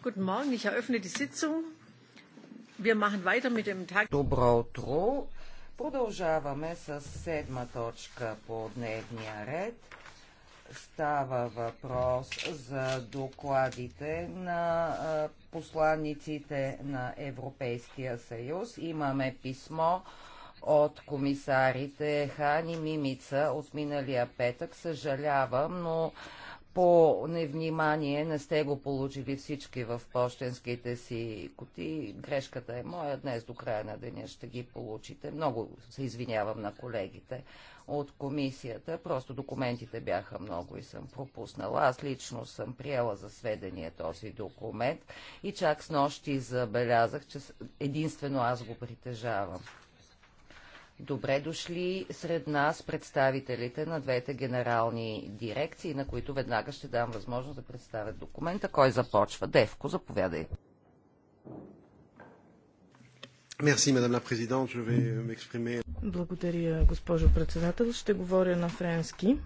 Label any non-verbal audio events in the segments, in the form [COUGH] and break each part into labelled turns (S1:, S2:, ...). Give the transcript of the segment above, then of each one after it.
S1: Guten Morgen, ich eröffne die Sitzung. Wir machen weiter mit dem Tag. Добро утро. Продължаваме с седма точка по дневния ред. Става въпрос за докладите на посланниците на Европейския съюз. Имаме писмо от комисарите Хани Мимица от миналия петък. Съжалявам, но по невнимание не сте го получили всички в почтенските си коти. Грешката е моя. Днес до края на деня ще ги получите. Много се извинявам на колегите от комисията. Просто документите бяха много и съм пропуснала. Аз лично съм приела за сведение този документ и чак с нощи забелязах, че единствено аз го притежавам. Добре дошли сред нас представителите на двете генерални дирекции, на които веднага ще дам възможност да представят документа. Кой започва? Девко, заповядай.
S2: Благодаря, госпожо председател. Ще говоря на френски.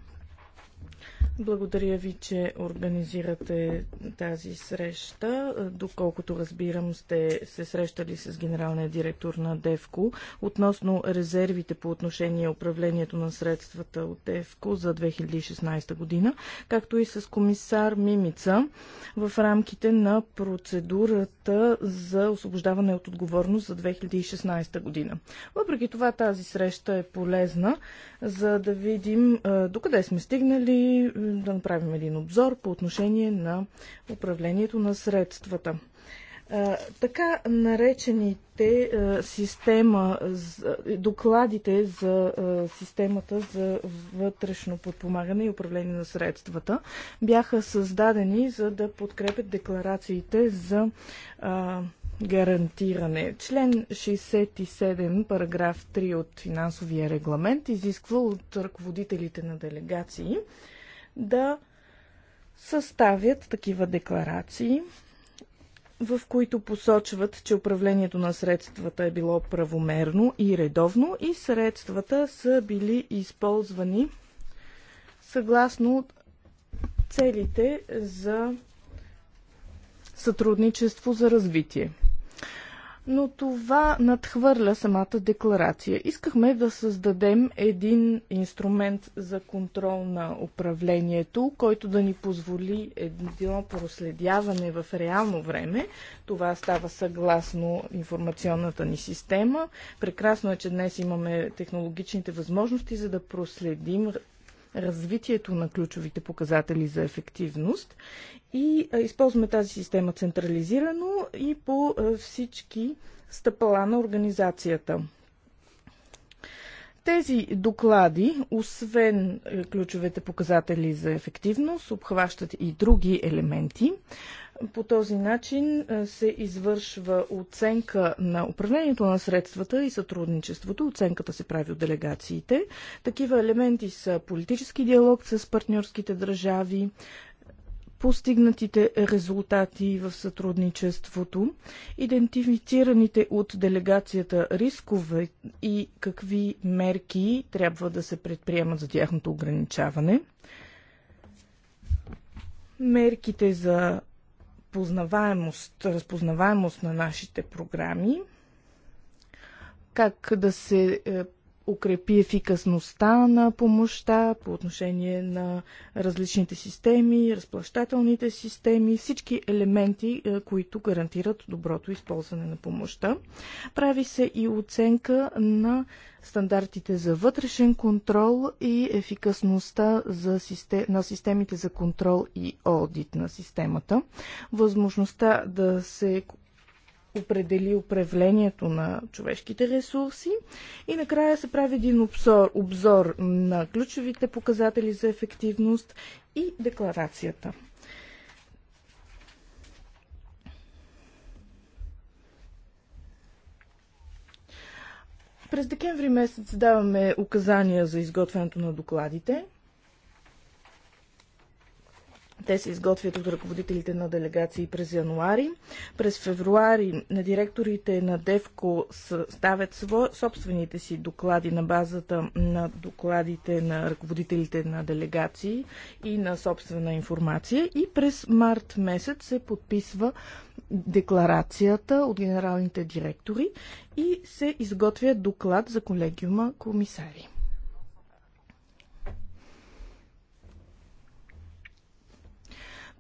S2: Благодаря ви, че организирате тази среща. Доколкото разбирам, сте се срещали с генералния директор на ДЕВКО относно резервите по отношение управлението на средствата от ДЕВКО за 2016 година, както и с комисар Мимица в рамките на процедурата за освобождаване от отговорност за 2016 година. Въпреки това тази среща е полезна, за да видим докъде сме стигнали, да направим един обзор по отношение на управлението на средствата. Така наречените система, докладите за системата за вътрешно подпомагане и управление на средствата бяха създадени за да подкрепят декларациите за гарантиране. Член 67, параграф 3 от финансовия регламент изисква от ръководителите на делегации да съставят такива декларации, в които посочват, че управлението на средствата е било правомерно и редовно и средствата са били използвани съгласно целите за сътрудничество за развитие но това надхвърля самата декларация. Искахме да създадем един инструмент за контрол на управлението, който да ни позволи едно проследяване в реално време. Това става съгласно информационната ни система. Прекрасно е, че днес имаме технологичните възможности, за да проследим развитието на ключовите показатели за ефективност и използваме тази система централизирано и по всички стъпала на организацията. Тези доклади, освен е, ключовете показатели за ефективност, обхващат и други елементи. По този начин се извършва оценка на управлението на средствата и сътрудничеството. Оценката се прави от делегациите. Такива елементи са политически диалог с партньорските държави, постигнатите резултати в сътрудничеството, идентифицираните от делегацията рискове и какви мерки трябва да се предприемат за тяхното ограничаване, мерките за познаваемост, разпознаваемост на нашите програми, как да се е, укрепи ефикасността на помощта по отношение на различните системи, разплащателните системи, всички елементи, е, които гарантират доброто използване на помощта. Прави се и оценка на стандартите за вътрешен контрол и ефикасността за систем... на системите за контрол и одит на системата, възможността да се определи управлението на човешките ресурси и накрая се прави един обзор, обзор на ключовите показатели за ефективност и декларацията. През декември месец даваме указания за изготвянето на докладите – те се изготвят от ръководителите на делегации през януари. През февруари на директорите на ДЕВКО ставят собствените си доклади на базата на докладите на ръководителите на делегации и на собствена информация. И през март месец се подписва декларацията от генералните директори и се изготвя доклад за колегиума комисари.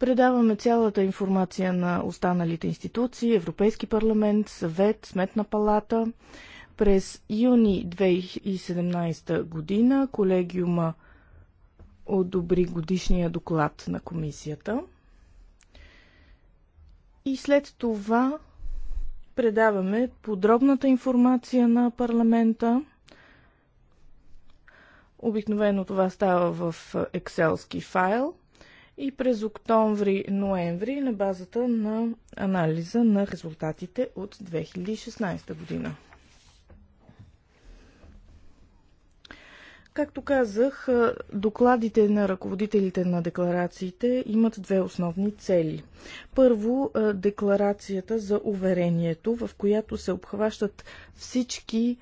S2: Предаваме цялата информация на останалите институции, Европейски парламент, съвет, сметна палата. През юни 2017 година колегиума одобри годишния доклад на комисията. И след това предаваме подробната информация на парламента. Обикновено това става в екселски файл – и през октомври-ноември на базата на анализа на резултатите от 2016 година. Както казах, докладите на ръководителите на декларациите имат две основни цели. Първо, декларацията за уверението, в която се обхващат всички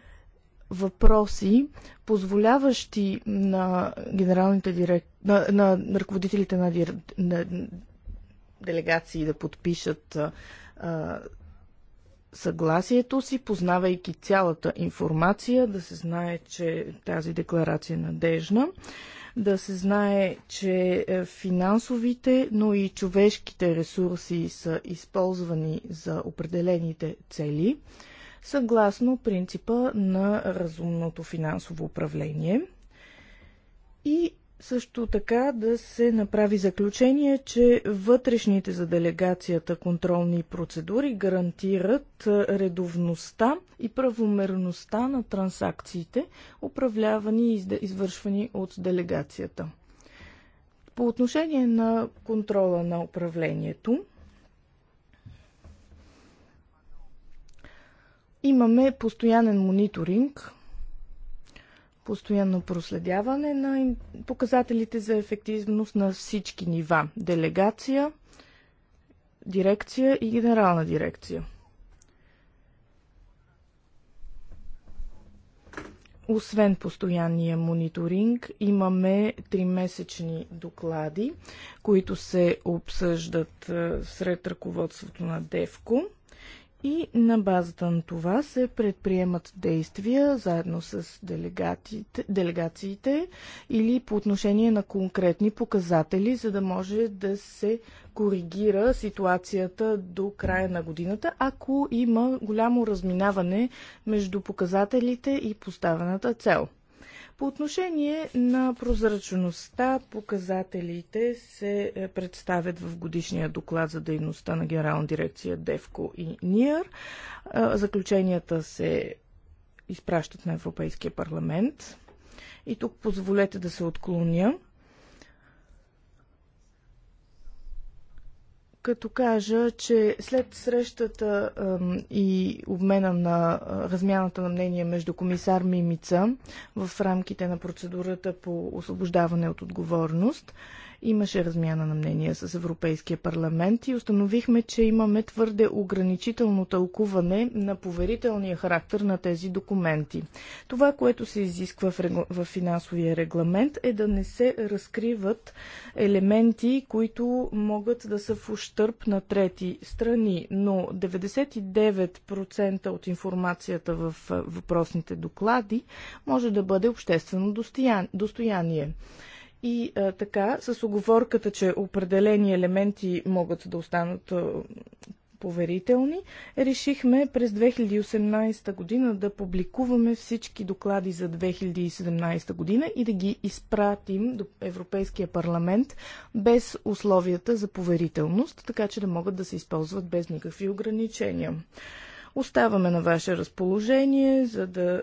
S2: въпроси, позволяващи на генералните директ... на, на ръководителите на, дир... на делегации да подпишат а, съгласието си, познавайки цялата информация, да се знае, че тази декларация е надежна, да се знае, че е, финансовите, но и човешките ресурси са използвани за определените цели съгласно принципа на разумното финансово управление. И също така да се направи заключение, че вътрешните за делегацията контролни процедури гарантират редовността и правомерността на транзакциите, управлявани и извършвани от делегацията. По отношение на контрола на управлението, Имаме постоянен мониторинг, постоянно проследяване на показателите за ефективност на всички нива делегация, дирекция и генерална дирекция. Освен постоянния мониторинг, имаме тримесечни доклади, които се обсъждат е, сред ръководството на ДЕВКО – и на базата на това се предприемат действия заедно с делегациите или по отношение на конкретни показатели, за да може да се коригира ситуацията до края на годината, ако има голямо разминаване между показателите и поставената цел. По отношение на прозрачността, показателите се е, представят в годишния доклад за дейността на Генерална дирекция ДЕВКО и НИР. Е, заключенията се изпращат на Европейския парламент. И тук позволете да се отклоня като кажа, че след срещата и обмена на размяната на мнение между комисар Мимица в рамките на процедурата по освобождаване от отговорност, Имаше размяна на мнения с Европейския парламент и установихме, че имаме твърде ограничително тълкуване на поверителния характер на тези документи. Това, което се изисква в, в финансовия регламент е да не се разкриват елементи, които могат да са в ущърп на трети страни, но 99% от информацията в въпросните доклади може да бъде обществено достояние. И а, така, с оговорката, че определени елементи могат да останат а, поверителни, решихме през 2018 година да публикуваме всички доклади за 2017 година и да ги изпратим до Европейския парламент без условията за поверителност, така че да могат да се използват без никакви ограничения. Оставаме на ваше разположение, за да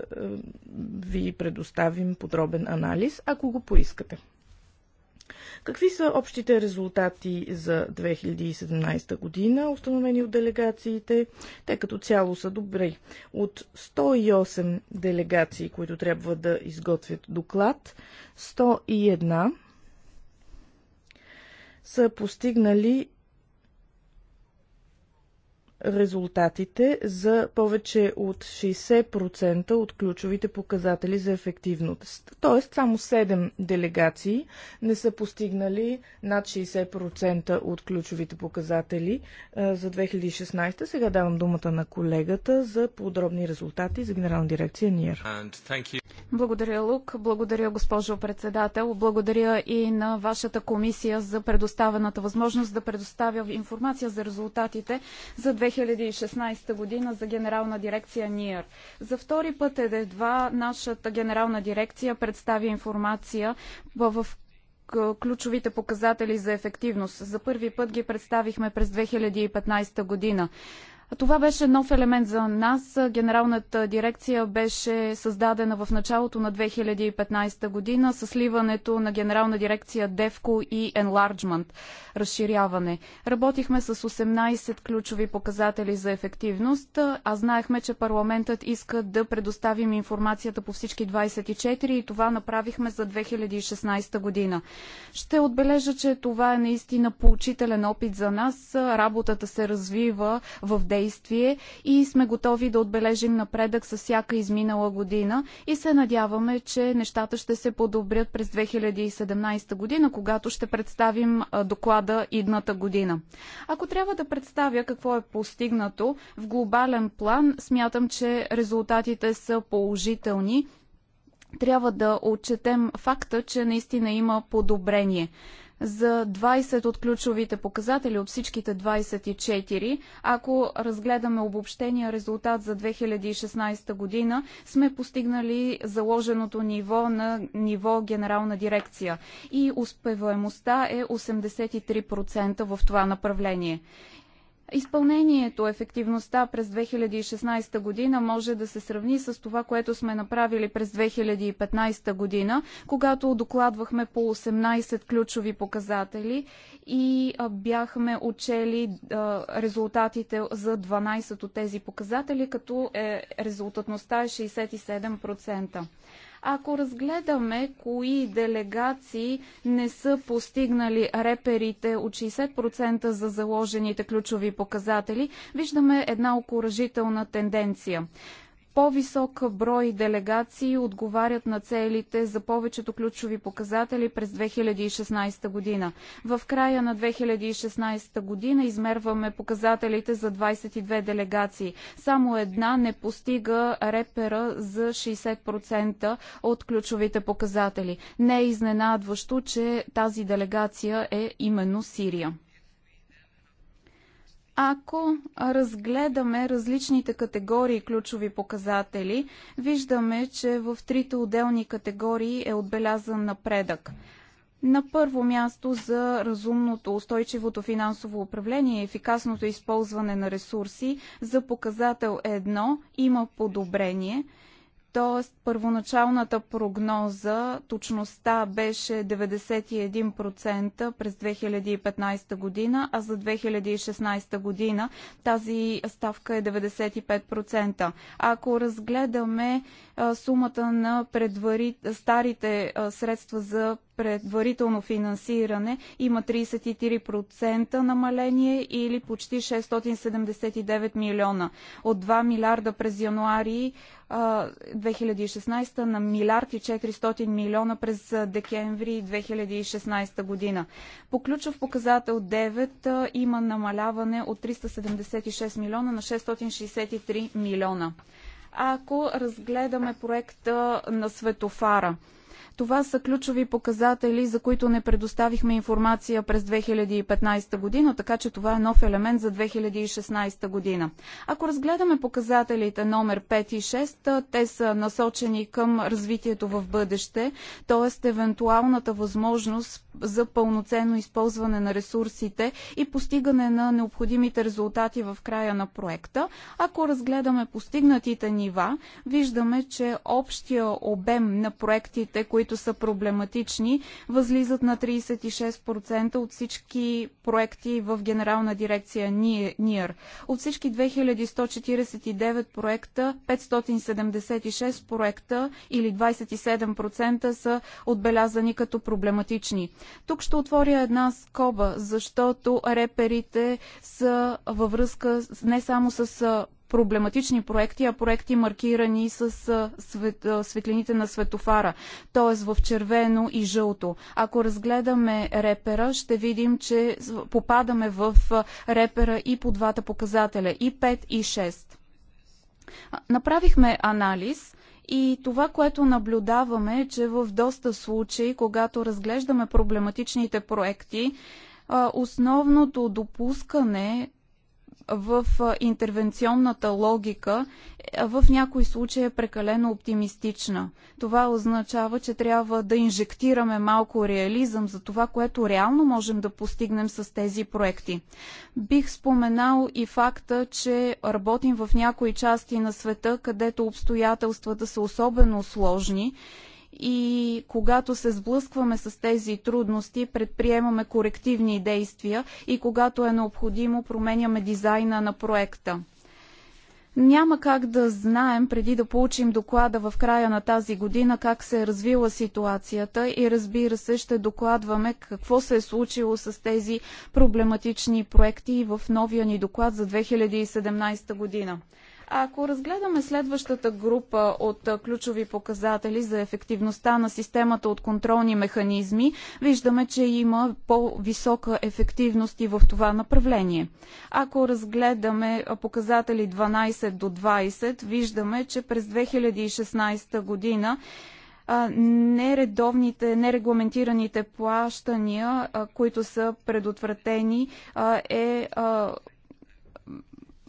S2: ви предоставим подробен анализ, ако го поискате. Какви са общите резултати за 2017 година, установени от делегациите? Те като цяло са добри. От 108 делегации, които трябва да изготвят доклад, 101 са постигнали резултатите за повече от 60% от ключовите показатели за ефективност. Тоест, само 7 делегации не са постигнали над 60% от ключовите показатели за 2016. Сега давам думата на колегата за подробни резултати за Генерална дирекция НИР.
S3: Благодаря, Лук. Благодаря, госпожо председател. Благодаря и на вашата комисия за предоставената възможност да предоставя информация за резултатите за 2016. 2016 година за генерална дирекция НИР. За втори път едва нашата генерална дирекция представи информация в ключовите показатели за ефективност. За първи път ги представихме през 2015 година. Това беше нов елемент за нас. Генералната дирекция беше създадена в началото на 2015 година с сливането на генерална дирекция DEFCO и Enlargement, разширяване. Работихме с 18 ключови показатели за ефективност, а знаехме, че парламентът иска да предоставим информацията по всички 24 и това направихме за 2016 година. Ще отбележа, че това е наистина поучителен опит за нас. Работата се развива в действие действие и сме готови да отбележим напредък с всяка изминала година и се надяваме, че нещата ще се подобрят през 2017 година, когато ще представим доклада идната година. Ако трябва да представя какво е постигнато в глобален план, смятам, че резултатите са положителни трябва да отчетем факта, че наистина има подобрение за 20 от ключовите показатели от всичките 24. Ако разгледаме обобщения резултат за 2016 година, сме постигнали заложеното ниво на ниво генерална дирекция и успеваемостта е 83% в това направление. Изпълнението, ефективността през 2016 година може да се сравни с това, което сме направили през 2015 година, когато докладвахме по 18 ключови показатели и бяхме отчели резултатите за 12 от тези показатели, като е, резултатността е 67%. Ако разгледаме кои делегации не са постигнали реперите от 60% за заложените ключови показатели, виждаме една окоръжителна тенденция по-висок брой делегации отговарят на целите за повечето ключови показатели през 2016 година. В края на 2016 година измерваме показателите за 22 делегации. Само една не постига репера за 60% от ключовите показатели. Не е изненадващо, че тази делегация е именно Сирия. Ако разгледаме различните категории ключови показатели, виждаме, че в трите отделни категории е отбелязан напредък. На първо място за разумното, устойчивото финансово управление и ефикасното използване на ресурси за показател 1 има подобрение – Тоест, първоначалната прогноза, точността беше 91% през 2015 година, а за 2016 година тази ставка е 95%. Ако разгледаме сумата на предвари... старите средства за предварително финансиране има 33% намаление или почти 679 милиона. От 2 милиарда през януари 2016 на милиард и 400 милиона през декември 2016 година. По ключов показател 9 има намаляване от 376 милиона на 663 милиона. Ако разгледаме проекта на Светофара, това са ключови показатели, за които не предоставихме информация през 2015 година, така че това е нов елемент за 2016 година. Ако разгледаме показателите номер 5 и 6, те са насочени към развитието в бъдеще, т.е. евентуалната възможност за пълноценно използване на ресурсите и постигане на необходимите резултати в края на проекта. Ако разгледаме постигнатите нива, виждаме, че общия обем на проектите, които които са проблематични, възлизат на 36% от всички проекти в Генерална дирекция НИР. От всички 2149 проекта, 576 проекта или 27% са отбелязани като проблематични. Тук ще отворя една скоба, защото реперите са във връзка не само с проблематични проекти, а проекти маркирани с свет, светлините на светофара, т.е. в червено и жълто. Ако разгледаме репера, ще видим, че попадаме в репера и по двата показателя, и 5 и 6. Направихме анализ и това, което наблюдаваме е, че в доста случаи, когато разглеждаме проблематичните проекти, основното допускане в интервенционната логика е, в някои случаи е прекалено оптимистична. Това означава, че трябва да инжектираме малко реализъм за това, което реално можем да постигнем с тези проекти. Бих споменал и факта, че работим в някои части на света, където обстоятелствата са особено сложни и когато се сблъскваме с тези трудности, предприемаме корективни действия и когато е необходимо, променяме дизайна на проекта. Няма как да знаем преди да получим доклада в края на тази година как се е развила ситуацията и разбира се ще докладваме какво се е случило с тези проблематични проекти в новия ни доклад за 2017 година. Ако разгледаме следващата група от ключови показатели за ефективността на системата от контролни механизми, виждаме, че има по-висока ефективност и в това направление. Ако разгледаме показатели 12 до 20, виждаме, че през 2016 година нередовните, нерегламентираните плащания, които са предотвратени, е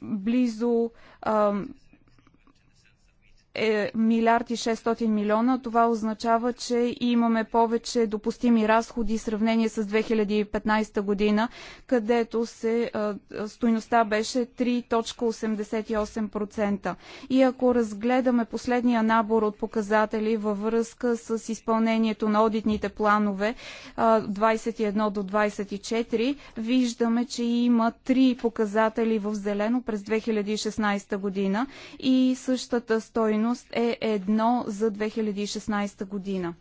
S3: близо е милиард и 600 милиона. Това означава, че имаме повече допустими разходи в сравнение с 2015 година, където се, стойността беше 3.88%. И ако разгледаме последния набор от показатели във връзка с изпълнението на одитните планове 21 до 24, виждаме, че има три показатели в зелено през 2016 година и същата стойност стойност е 1 за 2016 година.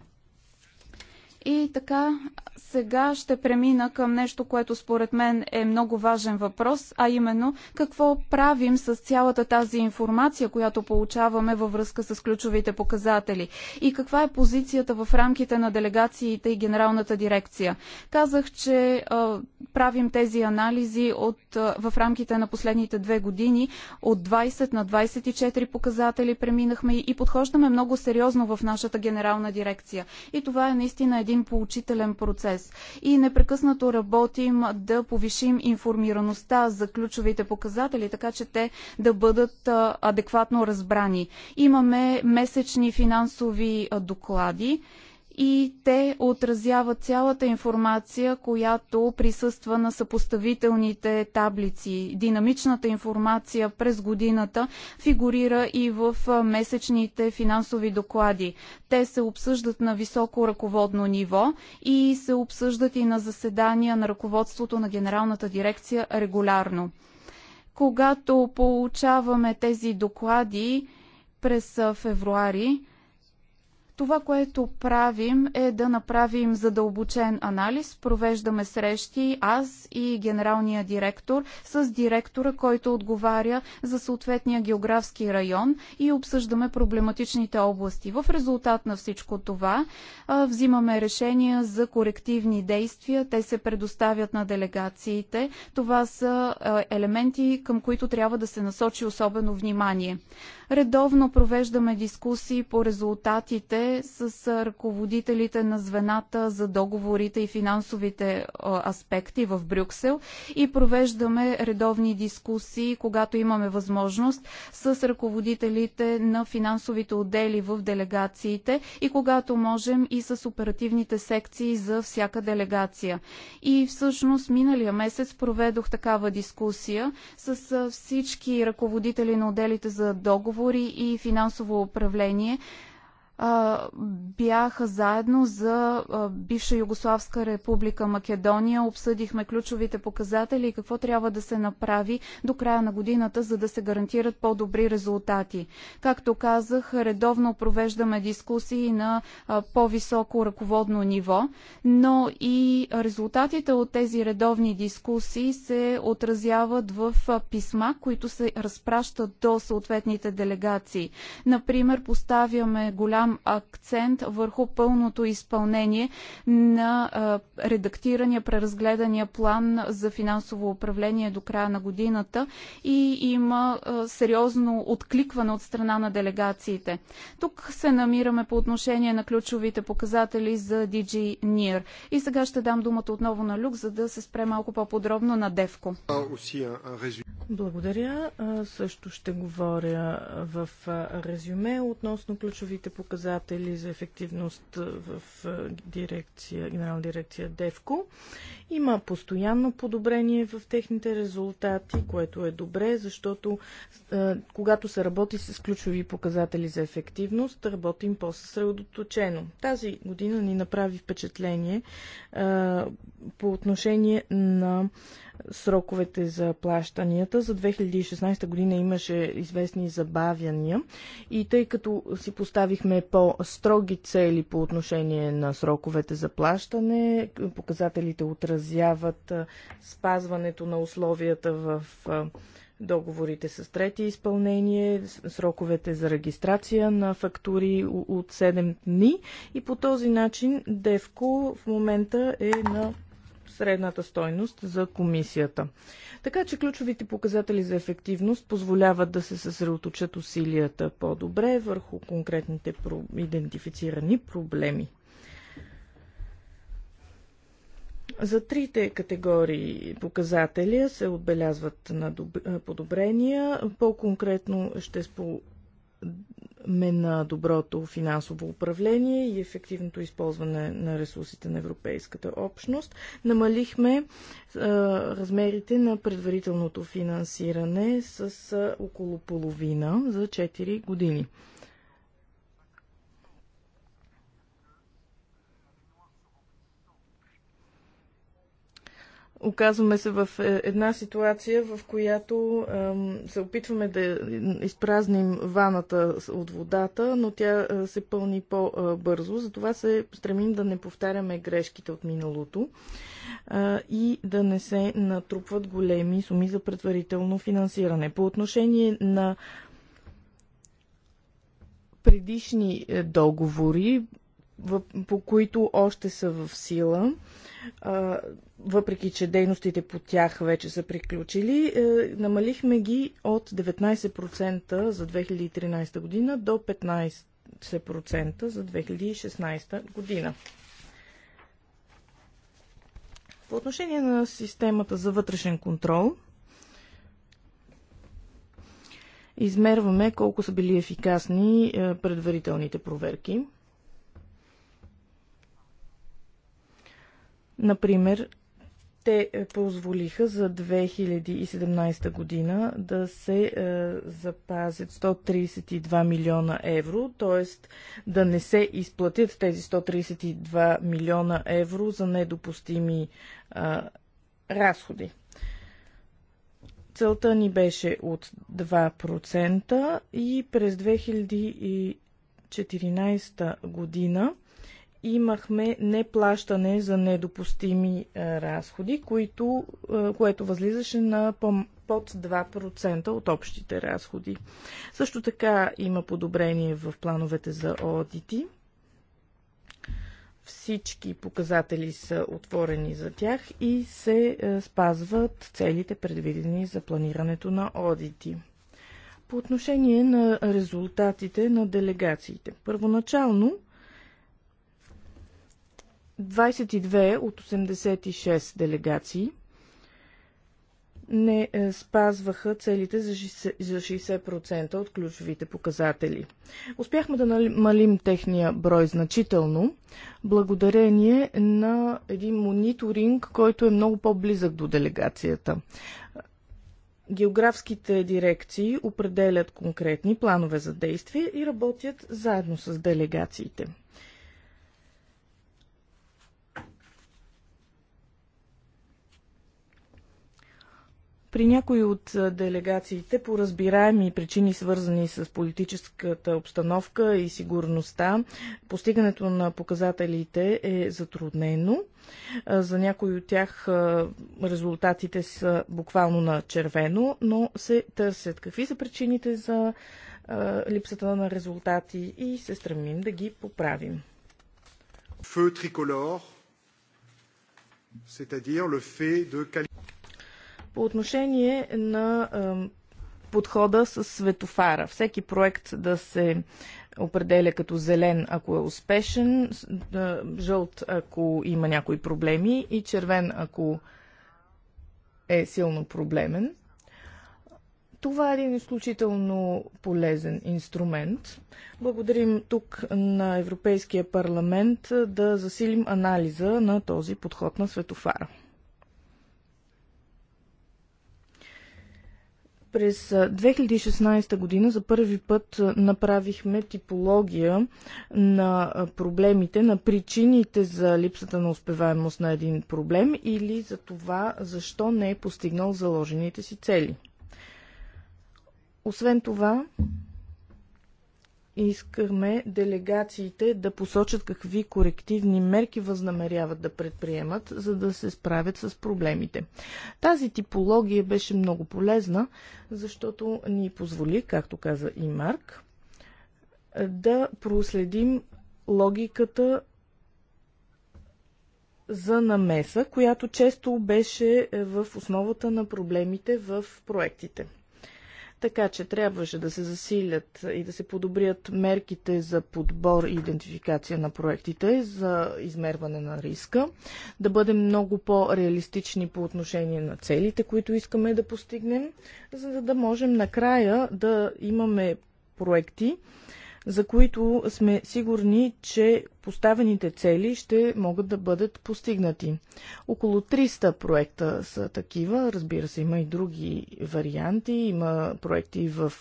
S3: И така, сега ще премина към нещо, което според мен е много важен въпрос, а именно какво правим с цялата тази информация, която получаваме във връзка с ключовите показатели и каква е позицията в рамките на делегациите и генералната дирекция. Казах, че а, правим тези анализи от, а, в рамките на последните две години от 20 на 24 показатели преминахме и подхождаме много сериозно в нашата генерална дирекция. И това е наистина един един поучителен процес. И непрекъснато работим да повишим информираността за ключовите показатели, така че те да бъдат адекватно разбрани. Имаме месечни финансови доклади и те отразяват цялата информация, която присъства на съпоставителните таблици. Динамичната информация през годината фигурира и в месечните финансови доклади. Те се обсъждат на високо ръководно ниво и се обсъждат и на заседания на ръководството на Генералната дирекция регулярно. Когато получаваме тези доклади през февруари, това, което правим е да направим задълбочен анализ. Провеждаме срещи аз и генералния директор с директора, който отговаря за съответния географски район и обсъждаме проблематичните области. В резултат на всичко това взимаме решения за корективни действия. Те се предоставят на делегациите. Това са елементи, към които трябва да се насочи особено внимание. Редовно провеждаме дискусии по резултатите с ръководителите на звената за договорите и финансовите аспекти в Брюксел и провеждаме редовни дискусии, когато имаме възможност, с ръководителите на финансовите отдели в делегациите и когато можем и с оперативните секции за всяка делегация. И всъщност миналия месец проведох такава дискусия с всички ръководители на отделите за договор преговори и финансово управление, бяха заедно за бивша Югославска република Македония. Обсъдихме ключовите показатели и какво трябва да се направи до края на годината, за да се гарантират по-добри резултати. Както казах, редовно провеждаме дискусии на по-високо ръководно ниво, но и резултатите от тези редовни дискусии се отразяват в писма, които се разпращат до съответните делегации. Например, поставяме голям голям акцент върху пълното изпълнение на редактирания, преразгледания план за финансово управление до края на годината и има сериозно откликване от страна на делегациите. Тук се намираме по отношение на ключовите показатели за DG NIR. И сега ще дам думата отново на Люк, за да се спре малко по-подробно на Девко.
S2: Благодаря. Също ще говоря в резюме относно ключовите показатели показатели за ефективност в дирекция, генерална дирекция ДЕВКО. Има постоянно подобрение в техните резултати, което е добре, защото когато се работи с ключови показатели за ефективност, работим по-съсредоточено. Тази година ни направи впечатление по отношение на сроковете за плащанията. За 2016 година имаше известни забавяния и тъй като си поставихме по-строги цели по отношение на сроковете за плащане, показателите отразяват спазването на условията в договорите с трети изпълнение, сроковете за регистрация на фактури от 7 дни и по този начин Девко в момента е на средната стойност за комисията. Така че ключовите показатели за ефективност позволяват да се съсредоточат усилията по-добре върху конкретните идентифицирани проблеми. За трите категории показатели се отбелязват на подобрения. По-конкретно ще на доброто финансово управление и ефективното използване на ресурсите на Европейската общност. Намалихме а, размерите на предварителното финансиране с а, около половина за 4 години. Оказваме се в е, една ситуация, в която се опитваме да изпразним ваната от водата, но тя е, се пълни по-бързо. Затова се стремим да не повтаряме грешките от миналото и да не се натрупват големи суми за предварително финансиране. По отношение на предишни е, договори, по които още са в сила, въпреки че дейностите по тях вече са приключили, е, намалихме ги от 19% за 2013 година до 15% за 2016 година. По отношение на системата за вътрешен контрол, измерваме колко са били ефикасни е, предварителните проверки. Например, те е, позволиха за 2017 година да се е, запазят 132 милиона евро, т.е. да не се изплатят тези 132 милиона евро за недопустими е, разходи. Целта ни беше от 2% и през 2014 година имахме неплащане за недопустими е, разходи, които, е, което възлизаше на под 2% от общите разходи. Също така има подобрение в плановете за одити. Всички показатели са отворени за тях и се е, спазват целите предвидени за планирането на одити по отношение на резултатите на делегациите. Първоначално 22 от 86 делегации не е, спазваха целите за 60% от ключовите показатели. Успяхме да намалим нали-, техния брой значително, благодарение на един мониторинг, който е много по-близък до делегацията. Географските дирекции определят конкретни планове за действие и работят заедно с делегациите. При някои от делегациите по разбираеми причини, свързани с политическата обстановка и сигурността, постигането на показателите е затруднено. За някои от тях резултатите са буквално на червено, но се търсят. Какви са причините за липсата на резултати и се стремим да ги поправим?
S4: Фъ триколор, c'est-à-dire le fait de
S2: по отношение на подхода с светофара. Всеки проект да се определя като зелен, ако е успешен, жълт, ако има някои проблеми и червен, ако е силно проблемен. Това е един изключително полезен инструмент. Благодарим тук на Европейския парламент да засилим анализа на този подход на светофара. През 2016 година за първи път направихме типология на проблемите, на причините за липсата на успеваемост на един проблем или за това защо не е постигнал заложените си цели. Освен това, искаме делегациите да посочат какви корективни мерки възнамеряват да предприемат, за да се справят с проблемите. Тази типология беше много полезна, защото ни позволи, както каза и Марк, да проследим логиката за намеса, която често беше в основата на проблемите в проектите. Така че трябваше да се засилят и да се подобрят мерките за подбор и идентификация на проектите за измерване на риска, да бъдем много по-реалистични по отношение на целите, които искаме да постигнем, за да можем накрая да имаме проекти, за които сме сигурни, че поставените цели ще могат да бъдат постигнати. Около 300 проекта са такива. Разбира се, има и други варианти. Има проекти в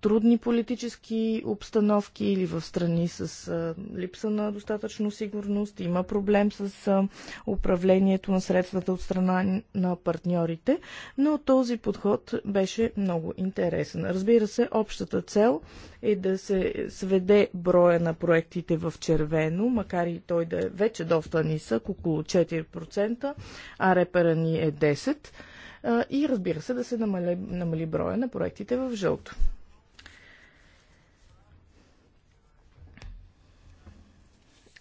S2: трудни политически обстановки или в страни с липса на достатъчно сигурност. Има проблем с управлението на средствата от страна на партньорите, но този подход беше много интересен. Разбира се, общата цел е да се сведе броя на проектите в червен зелено, макар и той да е вече доста нисък, около 4%, а репера ни е 10%. И разбира се да се намали, намали броя на проектите в жълто.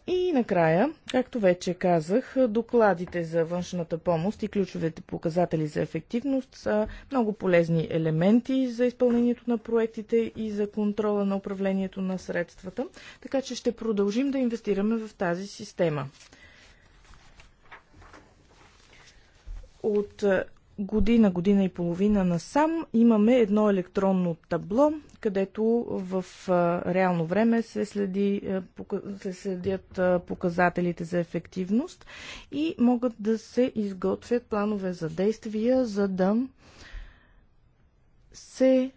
S2: И накрая, както вече казах, докладите за външната помощ и ключовете показатели за ефективност са много полезни елементи за изпълнението на проектите и за контрола на управлението на средствата, така че ще продължим да инвестираме в тази система. От година, година и половина насам имаме едно електронно табло, където в реално време се, следи, се следят показателите за ефективност и могат да се изготвят планове за действия, за да се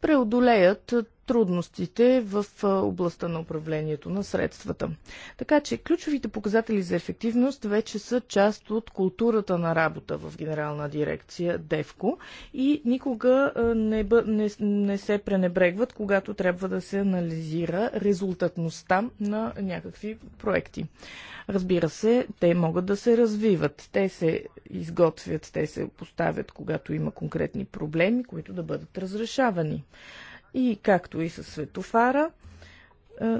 S2: преодолеят трудностите в областта на управлението на средствата. Така че ключовите показатели за ефективност вече са част от културата на работа в Генерална дирекция ДЕВКО и никога не, бъ... не, не се пренебрегват, когато трябва да се анализира резултатността на някакви проекти. Разбира се, те могат да се развиват. Те се изготвят, те се поставят, когато има конкретни проблеми, които да бъдат разрешавани и както и със светофара, е,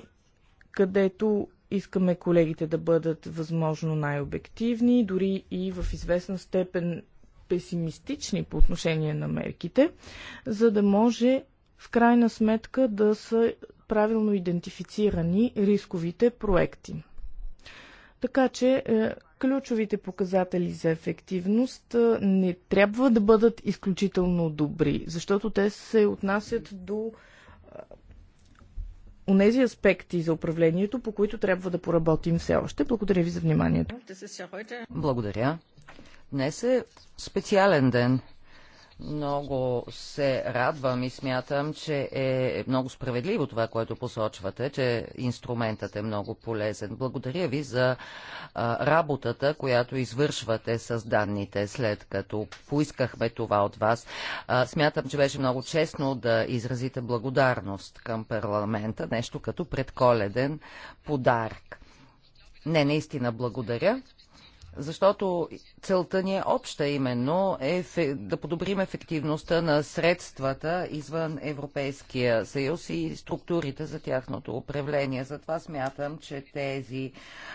S2: където искаме колегите да бъдат възможно най-обективни, дори и в известна степен песимистични по отношение на мерките, за да може в крайна сметка да са правилно идентифицирани рисковите проекти. Така че е, ключовите показатели за ефективност не трябва да бъдат изключително добри, защото те се отнасят до онези аспекти за управлението, по които трябва да поработим все още. Благодаря ви за вниманието.
S1: Благодаря. Днес е специален ден. Много се радвам и смятам, че е много справедливо това, което посочвате, че инструментът е много полезен. Благодаря ви за а, работата, която извършвате с данните, след като поискахме това от вас. А, смятам, че беше много честно да изразите благодарност към парламента, нещо като предколеден подарък. Не, наистина благодаря защото целта ни е обща именно е да подобрим ефективността на средствата извън Европейския съюз и структурите за тяхното управление. Затова смятам, че тези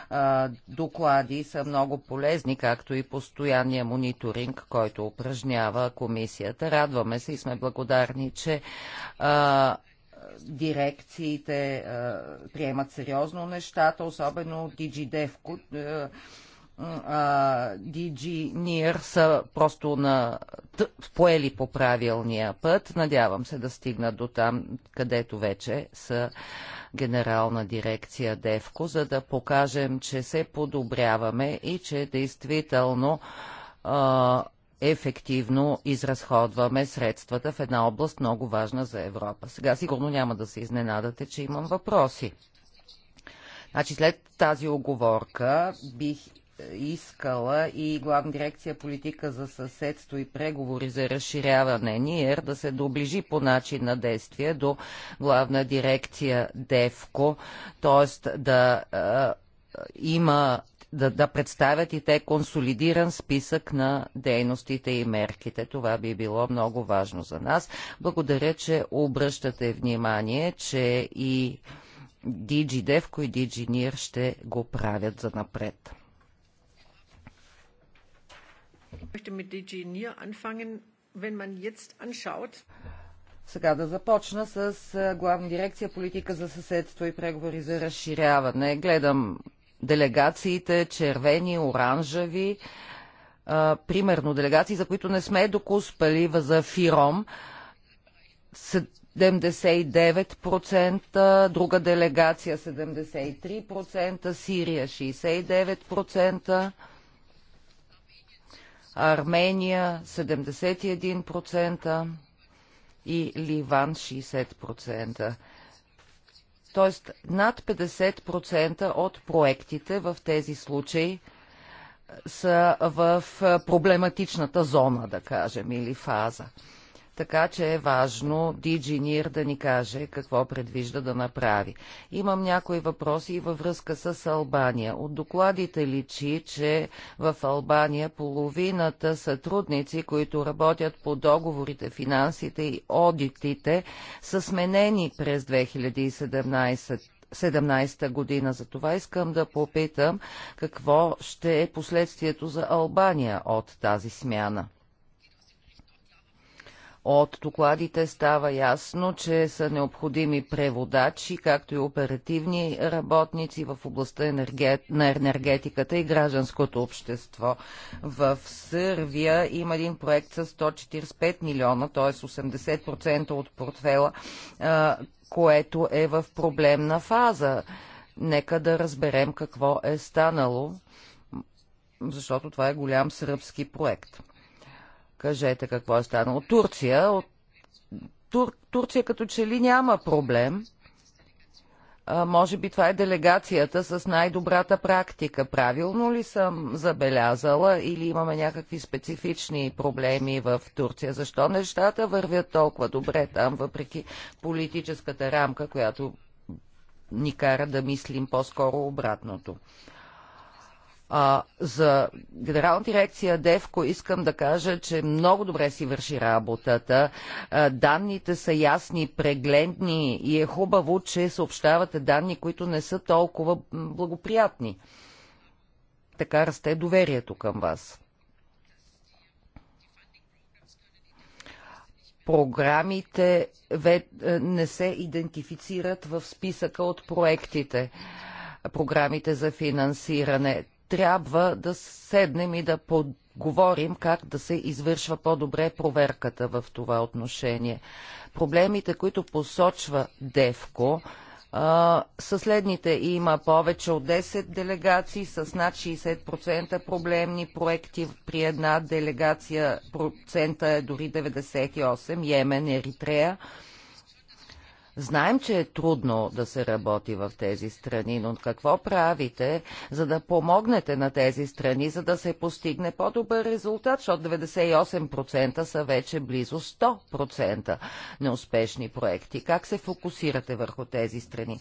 S1: а, доклади са много полезни, както и постоянния мониторинг, който упражнява комисията. Радваме се и сме благодарни, че а, дирекциите а, приемат сериозно нещата, особено DigiDev, а, DG NIR са просто на, поели по правилния път. Надявам се да стигнат до там, където вече са генерална дирекция ДЕВКО, за да покажем, че се подобряваме и че действително а, ефективно изразходваме средствата в една област много важна за Европа. Сега сигурно няма да се изненадате, че имам въпроси. Значи след тази оговорка бих искала и Главна дирекция политика за съседство и преговори за разширяване НИЕР да се доближи по начин на действие до Главна дирекция ДЕВКО, т.е. да има да, да представят и те консолидиран списък на дейностите и мерките. Това би било много важно за нас. Благодаря, че обръщате внимание, че и DigiDevco и DigiNIR ще го правят за напред. Сега да започна с главна дирекция политика за съседство и преговори за разширяване. Гледам делегациите червени, оранжеви, а, примерно делегации, за които не сме докуспали за ФИРОМ. 79%, друга делегация 73%, Сирия 69%. Армения 71% и Ливан 60%. Тоест над 50% от проектите в тези случаи са в проблематичната зона, да кажем, или фаза така че е важно Диджинир да ни каже какво предвижда да направи. Имам някои въпроси и във връзка с Албания. От докладите личи, че в Албания половината сътрудници, които работят по договорите, финансите и одитите, са сменени през 2017 2017 година. За това искам да попитам какво ще е последствието за Албания от тази смяна. От докладите става ясно, че са необходими преводачи, както и оперативни работници в областта на енергетиката и гражданското общество. В Сърбия има един проект с 145 милиона, т.е. 80% от портфела, което е в проблемна фаза. Нека да разберем какво е станало, защото това е голям сръбски проект. Кажете какво е станало. Турция, от... Тур... Турция като че ли няма проблем. А, може би това е делегацията с най-добрата практика. Правилно ли съм забелязала или имаме някакви специфични проблеми в Турция? Защо нещата вървят толкова добре там, въпреки политическата рамка, която ни кара да мислим по-скоро обратното? А, за генерална дирекция ДЕВКО искам да кажа, че много добре си върши работата. А, данните са ясни, прегледни и е хубаво, че съобщавате данни, които не са толкова благоприятни. Така расте доверието към вас. програмите е, не се идентифицират в списъка от проектите, програмите за финансиране трябва да седнем и да подговорим как да се извършва по-добре проверката в това отношение. Проблемите, които посочва ДЕВКО, със следните има повече от 10 делегации с над 60% проблемни проекти. При една делегация процента е дори 98, Йемен, Еритрея. Знаем, че е трудно да се работи в тези страни, но какво правите, за да помогнете на тези страни, за да се постигне по-добър резултат, защото 98% са вече близо 100% неуспешни проекти. Как се фокусирате върху тези страни?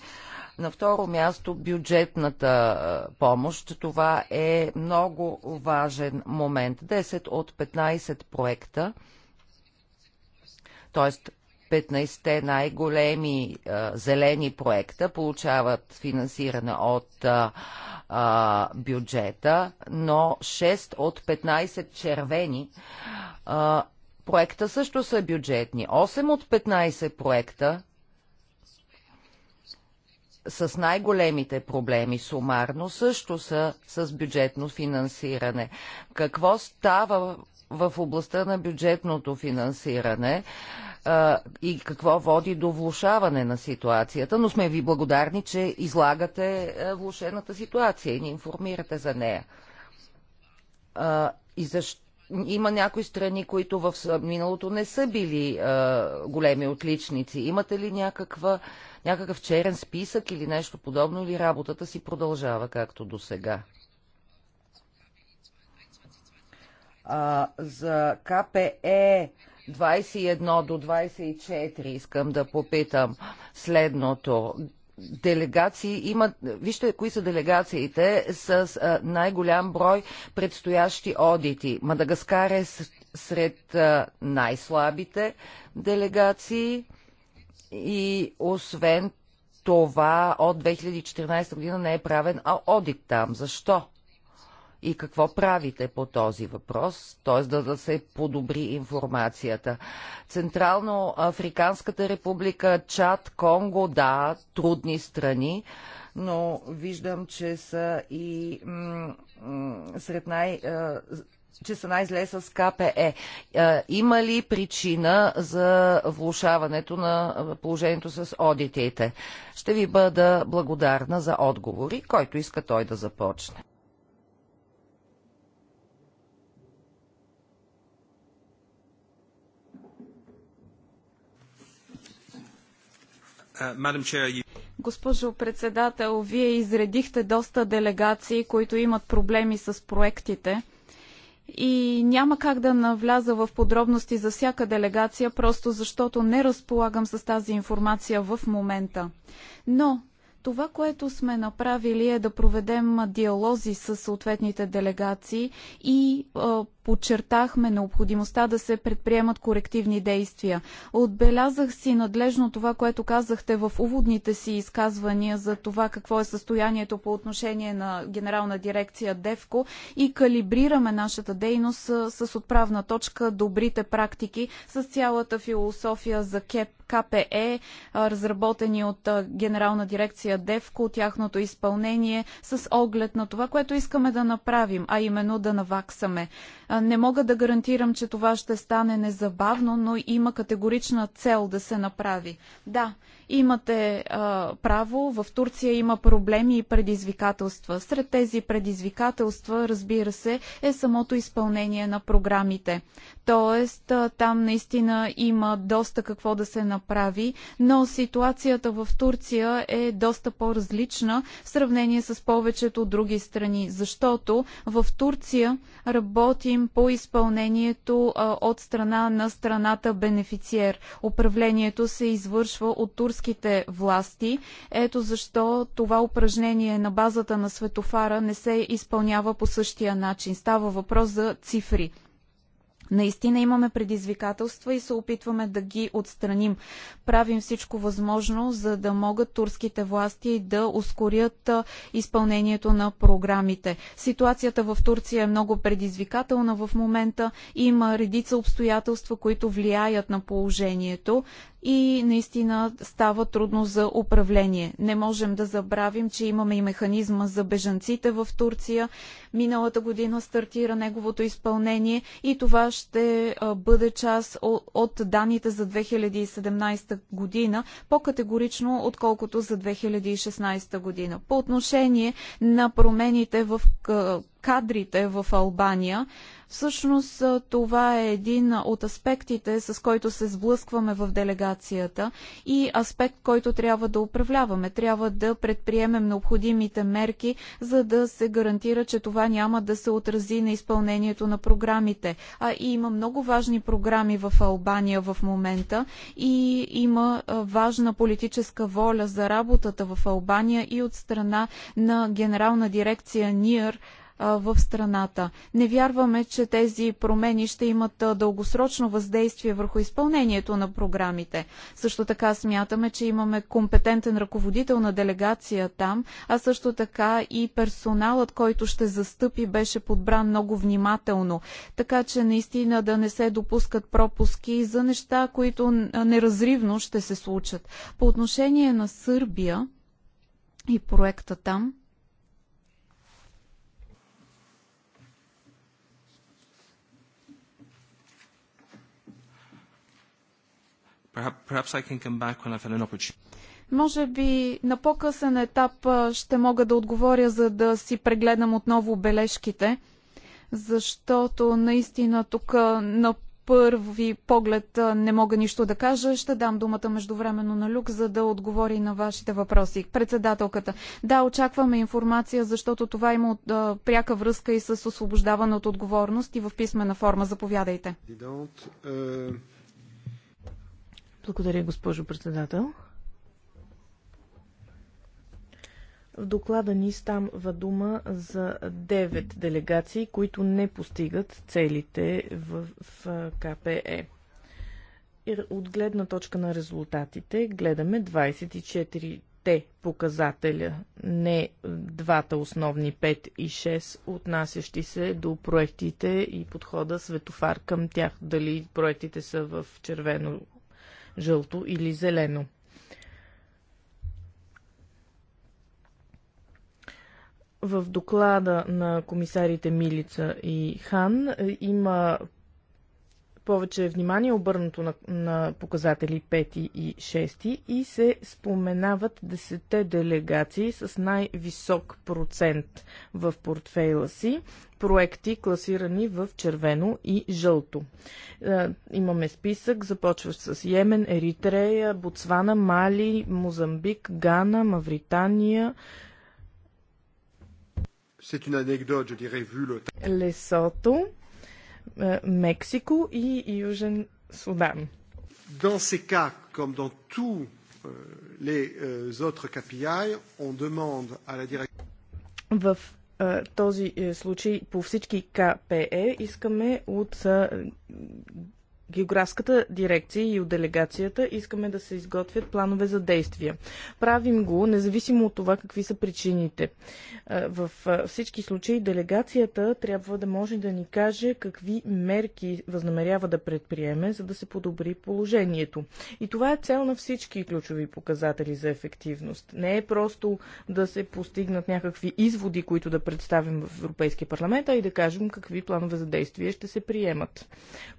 S1: На второ място бюджетната помощ. Това е много важен момент. 10 от 15 проекта т.е. 15-те най-големи зелени проекта получават финансиране от а, а, бюджета, но 6 от 15 червени а, проекта също са бюджетни. 8 от 15 проекта с най-големите проблеми сумарно също са с бюджетно финансиране. Какво става в областта на бюджетното финансиране а, и какво води до влушаване на ситуацията, но сме ви благодарни, че излагате влушената ситуация и ни информирате за нея. А, и защо? Има някои страни, които в миналото не са били а, големи отличници. Имате ли някаква, някакъв черен списък или нещо подобно, или работата си продължава както до сега? А, за КПЕ 21 до 24 искам да попитам следното. Делегации имат, вижте кои са делегациите с най-голям брой предстоящи одити. Мадагаскар е сред най-слабите делегации и освен това от 2014 година не е правен а одит там. Защо? и какво правите по този въпрос, т.е. Да, да се подобри информацията. Централно Африканската република, Чад, Конго, да, трудни страни, но виждам, че са и сред най- че са най-зле с КПЕ. Има ли причина за влушаването на положението с одитите? Ще ви бъда благодарна за отговори, който иска той да започне.
S3: Госпожо председател, вие изредихте доста делегации, които имат проблеми с проектите. И няма как да навляза в подробности за всяка делегация, просто защото не разполагам с тази информация в момента. Но това, което сме направили е да проведем диалози с съответните делегации и подчертахме необходимостта да се предприемат корективни действия. Отбелязах си надлежно това, което казахте в уводните си изказвания за това какво е състоянието по отношение на генерална дирекция ДЕВКО и калибрираме нашата дейност с отправна точка добрите практики с цялата философия за КЕП КПЕ, разработени от Генерална дирекция ДЕВКО, тяхното изпълнение с оглед на това, което искаме да направим, а именно да наваксаме. Не мога да гарантирам, че това ще стане незабавно, но има категорична цел да се направи. Да, Имате а, право, в Турция има проблеми и предизвикателства. Сред тези предизвикателства, разбира се, е самото изпълнение на програмите. Тоест, а, там наистина има доста какво да се направи, но ситуацията в Турция е доста по-различна в сравнение с повечето други страни, защото в Турция работим по изпълнението а, от страна на страната бенефициер. Управлението се извършва от Турция българските власти. Ето защо това упражнение на базата на светофара не се изпълнява по същия начин. Става въпрос за цифри. Наистина имаме предизвикателства и се опитваме да ги отстраним. Правим всичко възможно, за да могат турските власти да ускорят изпълнението на програмите. Ситуацията в Турция е много предизвикателна в момента. Има редица обстоятелства, които влияят на положението и наистина става трудно за управление. Не можем да забравим, че имаме и механизма за бежанците в Турция. Миналата година стартира неговото изпълнение и това ще ще бъде част от данните за 2017 година, по-категорично, отколкото за 2016 година. По отношение на промените в кадрите в Албания. Всъщност това е един от аспектите, с който се сблъскваме в делегацията и аспект, който трябва да управляваме. Трябва да предприемем необходимите мерки, за да се гарантира, че това няма да се отрази на изпълнението на програмите. А и има много важни програми в Албания в момента и има важна политическа воля за работата в Албания и от страна на генерална дирекция НИР, в страната. Не вярваме, че тези промени ще имат дългосрочно въздействие върху изпълнението на програмите. Също така смятаме, че имаме компетентен ръководител на делегация там, а също така и персоналът, който ще застъпи, беше подбран много внимателно. Така че наистина да не се допускат пропуски за неща, които неразривно ще се случат. По отношение на Сърбия и проекта там,
S4: Perhaps I can come back when I've had an opportunity.
S3: Може би на по-късен етап ще мога да отговоря, за да си прегледам отново бележките, защото наистина тук на първи поглед не мога нищо да кажа. Ще дам думата междувременно на Люк, за да отговори на вашите въпроси. Председателката. Да, очакваме информация, защото това има пряка връзка и с освобождаване от отговорност и в писмена форма. Заповядайте. Благодаря,
S2: госпожо председател. В доклада ни става дума за 9 делегации, които не постигат целите в, в КПЕ. И от гледна точка на резултатите, гледаме 24-те показателя, не двата основни 5 и 6, отнасящи се до проектите и подхода светофар към тях. Дали проектите са в червено жълто или зелено. В доклада на комисарите Милица и Хан е, има повече внимание обърнато на, на показатели 5 и 6 и се споменават 10 делегации с най-висок процент в портфейла си, проекти класирани в червено и жълто. Е, имаме списък, започващ с Йемен, Еритрея, Ботсвана, Мали, Мозамбик, Гана, Мавритания,
S4: C'est une anecdote, je dirais, vu le...
S2: Лесото Мексико и Южен Судан.
S4: Dans ces cas, comme dans tous les autres KPI, on demande à la direction.
S2: В този случай по всички КПЕ искаме от географската дирекция и от делегацията искаме да се изготвят планове за действия. Правим го, независимо от това какви са причините. Е, в е, всички случаи делегацията трябва да може да ни каже какви мерки възнамерява да предприеме, за да се подобри положението. И това е цел на всички ключови показатели за ефективност. Не е просто да се постигнат някакви изводи, които да представим в Европейския парламент, а и да кажем какви планове за действие ще се приемат.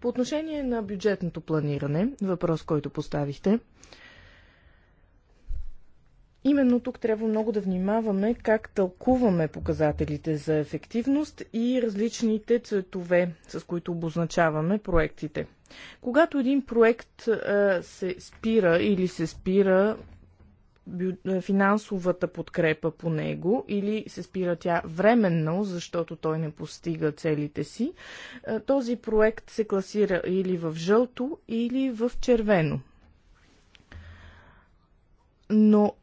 S2: По отношение на бюджетното планиране, въпрос, който поставихте. Именно тук трябва много да внимаваме как тълкуваме показателите за ефективност и различните цветове, с които обозначаваме проектите. Когато един проект а, се спира или се спира е, финансовата подкрепа по него или се спира тя временно, защото той не постига целите си, е, този проект се класира или в жълто, или в червено. Но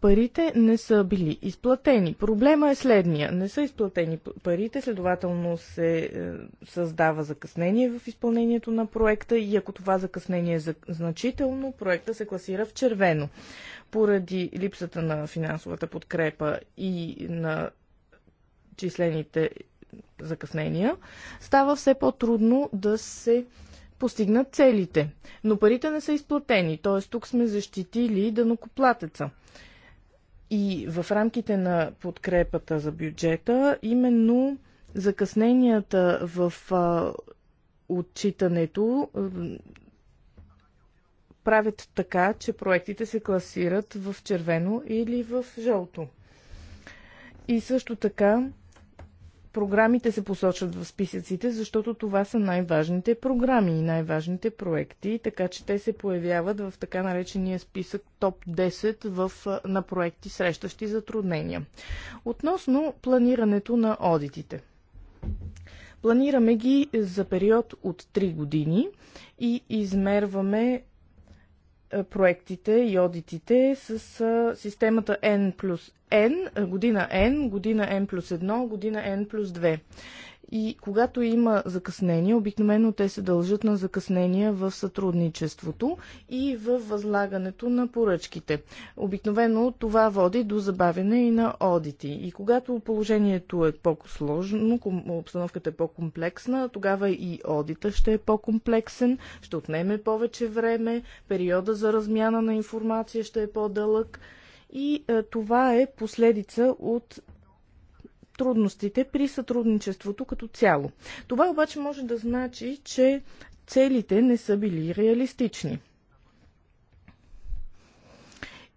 S2: парите не са били изплатени. Проблема е следния. Не са изплатени парите, следователно се е, създава закъснение в изпълнението на проекта и ако това закъснение е значително, проекта се класира в червено. Поради липсата на финансовата подкрепа и на числените закъснения, става все по-трудно да се постигнат целите. Но парите не са изплатени, т.е. тук сме защитили дънокоплатеца. И в рамките на подкрепата за бюджета, именно закъсненията в отчитането правят така, че проектите се класират в червено или в жълто. И също така програмите се посочват в списъците, защото това са най-важните програми и най-важните проекти, така че те се появяват в така наречения списък топ 10 в, на проекти срещащи затруднения. Относно планирането на одитите. Планираме ги за период от 3 години и измерваме е, проектите и одитите с е, системата N плюс N, е, година N, година N плюс 1, година N плюс 2. И когато има закъснения, обикновено те се дължат на закъснения в сътрудничеството и в възлагането на поръчките. Обикновено това води до забавяне и на одити. И когато положението е по-сложно, обстановката е по-комплексна, тогава и одита ще е по-комплексен, ще отнеме повече време, периода за размяна на информация ще е по-дълъг. И е, това е последица от трудностите при сътрудничеството като цяло. Това обаче може да значи, че целите не са били реалистични.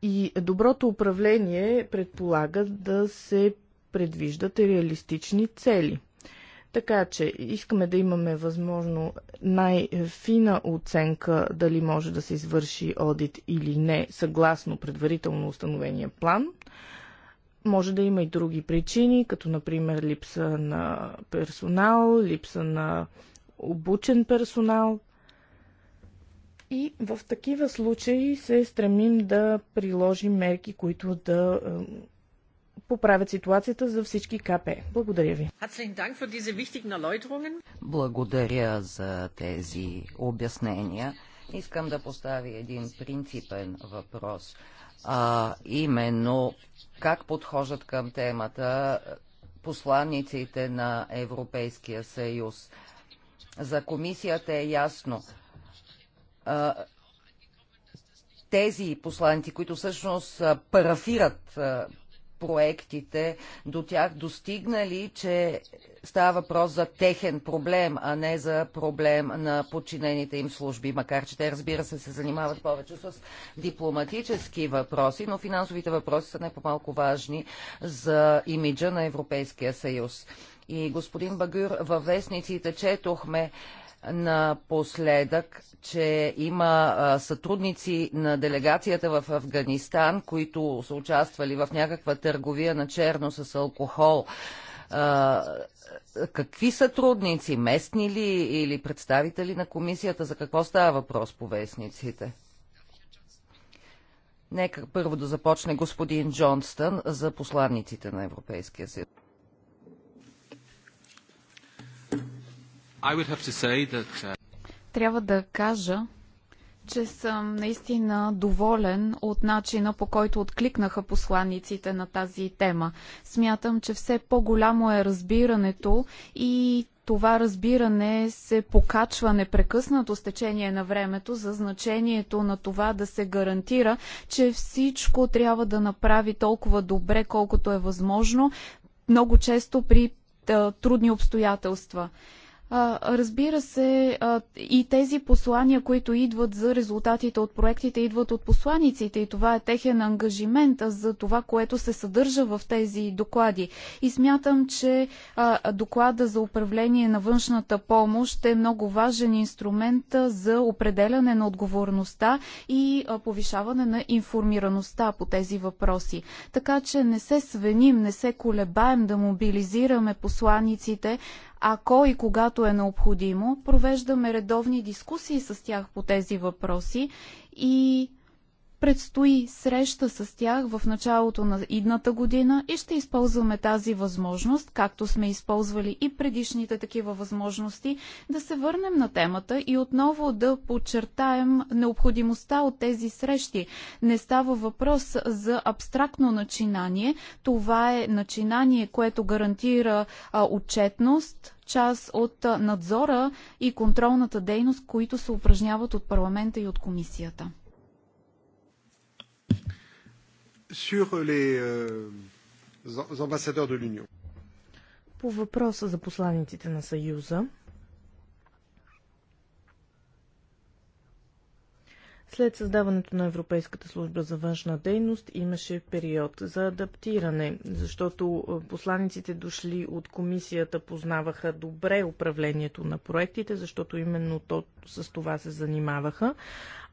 S2: И доброто управление предполага да се предвиждат реалистични цели. Така че искаме да имаме възможно най-фина оценка дали може да се извърши одит или не, съгласно предварително установения план – може да има и други причини, като например липса на персонал, липса на обучен персонал. И в такива случаи се стремим да приложим мерки, които да поправят ситуацията за всички КП.
S1: Благодаря ви. Благодаря за тези обяснения. Искам да поставя един принципен въпрос а, именно как подхожат към темата посланниците на Европейския съюз. За комисията е ясно. А, тези посланици, които всъщност парафират проектите до тях достигнали, че става въпрос за техен проблем, а не за проблем на подчинените им служби, макар че те, разбира се, се занимават повече с дипломатически въпроси, но финансовите въпроси са не по-малко важни за имиджа на Европейския съюз. И господин Багюр, във вестниците четохме напоследък, че има сътрудници на делегацията в Афганистан, които са участвали в някаква търговия на черно с алкохол. какви сътрудници? Местни ли или представители на комисията? За какво става въпрос по вестниците? Нека първо да започне господин Джонстън за посланниците на Европейския съюз.
S4: Uh,
S3: трябва да кажа, че съм наистина доволен от начина по който откликнаха посланиците на тази тема. Смятам, че все по-голямо е разбирането и това разбиране се покачва непрекъснато с течение на времето за значението на това да се гарантира, че всичко трябва да направи толкова добре, колкото е възможно, много често при трудни обстоятелства. Разбира се, и тези послания, които идват за резултатите от проектите, идват от посланиците и това е техен ангажимент за това, което се съдържа в тези доклади. И смятам, че доклада за управление на външната помощ е много важен инструмент за определяне на отговорността и повишаване на информираността по тези въпроси. Така че не се свеним, не се колебаем да мобилизираме посланиците ако и когато е необходимо, провеждаме редовни дискусии с тях по тези въпроси и Предстои среща с тях в началото на идната година и ще използваме тази възможност, както сме използвали и предишните такива възможности, да се върнем на темата и отново да подчертаем необходимостта от тези срещи. Не става въпрос за абстрактно начинание. Това е начинание, което гарантира а, отчетност, част от надзора и контролната дейност, които се упражняват от парламента и от комисията
S4: sur les euh, ambassadeurs de l'Union.
S2: По въпроса за посланиците на Съюза, След създаването на Европейската служба за външна дейност имаше период за адаптиране, защото е, посланиците дошли от комисията познаваха добре управлението на проектите, защото именно то, с това се занимаваха,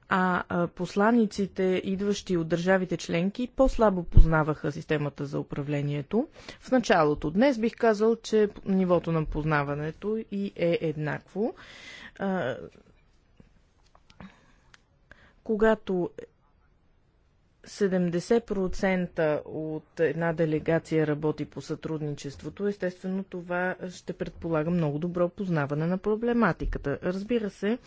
S2: а посланиците, идващи от държавите членки, по-слабо познаваха системата за управлението. В началото днес бих казал, че нивото на познаването и е еднакво. Когато 70% от една делегация работи по сътрудничеството, естествено това ще предполага много добро познаване на проблематиката. Разбира се,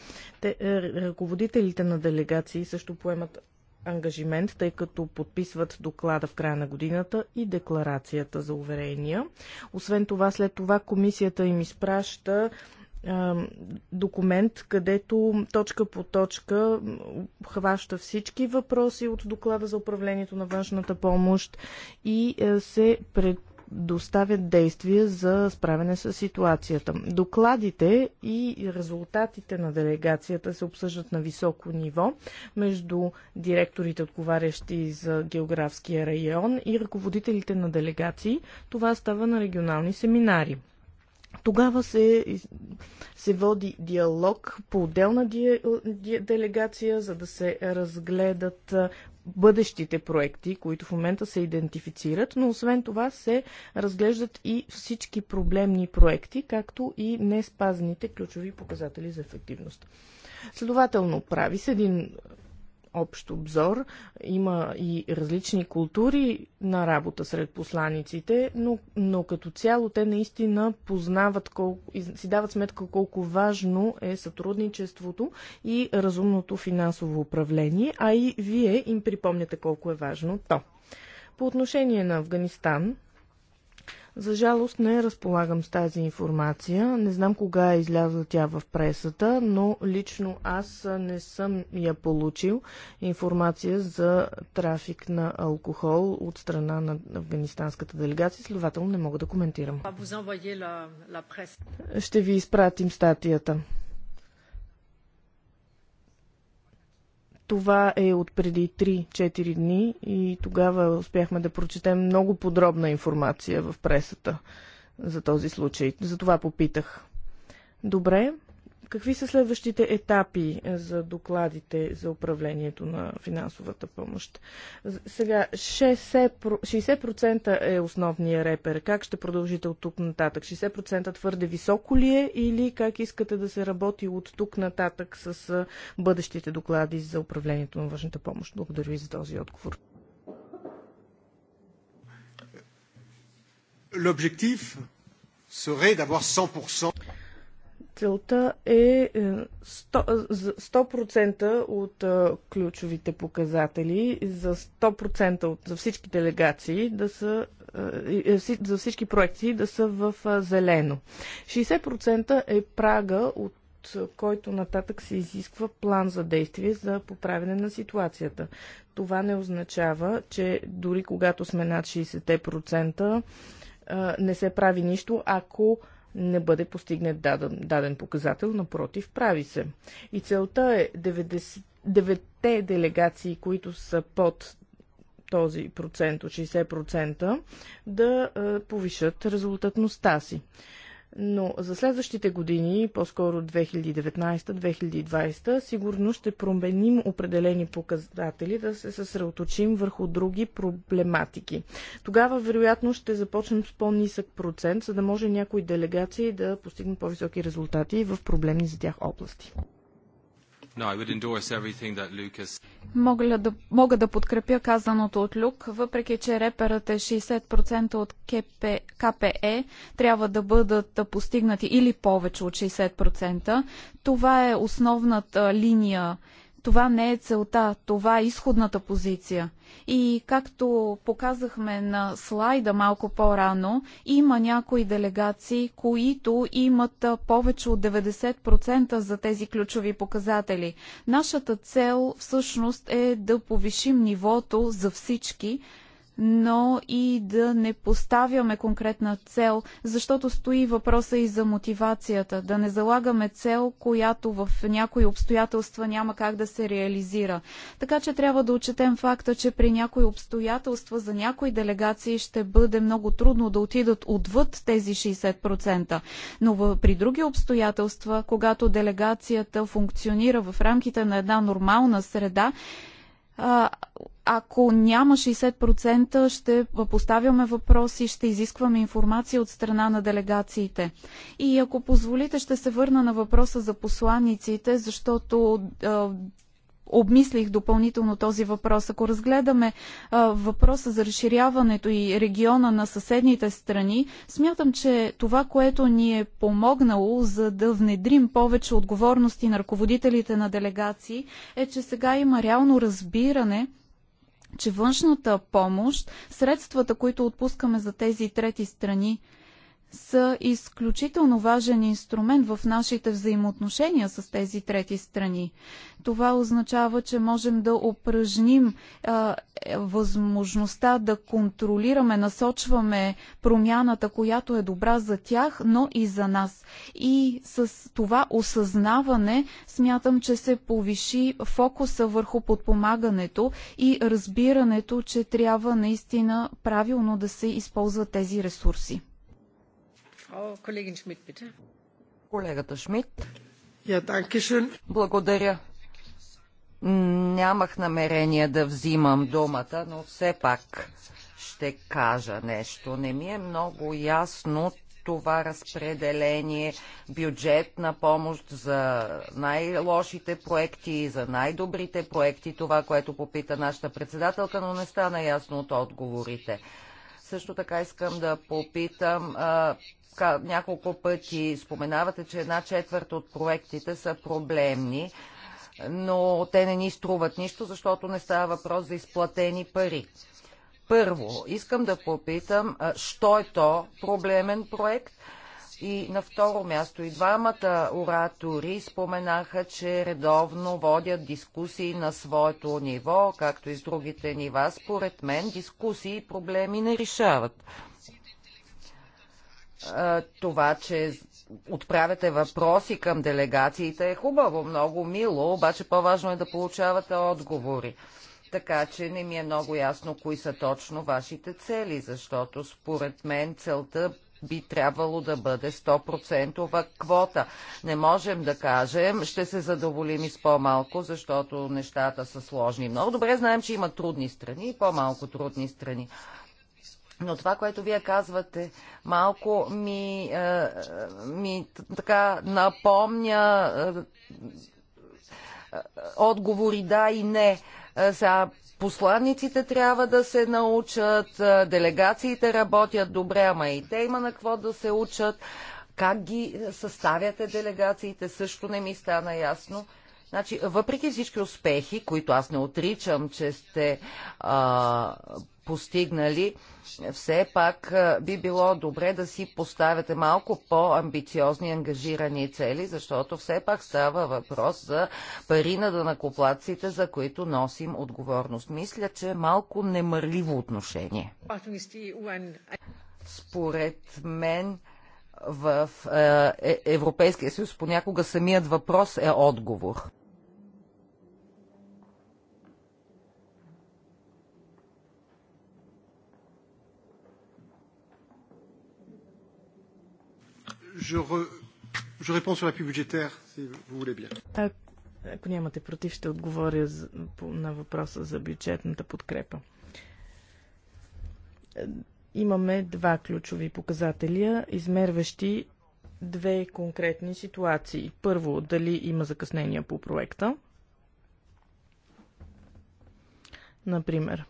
S2: те, е, ръководителите на делегации също поемат ангажимент, тъй като подписват доклада в края на годината и декларацията за уверения. Освен това, след това комисията им изпраща документ, където точка по точка хваща всички въпроси от доклада за управлението на външната помощ и е, се пред доставят действия за справяне с ситуацията. Докладите и резултатите на делегацията се обсъждат на високо ниво между директорите, отговарящи за географския район и ръководителите на делегации. Това става на регионални семинари. Тогава се, се води диалог по отделна ди, ди, делегация, за да се разгледат бъдещите проекти, които в момента се идентифицират, но освен това се разглеждат и всички проблемни проекти, както и неспазните ключови показатели за ефективност. Следователно, прави се един общ обзор. Има и различни култури на работа сред посланиците, но, но като цяло те наистина познават колко, си дават сметка колко важно е сътрудничеството и разумното финансово управление, а и вие им припомняте колко е важно то. По отношение на Афганистан, за жалост не разполагам с тази информация. Не знам кога е излязла тя в пресата, но лично аз не съм я получил информация за трафик на алкохол от страна на афганистанската делегация. Следователно не мога да коментирам. Ще ви изпратим статията. Това е от преди 3-4 дни и тогава успяхме да прочетем много подробна информация в пресата за този случай. За това попитах. Добре, Какви са следващите етапи е, за докладите за управлението на финансовата помощ? Сега 60%, 60% е основния репер. Как ще продължите от тук нататък? 60% твърде високо ли е или как искате да се работи от тук нататък с е, бъдещите доклади за управлението на външната помощ? Благодаря ви за този отговор.
S4: L'objectif serait d'avoir 100%
S2: целта е 100%, е, 100 от е, ключовите показатели за 100% от, за всички делегации да са е, за всички проекти да са в зелено. 60% е прага, от който нататък се изисква план за действие за поправяне на ситуацията. Това не означава, че дори когато сме над 60%, не се прави нищо, ако не бъде постигнат даден, даден показател, напротив, прави се. И целта е 90, 9 делегации, които са под този процент от 60%, да повишат резултатността си. Но за следващите години, по-скоро 2019-2020, сигурно ще променим определени показатели, да се съсредоточим върху други проблематики. Тогава, вероятно, ще започнем с по-нисък процент, за да може някои делегации да постигнат по-високи
S3: резултати в проблемни за тях области мога да, подкрепя казаното от Люк, въпреки че реперът е 60% от КПЕ, трябва да бъдат постигнати или повече от 60%. Това е основната линия това не е целта, това е изходната позиция. И както показахме на слайда малко по-рано, има някои делегации, които имат повече от 90% за тези ключови показатели. Нашата цел всъщност е да повишим нивото за всички, но и да не поставяме конкретна цел, защото стои въпроса и за мотивацията. Да не залагаме цел, която в някои обстоятелства няма как да се реализира. Така че трябва да отчетем факта, че при някои обстоятелства за някои делегации ще бъде много трудно да отидат отвъд тези 60%. Но при други обстоятелства, когато делегацията функционира в рамките на една нормална среда, ако няма 60%, ще поставяме въпроси, ще изискваме информация от страна на делегациите. И ако позволите, ще се върна на въпроса за посланиците, защото обмислих допълнително този въпрос. Ако разгледаме а, въпроса за разширяването и региона на съседните страни, смятам, че това, което ни е помогнало за да внедрим повече отговорности на ръководителите на делегации, е, че сега има реално разбиране че външната помощ, средствата, които отпускаме за тези трети страни, са изключително важен инструмент в нашите взаимоотношения с тези трети страни. Това означава, че можем да упражним а, е, възможността да контролираме, насочваме промяната, която е добра за тях, но и за нас. И с това осъзнаване смятам, че се повиши фокуса върху подпомагането и разбирането, че трябва наистина правилно да се
S1: използват тези ресурси. Колегин Колегата Шмидт. Благодаря. Нямах намерение да взимам думата, но все пак ще кажа нещо. Не ми е много ясно това разпределение, бюджет на помощ за най-лошите проекти, за най-добрите проекти, това, което попита нашата председателка, но не стана ясно от отговорите. Също така искам да попитам а, няколко пъти споменавате, че една четвърт от проектите са проблемни, но те не ни струват нищо, защото не става въпрос за изплатени пари. Първо, искам да попитам, а, що е то проблемен проект – и на второ място и двамата оратори споменаха, че редовно водят дискусии на своето ниво, както и с другите нива. Според мен дискусии и проблеми не решават. Това, че отправяте въпроси към делегациите е хубаво, много мило, обаче по-важно е да получавате отговори. Така че не ми е много ясно кои са точно вашите цели, защото според мен целта би трябвало да бъде 100% квота. Не можем да кажем, ще се задоволим и с по-малко, защото нещата са сложни. Много добре знаем, че има трудни страни и по-малко трудни страни. Но това, което вие казвате, малко ми, е, ми така напомня е, е отговори да и не. Е, сега Посланниците трябва да се научат, делегациите работят добре, ама и те има на какво да се учат. Как ги съставяте делегациите, също не ми стана ясно. Значи, въпреки всички успехи, които аз не отричам, че сте а, постигнали, все пак би било добре да си поставяте малко по-амбициозни ангажирани цели, защото все пак става въпрос за пари на данакоплаците, за които носим отговорност. Мисля, че е малко немърливо отношение. Според мен в е, Европейския съюз понякога самият въпрос е отговор.
S4: Je, re, je réponds sur l'appui budgétaire, si vous voulez bien.
S2: ако нямате против, ще отговоря на въпроса за бюджетната подкрепа. Е, имаме два ключови показателя, измерващи две конкретни ситуации. Първо, дали има закъснения по проекта. Например,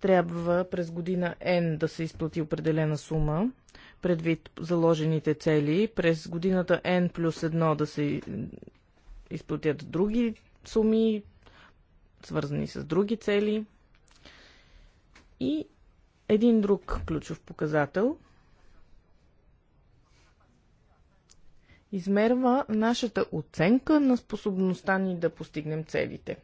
S2: трябва през година N да се изплати определена сума предвид заложените цели, през годината N плюс 1 да се изплатят други суми, свързани с други цели. И един друг ключов показател измерва нашата оценка на способността ни да постигнем целите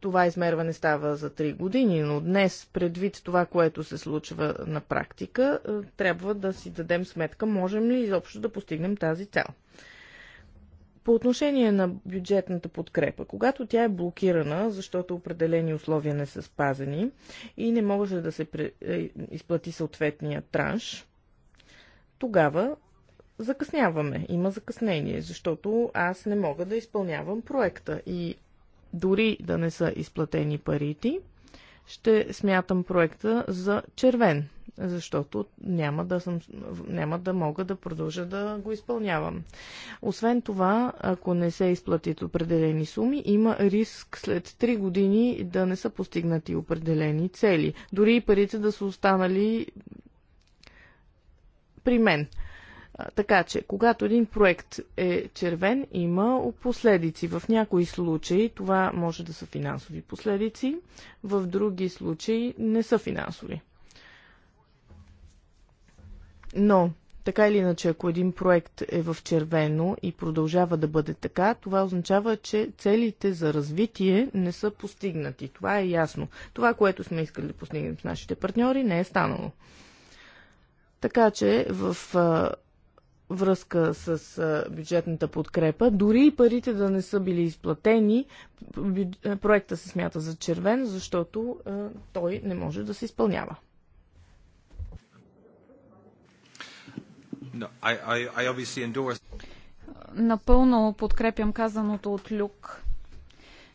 S2: това измерване става за 3 години, но днес, предвид това, което се случва на практика, е, трябва да си дадем сметка, можем ли изобщо да постигнем тази цел. По отношение на бюджетната подкрепа, когато тя е блокирана, защото определени условия не са спазени и не може да се е, изплати съответния транш, тогава закъсняваме. Има закъснение, защото аз не мога да изпълнявам проекта. И дори да не са изплатени парите, ще смятам проекта за червен, защото няма да, съм, няма да мога да продължа да го изпълнявам. Освен това, ако не се изплатят определени суми, има риск след 3 години да не са постигнати определени цели. Дори и парите да са останали при мен. Така че, когато един проект е червен, има последици. В някои случаи това може да са финансови последици, в други случаи не са финансови. Но, така или иначе, ако един проект е в червено и продължава да бъде така, това означава, че целите за развитие не са постигнати. Това е ясно. Това, което сме искали да постигнем с нашите партньори, не е станало. Така че в връзка с бюджетната подкрепа. Дори и парите да не са били изплатени, проекта се смята за червен, защото
S3: той не може да се изпълнява.
S4: No, I, I endorse...
S3: Напълно подкрепям казаното от Люк.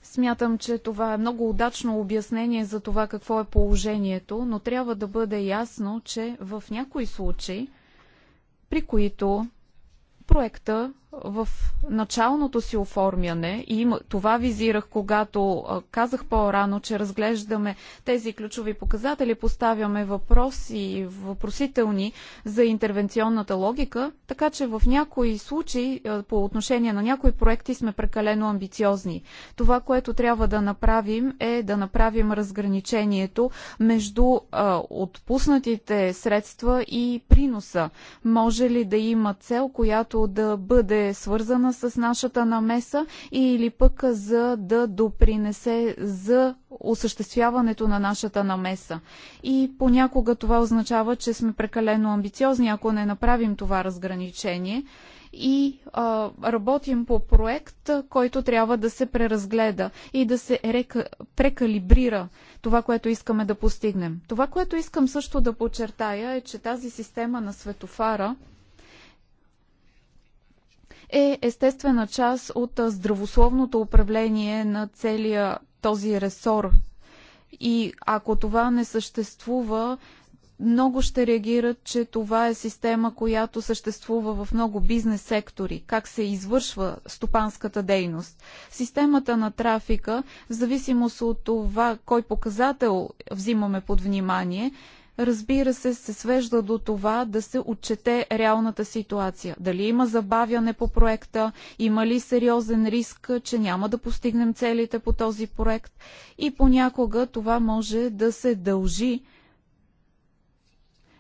S3: Смятам, че това е много удачно обяснение за това какво е положението, но трябва да бъде ясно, че в някои случаи при които проекта в началното си оформяне, и това визирах, когато казах по-рано, че разглеждаме тези ключови показатели, поставяме въпроси, и въпросителни за интервенционната логика, така че в някои случаи, по отношение на някои проекти, сме прекалено амбициозни. Това, което трябва да направим, е да направим разграничението между а, отпуснатите средства и приноса. Може ли да има цел, която да бъде е свързана с нашата намеса или пък за да допринесе за осъществяването на нашата намеса. И понякога това означава, че сме прекалено амбициозни, ако не направим това разграничение и а, работим по проект, който трябва да се преразгледа и да се река, прекалибрира това, което искаме да постигнем. Това, което искам също да подчертая е, че тази система на светофара – е естествена част от здравословното управление на целия този ресор. И ако това не съществува, много ще реагират, че това е система, която съществува в много бизнес сектори, как се извършва стопанската дейност. Системата на трафика, в зависимост от това кой показател взимаме под внимание, разбира се, се свежда до това да се отчете реалната ситуация. Дали има забавяне по проекта, има ли сериозен риск, че няма да постигнем целите по този проект и понякога това може да се дължи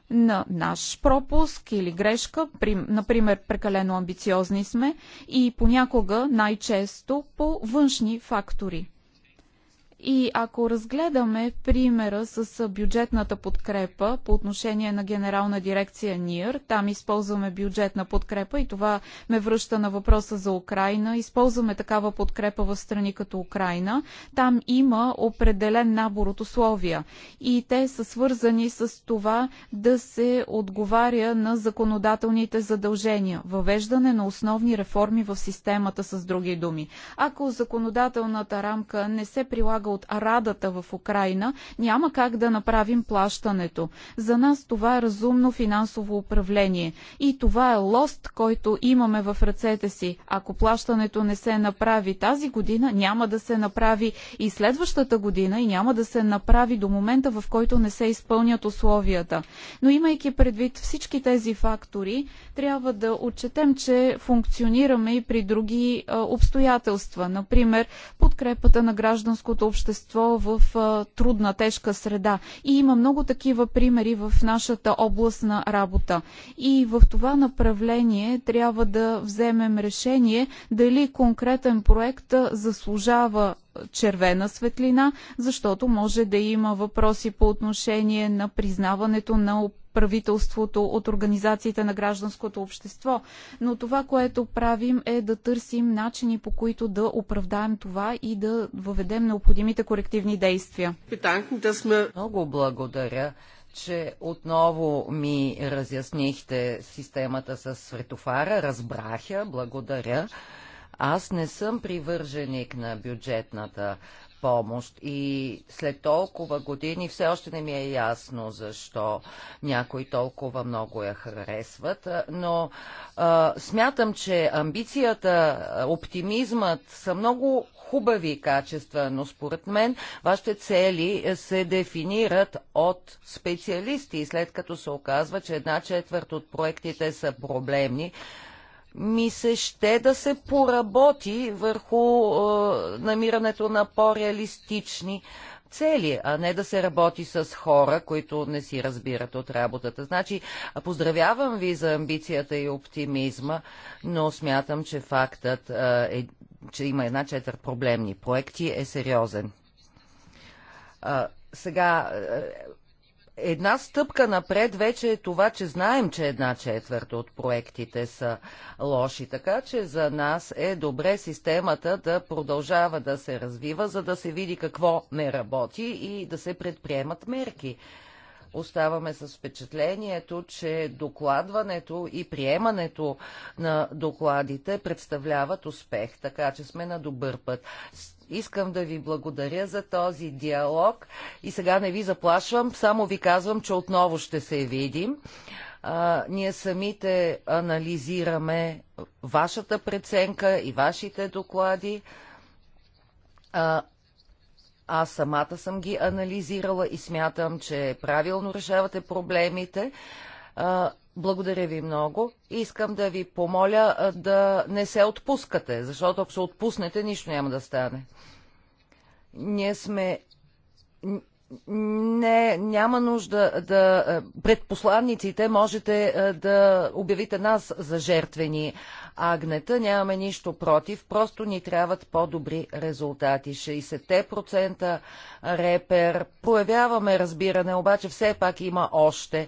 S3: на наш пропуск или грешка, например прекалено амбициозни сме и понякога най-често по външни фактори. И ако разгледаме примера с бюджетната подкрепа по отношение на генерална дирекция НИР, там използваме бюджетна подкрепа и това ме връща на въпроса за Украина. Използваме такава подкрепа в страни като Украина. Там има определен набор от условия и те са свързани с това да се отговаря на законодателните задължения. Въвеждане на основни реформи в системата с други думи. Ако законодателната рамка не се прилага от радата в Украина, няма как да направим плащането. За нас това е разумно финансово управление. И това е лост, който имаме в ръцете си. Ако плащането не се направи тази година, няма да се направи и следващата година и няма да се направи до момента, в който не се изпълнят условията. Но имайки предвид всички тези фактори, трябва да отчетем, че функционираме и при други обстоятелства. Например, подкрепата на гражданското общество в трудна, тежка среда. И има много такива примери в нашата област на работа. И в това направление трябва да вземем решение дали конкретен проект заслужава червена светлина, защото може да има въпроси по отношение на признаването на правителството от организациите на гражданското общество. Но това, което правим е да търсим начини по които да оправдаем това и да въведем необходимите корективни действия.
S1: Много благодаря че отново ми разяснихте системата с светофара. Разбрах я. Благодаря. Аз не съм привърженик на бюджетната помощ и след толкова години все още не ми е ясно защо някои толкова много я харесват, но а, смятам, че амбицията, оптимизмът са много хубави качества, но според мен вашите цели се дефинират от специалисти и след като се оказва, че една четвърт от проектите са проблемни, ми се ще да се поработи върху е, намирането на по-реалистични цели, а не да се работи с хора, които не си разбират от работата. Значи, поздравявам ви за амбицията и оптимизма, но смятам, че фактът, е, че има една четвърт проблемни проекти, е сериозен. А, сега, една стъпка напред вече е това, че знаем, че една четвърта от проектите са лоши. Така че за нас е добре системата да продължава да се развива, за да се види какво не работи и да се предприемат мерки. Оставаме с впечатлението, че докладването и приемането на докладите представляват успех, така че сме на добър път. Искам да ви благодаря за този диалог и сега не ви заплашвам, само ви казвам, че отново ще се видим. А, ние самите анализираме вашата преценка и вашите доклади. А, аз самата съм ги анализирала и смятам, че правилно решавате проблемите. А, благодаря ви много. Искам да ви помоля да не се отпускате, защото ако се отпуснете, нищо няма да стане. Ние сме не, няма нужда да... Пред посланниците можете да обявите нас за жертвени агнета. Нямаме нищо против, просто ни трябват по-добри резултати. 60% репер. Проявяваме разбиране, обаче все пак има още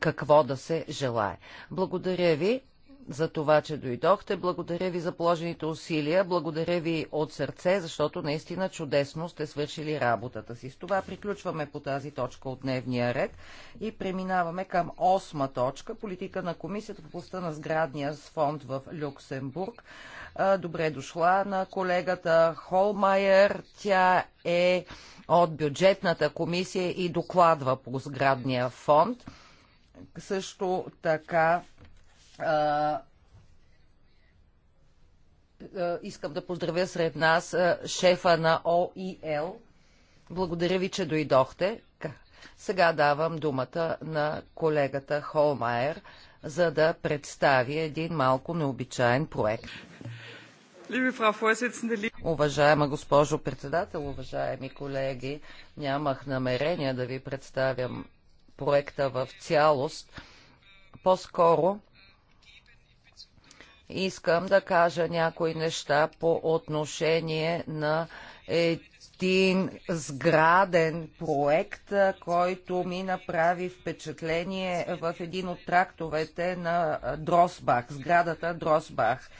S1: какво да се желае. Благодаря ви за това, че дойдохте. Благодаря ви за положените усилия. Благодаря ви от сърце, защото наистина чудесно сте свършили работата си. С това приключваме по тази точка от дневния ред и преминаваме към осма точка. Политика на комисията в областта на сградния фонд в Люксембург. Добре дошла на колегата Холмайер. Тя е от бюджетната комисия и докладва по сградния фонд също така а, искам да поздравя сред нас шефа на ОИЛ. Благодаря ви, че дойдохте. Сега давам думата на колегата Холмайер, за да представи един малко необичайен проект. Уважаема госпожо председател, уважаеми колеги, нямах намерение да ви представям проекта в цялост. По-скоро искам да кажа някои неща по отношение на един сграден проект, който ми направи впечатление в един от трактовете на Дросбах, сградата Дросбах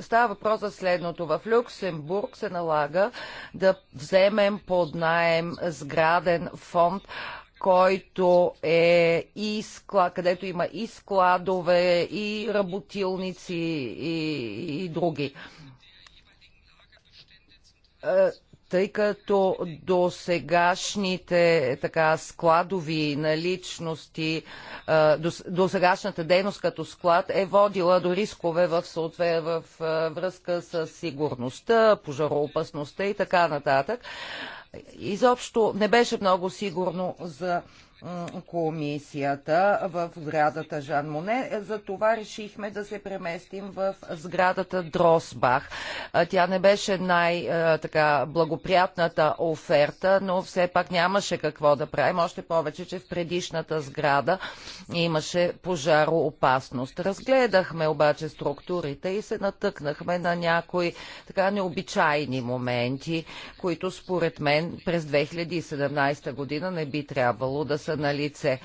S1: Става въпрос за следното. В Люксембург се налага да вземем под найем сграден фонд, който е и склад, където има и складове, и работилници, и, и други е, тъй като до сегашните така складови наличности, до, до сегашната дейност като склад е водила до рискове в, съответ, в връзка с сигурността, пожароопасността и така нататък. Изобщо не беше много сигурно за комисията в сградата Жан Моне. За това решихме да се преместим в сградата Дросбах. Тя не беше най-благоприятната оферта, но все пак нямаше какво да правим. Още повече, че в предишната сграда имаше пожароопасност. Разгледахме обаче структурите и се натъкнахме на някои така необичайни моменти, които според мен през 2017 година не би трябвало да се са на лице.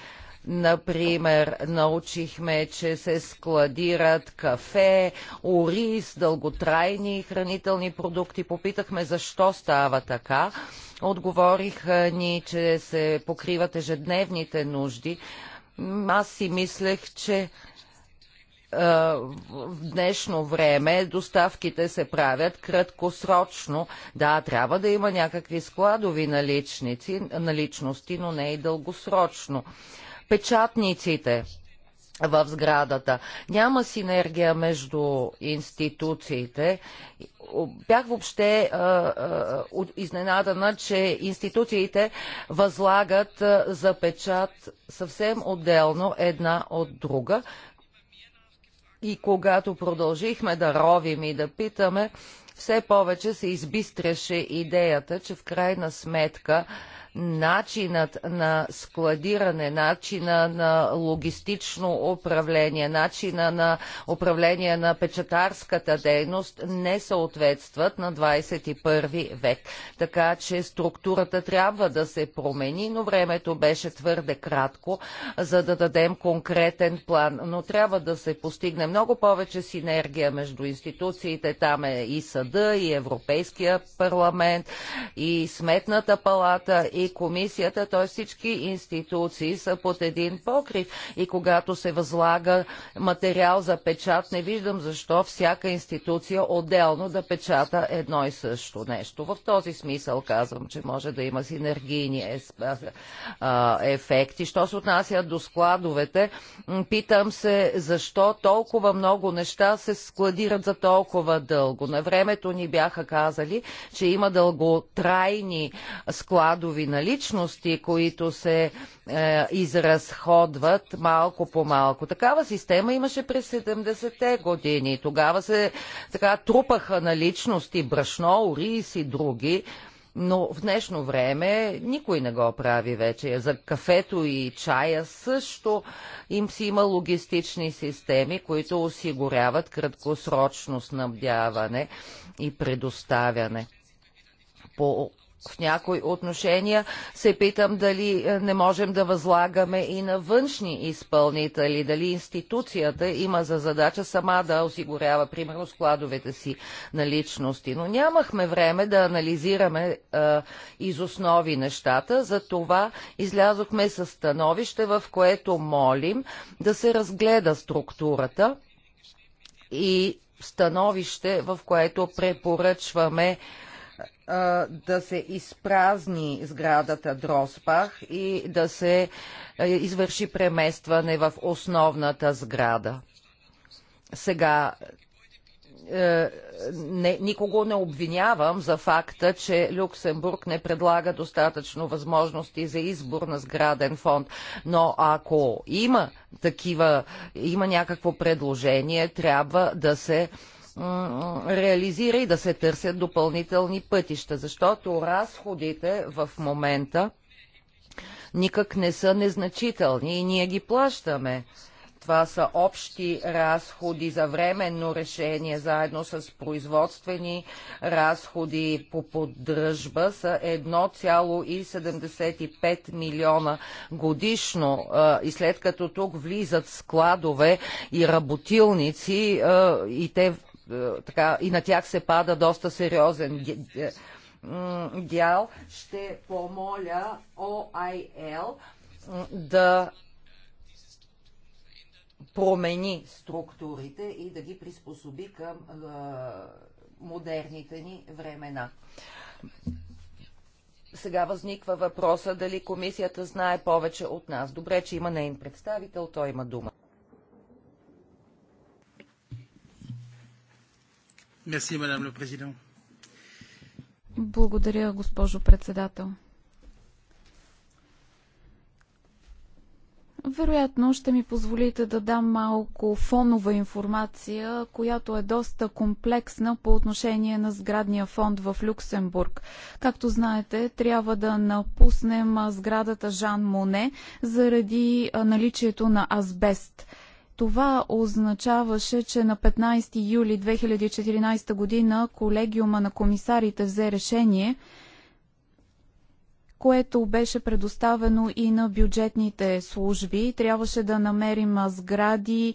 S1: Например, научихме, че се складират кафе, ориз, дълготрайни хранителни продукти. Попитахме защо става така. Отговориха ни, че се покриват ежедневните нужди. Аз си мислех, че в днешно време доставките се правят краткосрочно. Да, трябва да има някакви складови наличници, наличности, но не и дългосрочно. Печатниците в сградата. Няма синергия между институциите. Бях въобще а, а, изненадана, че институциите възлагат а, за печат съвсем отделно една от друга, и когато продължихме да ровим и да питаме, все повече се избистреше идеята, че в крайна сметка начинът на складиране, начина на логистично управление, начина на управление на печатарската дейност не съответстват на 21 век. Така че структурата трябва да се промени, но времето беше твърде кратко, за да дадем конкретен план. Но трябва да се постигне много повече синергия между институциите. Там е и съда, и Европейския парламент, и Сметната палата, и и комисията, т.е. всички институции са под един покрив. И когато се възлага материал за печат, не виждам защо всяка институция отделно да печата едно и също нещо. В този смисъл казвам, че може да има синергийни ефекти. Що се отнася до складовете, питам се защо толкова много неща се складират за толкова дълго. На времето ни бяха казали, че има дълготрайни складови личности, които се е, изразходват малко по малко. Такава система имаше през 70-те години. Тогава се така трупаха личности брашно, ориз и други. Но в днешно време никой не го прави вече. За кафето и чая също им си има логистични системи, които осигуряват краткосрочно снабдяване и предоставяне. По в някои отношения се питам дали е, не можем да възлагаме и на външни изпълнители, дали институцията има за задача сама да осигурява, примерно, складовете си на личности. Но нямахме време да анализираме а, е, из основи нещата, това излязохме с становище, в което молим да се разгледа структурата и становище, в което препоръчваме да се изпразни сградата Дроспах и да се извърши преместване в основната сграда. Сега е, не, никого не обвинявам за факта, че Люксембург не предлага достатъчно възможности за избор на сграден фонд, но ако има такива, има някакво предложение, трябва да се реализира и да се търсят допълнителни пътища, защото разходите в момента никак не са незначителни и ние ги плащаме. Това са общи разходи за временно решение, заедно с производствени разходи по поддръжба са 1,75 милиона годишно. И след като тук влизат складове и работилници, и те е, така, и на тях се пада доста сериозен е, дял, ще помоля OIL да промени структурите и да ги приспособи към е, модерните ни времена. Сега възниква въпроса дали комисията знае повече от нас. Добре, че има нейн представител, той има дума.
S3: Благодаря, госпожо председател. Вероятно ще ми позволите да дам малко фонова информация, която е доста комплексна по отношение на сградния фонд в Люксембург. Както знаете, трябва да напуснем сградата Жан Моне заради наличието на азбест – това означаваше, че на 15 юли 2014 година колегиума на комисарите взе решение, което беше предоставено и на бюджетните служби. Трябваше да намерим сгради,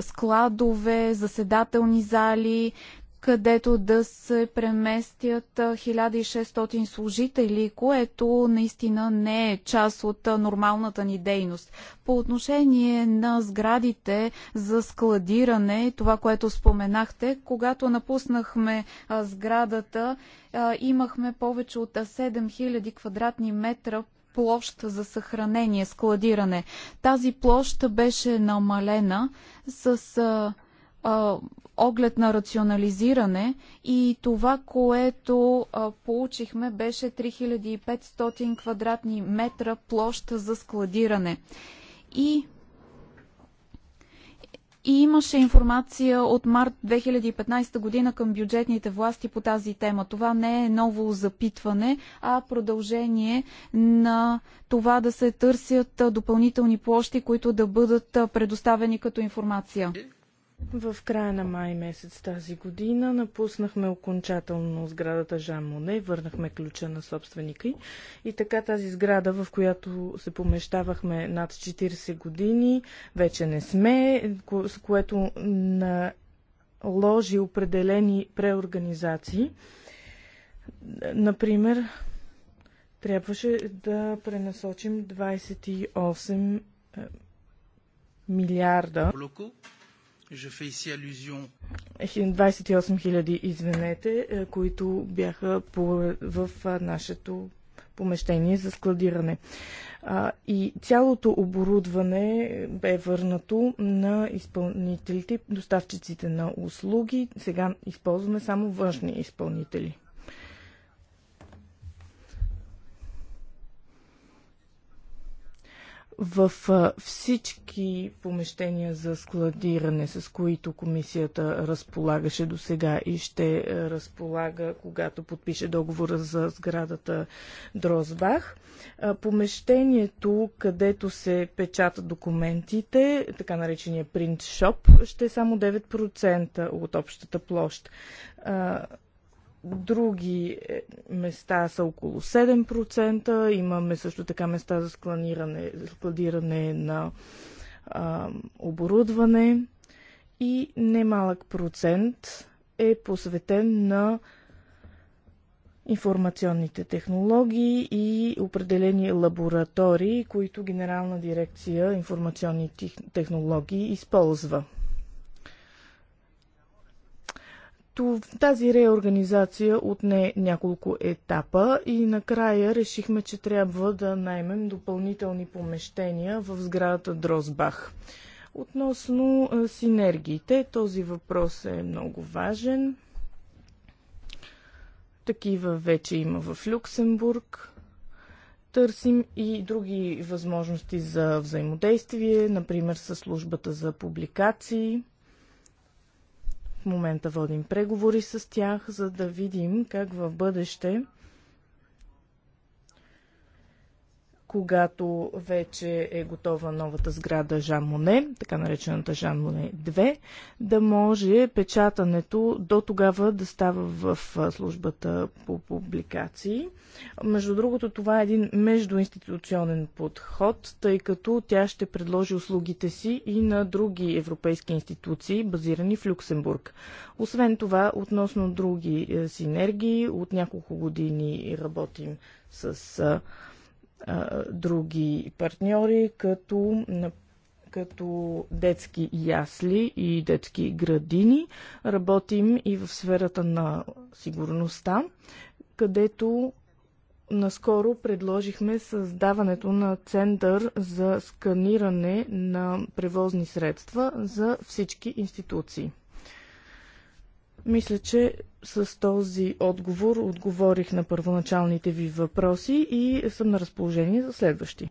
S3: складове, заседателни зали, където да се преместят 1600 служители, което наистина не е част от нормалната ни дейност. По отношение на сградите за складиране, това, което споменахте, когато напуснахме сградата, имахме повече от 7000 квадратни метра площ за съхранение, складиране. Тази площ беше намалена с а, оглед на рационализиране и това, което а, получихме беше 3500 квадратни метра площа за складиране. И и имаше информация от март 2015 година към бюджетните власти по тази тема. Това не е ново запитване, а продължение на това да се търсят допълнителни площи, които да бъдат предоставени като информация.
S2: В края на май месец тази година напуснахме окончателно сградата Жан Моне, върнахме ключа на собственика й и така тази сграда, в която се помещавахме над 40 години, вече не сме, с което наложи определени преорганизации. Например, трябваше да пренасочим 28 е, милиарда. Je fais ici allusion. 28 000 извинете, е, които бяха по, в нашето помещение за складиране. А, и цялото оборудване бе върнато на изпълнителите, доставчиците на услуги. Сега използваме само външни изпълнители. в всички помещения за складиране, с които комисията разполагаше до сега и ще разполага, когато подпише договора за сградата Дрозбах. Помещението, където се печатат документите, така наречения принт шоп, ще е само 9% от общата площ други е, места са около 7%. Имаме също така места за складиране, складиране на а, оборудване и немалък процент е посветен на информационните технологии и определени лаборатории, които Генерална дирекция информационни технологии използва. тази реорганизация отне няколко етапа и накрая решихме, че трябва да наймем допълнителни помещения в сградата Дрозбах. Относно синергиите, този въпрос е много важен. Такива вече има в Люксембург. Търсим и други възможности за взаимодействие, например с службата за публикации – в момента водим преговори с тях, за да видим как в бъдеще когато вече е готова новата сграда Жан Моне, така наречената Жан Моне 2, да може печатането до тогава да става в службата по публикации. Между другото, това е един междуинституционен подход, тъй като тя ще предложи услугите си и на други европейски институции, базирани в Люксембург. Освен това, относно други е, синергии, от няколко години работим с други партньори, като, като детски ясли и детски градини. Работим и в сферата на сигурността, където наскоро предложихме създаването на център за сканиране на превозни средства за всички институции. Мисля, че с този отговор отговорих на първоначалните ви въпроси и съм на разположение за следващи.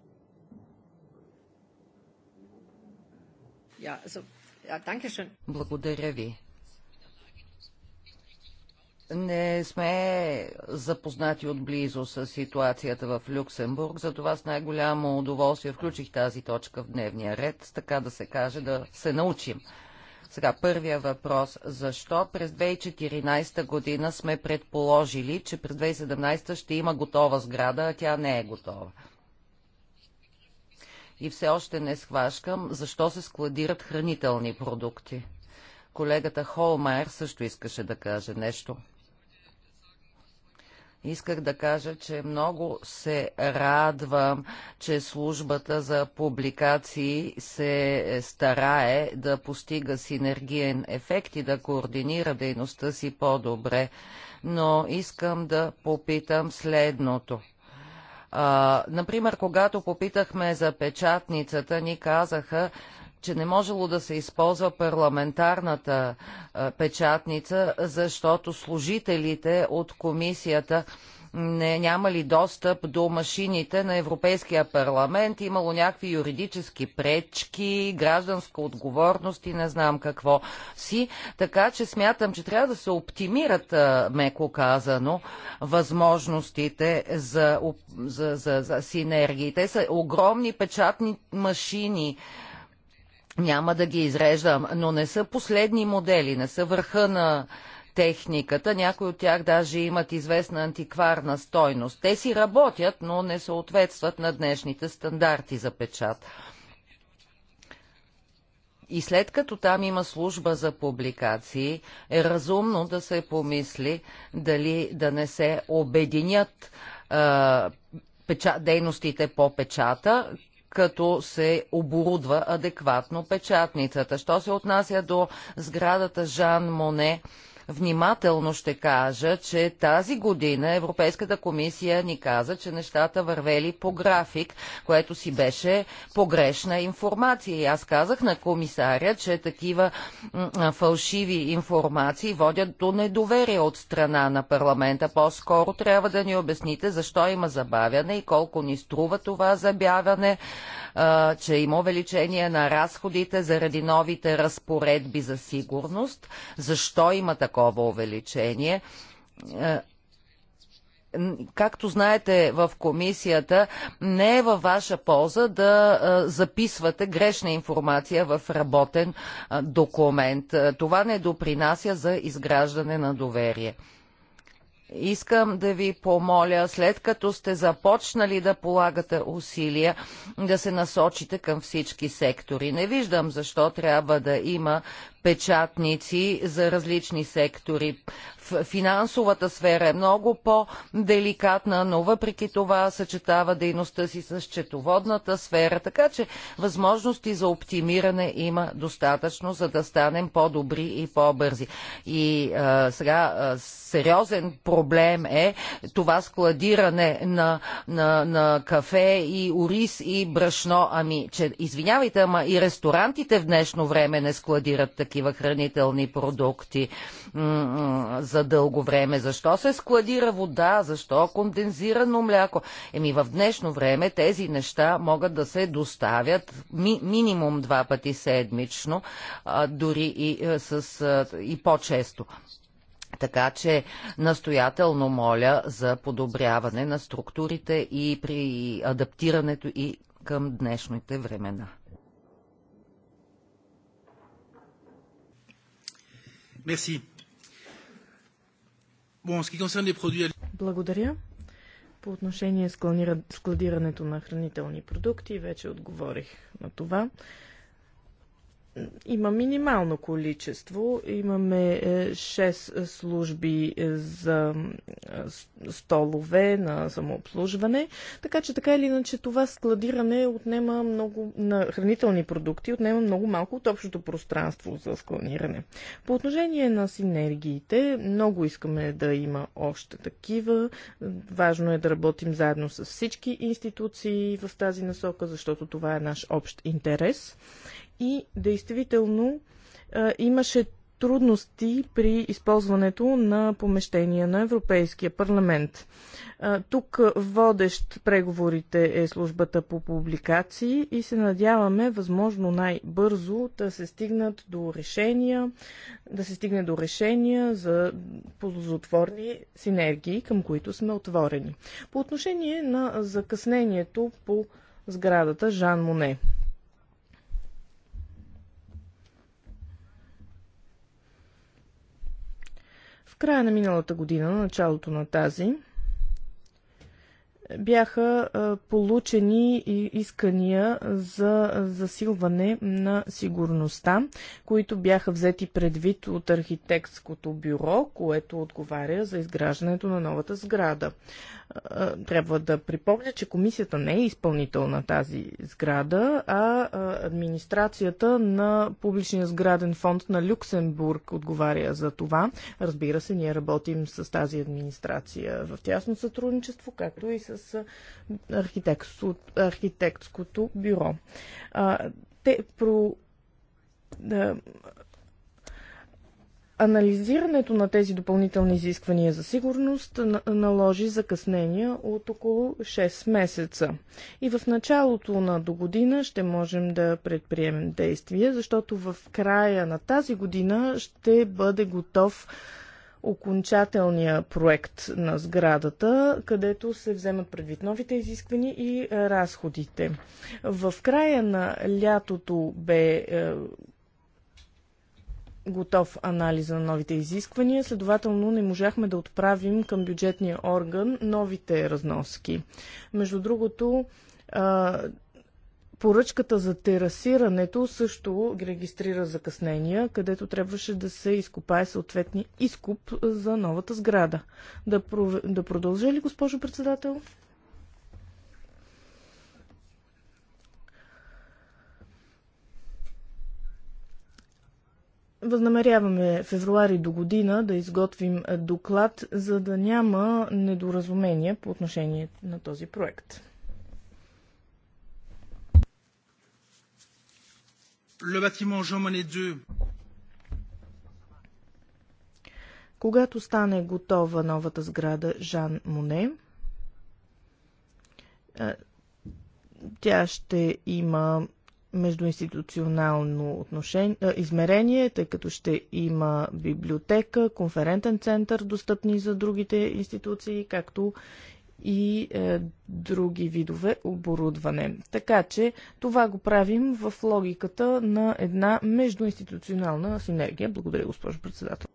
S1: Благодаря ви. Не сме запознати отблизо с ситуацията в Люксембург, затова с най-голямо удоволствие включих тази точка в дневния ред, така да се каже, да се научим сега, първия въпрос. Защо през 2014 година сме предположили, че през 2017 ще има готова сграда, а тя не е готова? И все още не схващам, защо се складират хранителни продукти. Колегата Холмайер също искаше да каже нещо. Исках да кажа, че много се радвам, че службата за публикации се старае да постига синергиен ефект и да координира дейността си по-добре. Но искам да попитам следното. А, например, когато попитахме за печатницата, ни казаха, че не можело да се използва парламентарната а, печатница, защото служителите от комисията не, нямали достъп до машините на Европейския парламент, имало някакви юридически пречки, гражданска отговорност и не знам какво си. Така че смятам, че трябва да се оптимират, меко казано, възможностите за, за, за, за синергии. Те са огромни печатни машини няма да ги изреждам, но не са последни модели, не са върха на техниката. Някои от тях даже имат известна антикварна стойност. Те си работят, но не съответстват на днешните стандарти за печат. И след като там има служба за публикации, е разумно да се помисли дали да не се обединят печа, дейностите по печата, като се оборудва адекватно печатницата. Що се отнася до сградата Жан Моне, Внимателно ще кажа, че тази година Европейската комисия ни каза, че нещата вървели по график, което си беше погрешна информация. И аз казах на комисаря, че такива фалшиви информации водят до недоверие от страна на парламента. По-скоро трябва да ни обясните защо има забавяне и колко ни струва това забавяне, че има увеличение на разходите заради новите разпоредби за сигурност. Защо има такова такова увеличение. Е, както знаете в комисията, не е във ваша полза да е, записвате грешна информация в работен е, документ. Това не допринася за изграждане на доверие. Искам да ви помоля, след като сте започнали да полагате усилия, да се насочите към всички сектори. Не виждам защо трябва да има печатници за различни сектори. Финансовата сфера е много по-деликатна, но въпреки това съчетава дейността си с четоводната сфера, така че възможности за оптимиране има достатъчно, за да станем по-добри и по-бързи. И а, сега а, сериозен проблем е това складиране на, на, на кафе и ориз и брашно. Ами, че, извинявайте, ама и ресторантите в днешно време не складират такива хранителни продукти за дълго време? Защо се складира вода? Защо кондензирано мляко? Еми в днешно време тези неща могат да се доставят ми, минимум два пъти седмично, а, дори и, а, е, с, а, е, и по-често. Така че настоятелно моля за подобряване на структурите и при адаптирането и към днешните времена.
S4: Merci. Bon, ce qui concerne les produits... Благодаря.
S2: По отношение складирането на хранителни продукти, вече отговорих на това има минимално количество. Имаме 6 е, е, служби е, за столове на самообслужване, така че така или иначе това складиране отнема много на хранителни продукти, отнема много малко от общото пространство за склониране. По отношение на синергиите, много искаме да има още такива. Важно е да работим заедно с всички институции в тази насока, защото това е наш общ интерес и действително имаше трудности при използването на помещения на Европейския парламент. Тук водещ преговорите е службата по публикации и се надяваме възможно най-бързо да се стигнат до решения, да се стигне до решения за ползотворни синергии, към които сме отворени. По отношение на закъснението по сградата Жан Моне. края на миналата година, на началото на тази, бяха получени искания за засилване на сигурността, които бяха взети предвид от архитектското бюро, което отговаря за изграждането на новата сграда. Трябва да припомня, че комисията не е изпълнител на тази сграда, а администрацията на публичния сграден фонд на Люксембург отговаря за това. Разбира се, ние работим с тази администрация в тясно сътрудничество, както и с архитектското бюро. Те про Анализирането на тези допълнителни изисквания за сигурност наложи закъснения от около 6 месеца. И в началото на до година ще можем да предприемем действия, защото в края на тази година ще бъде готов окончателния проект на сградата, където се вземат предвид новите изисквания и разходите. В края на лятото бе е, готов анализа на новите изисквания, следователно не можахме да отправим към бюджетния орган новите разноски. Между другото, поръчката за терасирането също регистрира закъснения, където трябваше да се изкопае съответния изкуп за новата сграда. Да, пров... да ли, госпожо председател? Възнамеряваме февруари до година да изготвим доклад, за да няма недоразумение по отношение на този проект.
S4: Le bâtiment Jean Monnet
S2: Когато стане готова новата сграда Жан Моне, тя ще има междуинституционално отношение, измерение, тъй като ще има библиотека, конферентен център, достъпни за другите институции, както и е, други видове оборудване. Така че това го правим в логиката на една междуинституционална синергия. Благодаря, госпожо председател.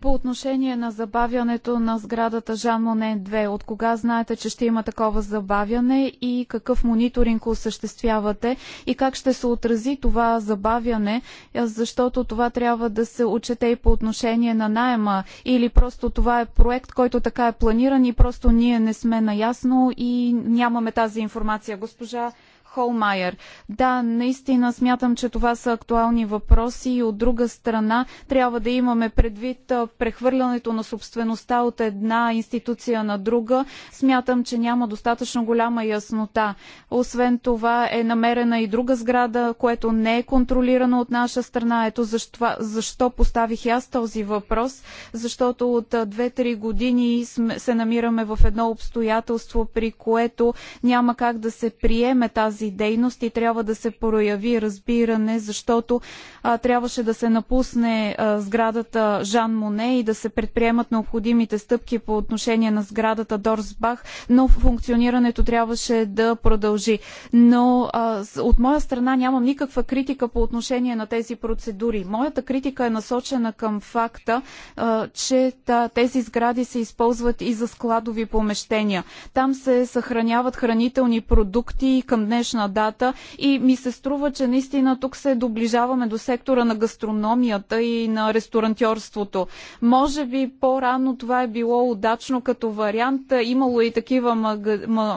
S3: По отношение на забавянето на сградата Жан Моне 2, от кога знаете, че ще има такова забавяне и какъв мониторинг осъществявате и как ще се отрази това забавяне, защото това трябва да се отчете и по отношение на найема или просто това е проект, който така е планиран и просто ние не сме наясно и нямаме тази информация. Госпожа Холмайер. Да, наистина смятам, че това са актуални въпроси и от друга страна трябва да имаме предвид прехвърлянето на собствеността от една институция на друга. Смятам, че няма достатъчно голяма яснота. Освен това е намерена и друга сграда, което не е контролирано от наша страна. Ето защо, защо поставих аз този въпрос, защото от 2-3 години се намираме в едно обстоятелство, при което няма как да се приеме тази тази дейност и трябва да се прояви разбиране, защото а, трябваше да се напусне а, сградата Жан Моне и да се предприемат необходимите стъпки по отношение на сградата Дорсбах, но функционирането трябваше да продължи. Но а, от моя страна нямам никаква критика по отношение на тези процедури. Моята критика е насочена към факта, а, че та, тези сгради се използват и за складови помещения. Там се съхраняват хранителни продукти и към днеш днешна дата и ми се струва, че наистина тук се доближаваме до сектора на гастрономията и на ресторантьорството. Може би по-рано това е било удачно като вариант. Имало и такива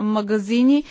S3: магазини.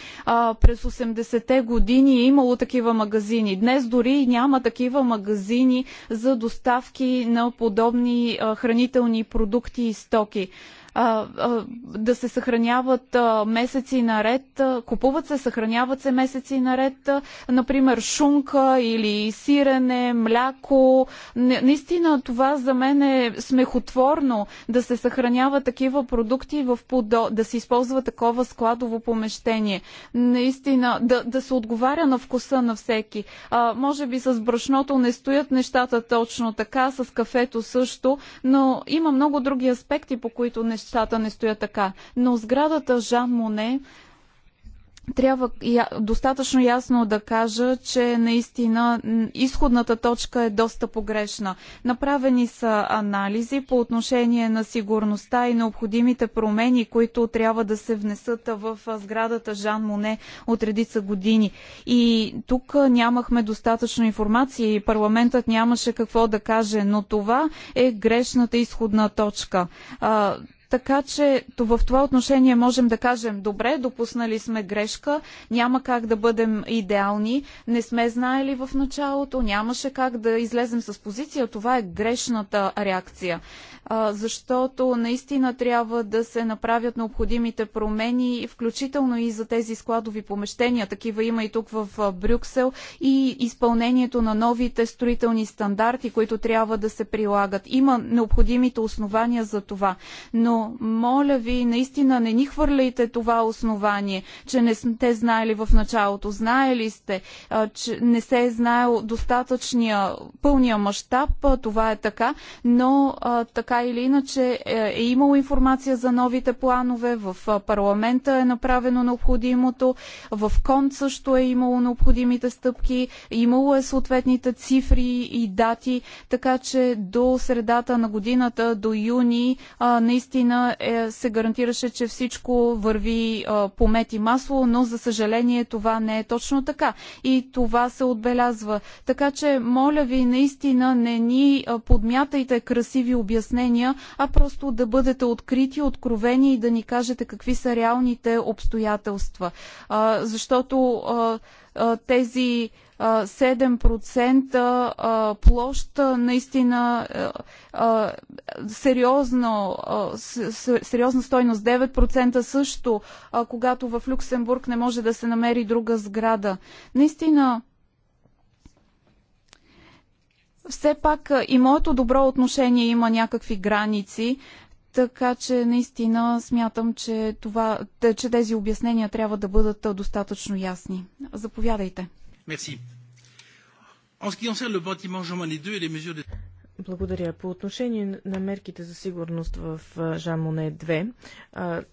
S3: през 80-те години е имало такива магазини. Днес дори няма такива магазини за доставки на подобни хранителни продукти и стоки а, а, да се съхраняват а, месеци наред. А, купуват се, съхраняват се месеци наред. А, например, шунка или сирене, мляко. Не, наистина това за мен е смехотворно да се съхранява такива продукти в подо, да се използва такова складово помещение. Наистина да, да се отговаря на вкуса на всеки. А, може би с брашното не стоят нещата точно така, с кафето също, но има много други аспекти, по които не нещата не стоят така. Но сградата Жан Моне трябва достатъчно ясно да кажа, че наистина изходната точка е доста погрешна. Направени са анализи по отношение на сигурността и необходимите промени, които трябва да се внесат в сградата Жан Моне от редица години. И тук нямахме достатъчно информация и парламентът нямаше какво да каже, но това е грешната изходна точка. Така че в това отношение можем да кажем добре, допуснали сме грешка, няма как да бъдем идеални, не сме знаели в началото, нямаше как да излезем с позиция. Това е грешната реакция. Защото наистина трябва да се направят необходимите промени, включително и за тези складови помещения. Такива има и тук в Брюксел и изпълнението на новите строителни стандарти, които трябва да се прилагат. Има необходимите основания за това. Но моля ви, наистина не ни хвърляйте това основание, че не сте знаели в началото. Знаели сте, че не се е знаел достатъчния пълния мащаб, това е така, но така или иначе е, е имало информация за новите планове, в парламента е направено необходимото, в КОН също е имало необходимите стъпки, имало е съответните цифри и дати, така че до средата на годината, до юни, наистина година е, се гарантираше, че всичко върви е, по мед и масло, но за съжаление това не е точно така. И това се отбелязва. Така че, моля ви, наистина не ни подмятайте красиви обяснения, а просто да бъдете открити, откровени и да ни кажете какви са реалните обстоятелства. Е, защото. Е, тези 7% площ наистина сериозно, сериозна стойност 9% също, когато в Люксембург не може да се намери друга сграда. Наистина все пак и моето добро отношение има някакви граници. Така че наистина смятам, че, това, че тези обяснения трябва да бъдат достатъчно ясни. Заповядайте. Благодаря.
S2: По отношение на мерките за сигурност в Жан Моне 2,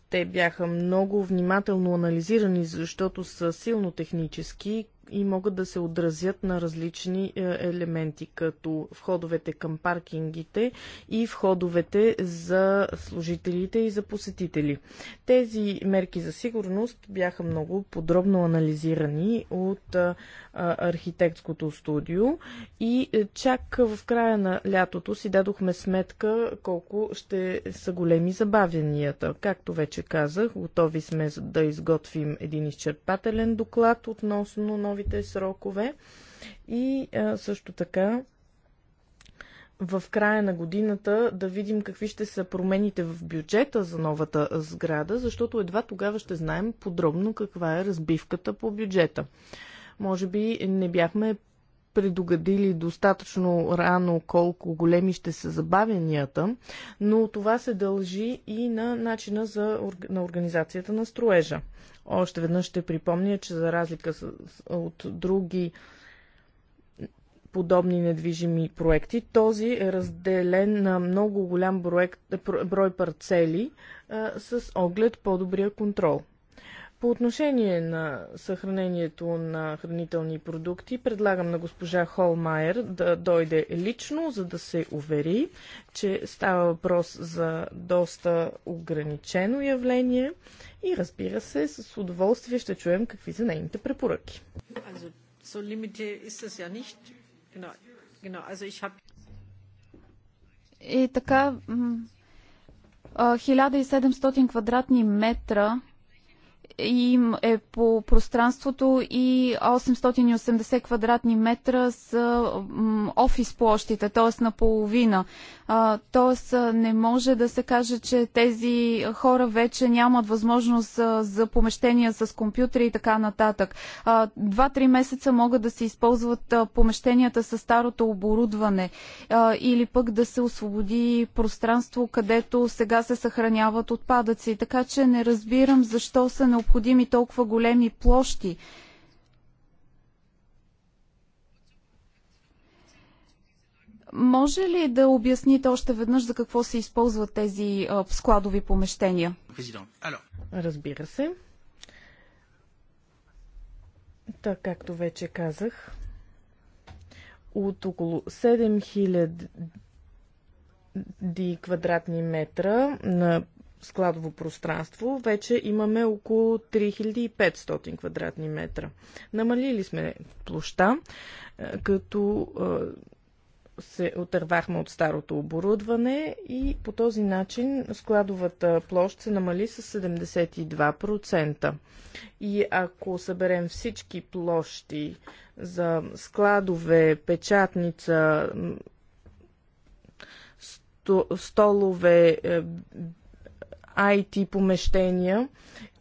S2: те бяха много внимателно анализирани, защото са силно технически и могат да се отразят на различни е, елементи, като входовете към паркингите и входовете за служителите и за посетители. Тези мерки за сигурност бяха много подробно анализирани от е, е, архитектското студио и чак в края на лятото си дадохме сметка колко ще са големи забавянията. Както вече вече казах, готови сме да изготвим един изчерпателен доклад относно новите срокове и също така в края на годината да видим какви ще са промените в бюджета за новата сграда, защото едва тогава ще знаем подробно каква е разбивката по бюджета. Може би не бяхме предугадили достатъчно рано колко големи ще са забавенията, но това се дължи и на начина за, на организацията на строежа. Още веднъж ще припомня, че за разлика от други подобни недвижими проекти. Този е разделен на много голям брой, брой парцели а, с оглед по-добрия контрол. По отношение на съхранението на хранителни продукти, предлагам на госпожа Холмайер да дойде лично, за да се увери, че става въпрос за доста ограничено явление и разбира се, с удоволствие ще чуем какви са нейните препоръки.
S3: И така, 1700 квадратни метра им е по пространството и 880 квадратни метра са офис площите, т.е. наполовина. Т.е. не може да се каже, че тези хора вече нямат възможност за помещения с компютри и така нататък. Два-три месеца могат да се използват помещенията с старото оборудване или пък да се освободи пространство, където сега се съхраняват отпадъци. Така че не разбирам защо са необходимо необходими толкова големи площи. Може ли да обясните още веднъж за какво се използват тези складови помещения? Разбира се. Така, както вече
S2: казах, от около 7000 квадратни метра на складово пространство, вече имаме около 3500 квадратни метра. Намалили сме площа, е, като е, се отървахме от старото оборудване и по този начин складовата площ се намали с 72%. И ако съберем всички площи за складове, печатница, столове, е, IT помещения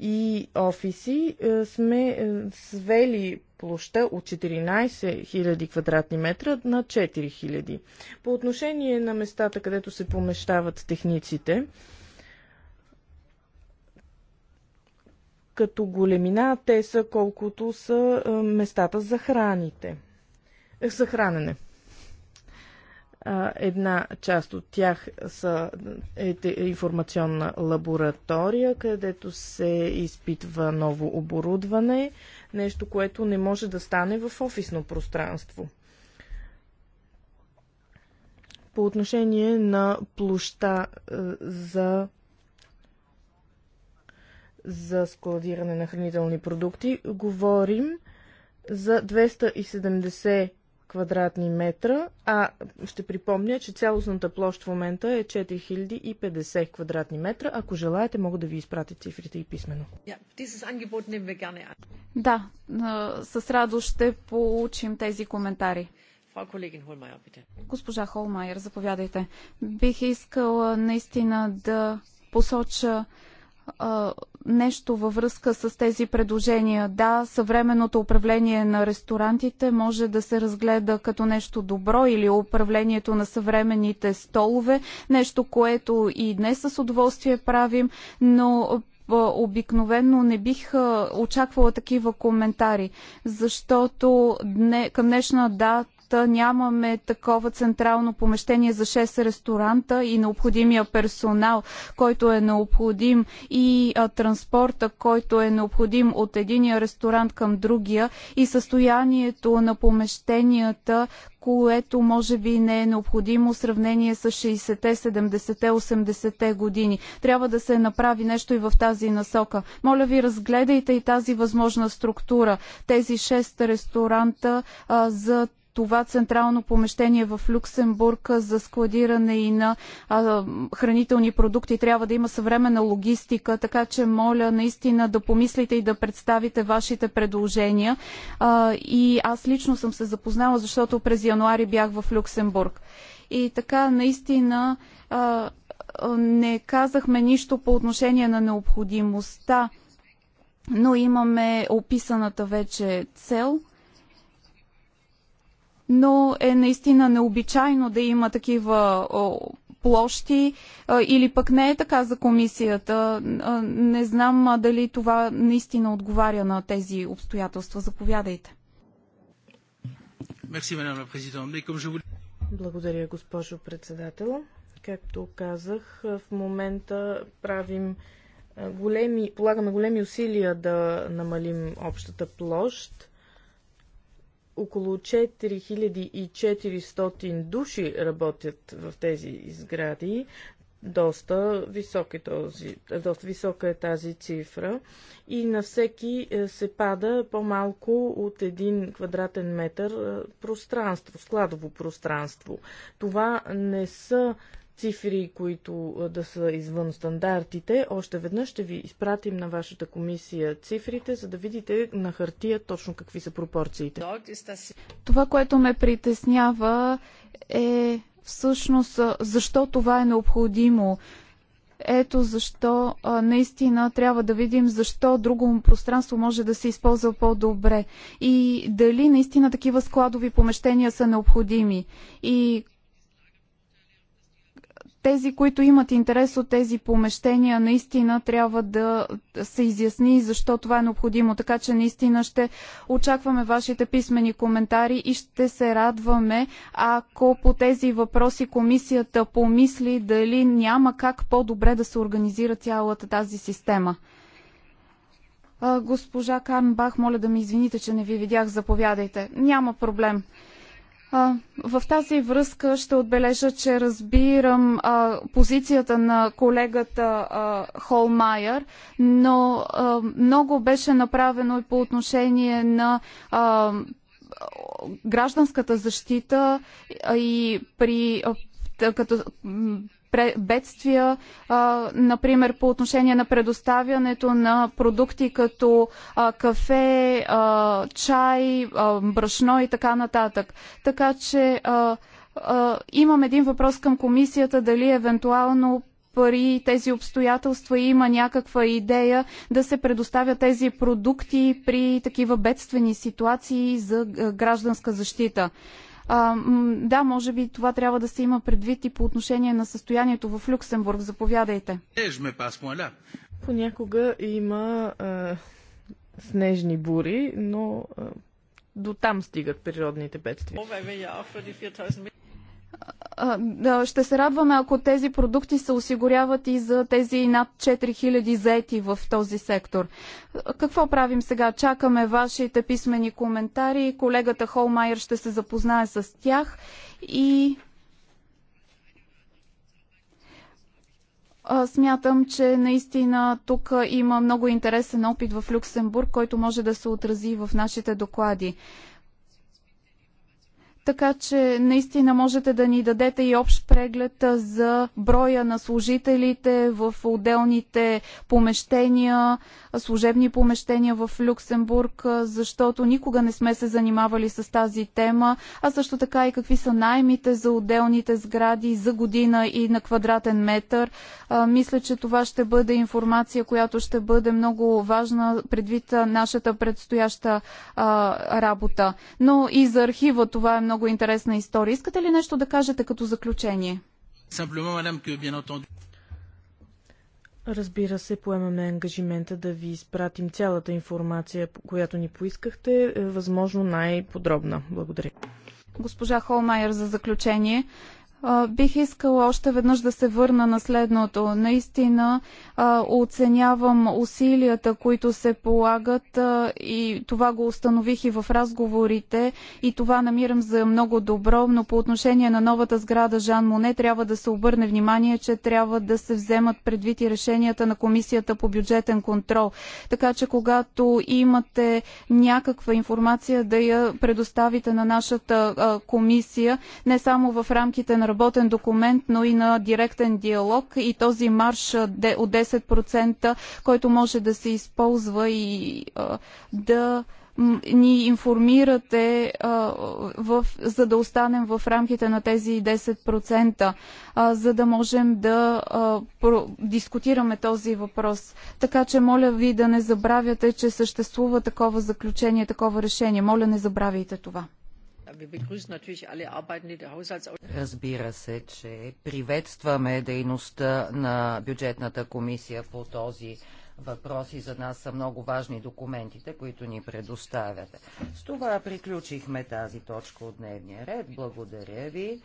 S2: и офиси е, сме е, свели площа от 14 000 квадратни метра на 4 000. По отношение на местата, където се помещават техниците, като големина те са колкото са е, местата за храните. За хранене. Една част от тях са е, е, информационна лаборатория, където се изпитва ново оборудване, нещо, което не може да стане в офисно пространство. По отношение на площа е, за за складиране на хранителни продукти, говорим за 270 квадратни метра, а ще припомня, че цялостната площ в момента е 4050 квадратни метра. Ако желаете, мога да ви изпратя цифрите и писменно.
S3: Да, с радост ще получим тези коментари. Госпожа Холмайер, заповядайте. Бих искала наистина да посоча нещо във връзка с тези предложения. Да, съвременното управление на ресторантите може да се разгледа като нещо добро или управлението на съвременните столове, нещо, което и днес с удоволствие правим, но обикновенно не бих очаквала такива коментари, защото дне, към днешна дата момента нямаме такова централно помещение за 6 ресторанта и необходимия персонал, който е необходим и а, транспорта, който е необходим от единия ресторант към другия и състоянието на помещенията, което може би не е необходимо в сравнение с 60-те, 70-те, 80-те години. Трябва да се направи нещо и в тази насока. Моля ви, разгледайте и тази възможна структура. Тези 6 ресторанта а, за това централно помещение в Люксембург за складиране и на а, хранителни продукти трябва да има съвременна логистика, така че моля наистина да помислите и да представите вашите предложения. А, и аз лично съм се запознала, защото през януари бях в Люксембург. И така наистина а, не казахме нищо по отношение на необходимостта, но имаме описаната вече цел – но е наистина необичайно да има такива площи или пък не е така за комисията. Не знам дали това наистина отговаря на тези обстоятелства. Заповядайте.
S4: Благодаря, госпожо председател.
S2: Както казах, в момента правим големи, полагаме големи усилия да намалим общата площ около 4400 души работят в тези изгради. Доста, висок е този, доста висока е тази цифра и на всеки е, се пада по-малко от един квадратен метър е, пространство, складово пространство. Това не са цифри, които да са извън стандартите. Още веднъж ще ви изпратим на вашата комисия цифрите, за да видите на хартия точно какви са пропорциите.
S3: Това, което ме притеснява е всъщност защо това е необходимо. Ето защо а, наистина трябва да видим защо друго пространство може да се използва по-добре и дали наистина такива складови помещения са необходими. И тези, които имат интерес от тези помещения, наистина трябва да се изясни защо това е необходимо. Така че наистина ще очакваме вашите писмени коментари и ще се радваме, ако по тези въпроси комисията помисли дали няма как по-добре да се организира цялата тази система. Госпожа Карнбах, моля да ми извините, че не ви видях. Заповядайте. Няма проблем. В тази връзка ще отбележа, че разбирам а, позицията на колегата а, Холмайер, но а, много беше направено и по отношение на а, гражданската защита и при като бедствия, например по отношение на предоставянето на продукти като кафе, чай, брашно и така нататък. Така че имам един въпрос към комисията дали евентуално при тези обстоятелства има някаква идея да се предоставят тези продукти при такива бедствени ситуации за гражданска защита. А, да, може би това трябва да се има предвид и по отношение на състоянието в Люксембург. Заповядайте. Понякога
S2: има а, снежни бури, но а, до там стигат природните бедствия
S3: ще се радваме, ако тези продукти се осигуряват и за тези над 4000 заети в този сектор. Какво правим сега? Чакаме вашите писмени коментари. Колегата Холмайер ще се запознае с тях и смятам, че наистина тук има много интересен опит в Люксембург, който може да се отрази в нашите доклади. Така че наистина можете да ни дадете и общ преглед за броя на служителите в отделните помещения, служебни помещения в Люксембург, защото никога не сме се занимавали с тази тема, а също така и какви са наймите за отделните сгради за година и на квадратен метър. Мисля, че това ще бъде информация, която ще бъде много важна предвид нашата предстояща работа. Но и за архива това е много много интересна история. Искате ли нещо да кажете като заключение? Разбира се, поемаме ангажимента да
S2: ви изпратим цялата информация, която ни поискахте, е, възможно най-подробна. Благодаря.
S3: Госпожа Холмайер за заключение. Бих искала още веднъж да се върна на следното. Наистина оценявам усилията, които се полагат и това го установих и в разговорите и това намирам за много добро, но по отношение на новата сграда Жан Моне трябва да се обърне внимание, че трябва да се вземат предвид и решенията на Комисията по бюджетен контрол. Така че когато имате някаква информация да я предоставите на нашата комисия, не само в рамките на работен документ, но и на директен диалог и този марш от 10%, който може да се използва и да ни информирате, в, за да останем в рамките на тези 10%, за да можем да дискутираме този въпрос. Така че моля ви да не забравяте, че съществува такова заключение, такова решение. Моля не забравяйте това.
S1: Разбира се, че приветстваме дейността на бюджетната комисия по този въпрос и за нас са много важни документите, които ни предоставяте. С това приключихме тази точка от дневния ред. Благодаря ви.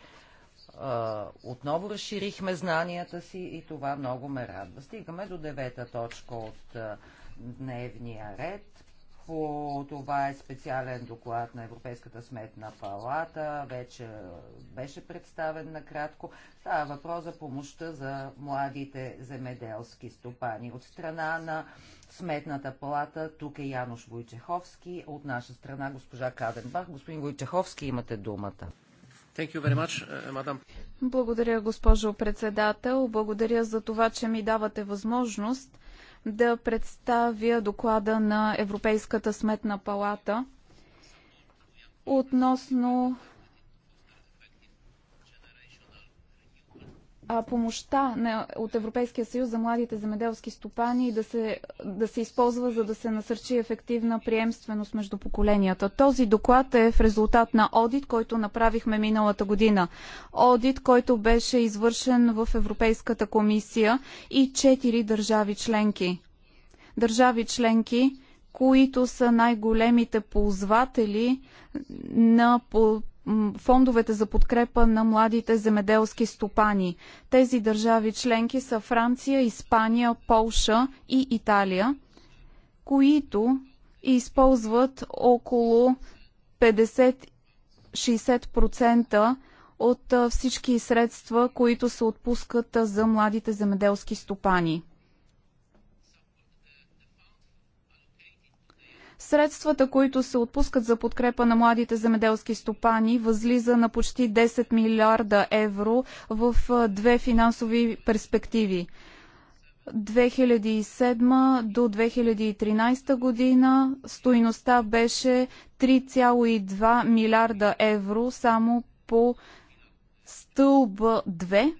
S1: Отново разширихме знанията си и това много ме радва. Стигаме до девета точка от дневния ред по това е специален доклад на Европейската сметна палата, вече беше представен накратко. Става въпрос за помощта за младите земеделски стопани. От страна на Сметната палата тук е Янош Войчеховски, от наша страна госпожа Каденбах. Господин Войчеховски, имате думата. Much, uh,
S3: Благодаря, госпожо председател. Благодаря за това, че ми давате възможност да представя доклада на Европейската сметна палата относно а, помощта на, от Европейския съюз за младите земеделски стопани да се, да се използва, за да се насърчи ефективна приемственост между поколенията. Този доклад е в резултат на одит, който направихме миналата година. Одит, който беше извършен в Европейската комисия и четири държави членки. Държави членки, които са най-големите ползватели на по фондовете за подкрепа на младите земеделски стопани. Тези държави членки са Франция, Испания, Полша и Италия, които използват около 50-60% от всички средства, които се отпускат за младите земеделски стопани. Средствата, които се отпускат за подкрепа на младите земеделски стопани, възлиза на почти 10 милиарда евро в две финансови перспективи. 2007 до 2013 година стоиността беше 3,2 милиарда евро само по стълб 2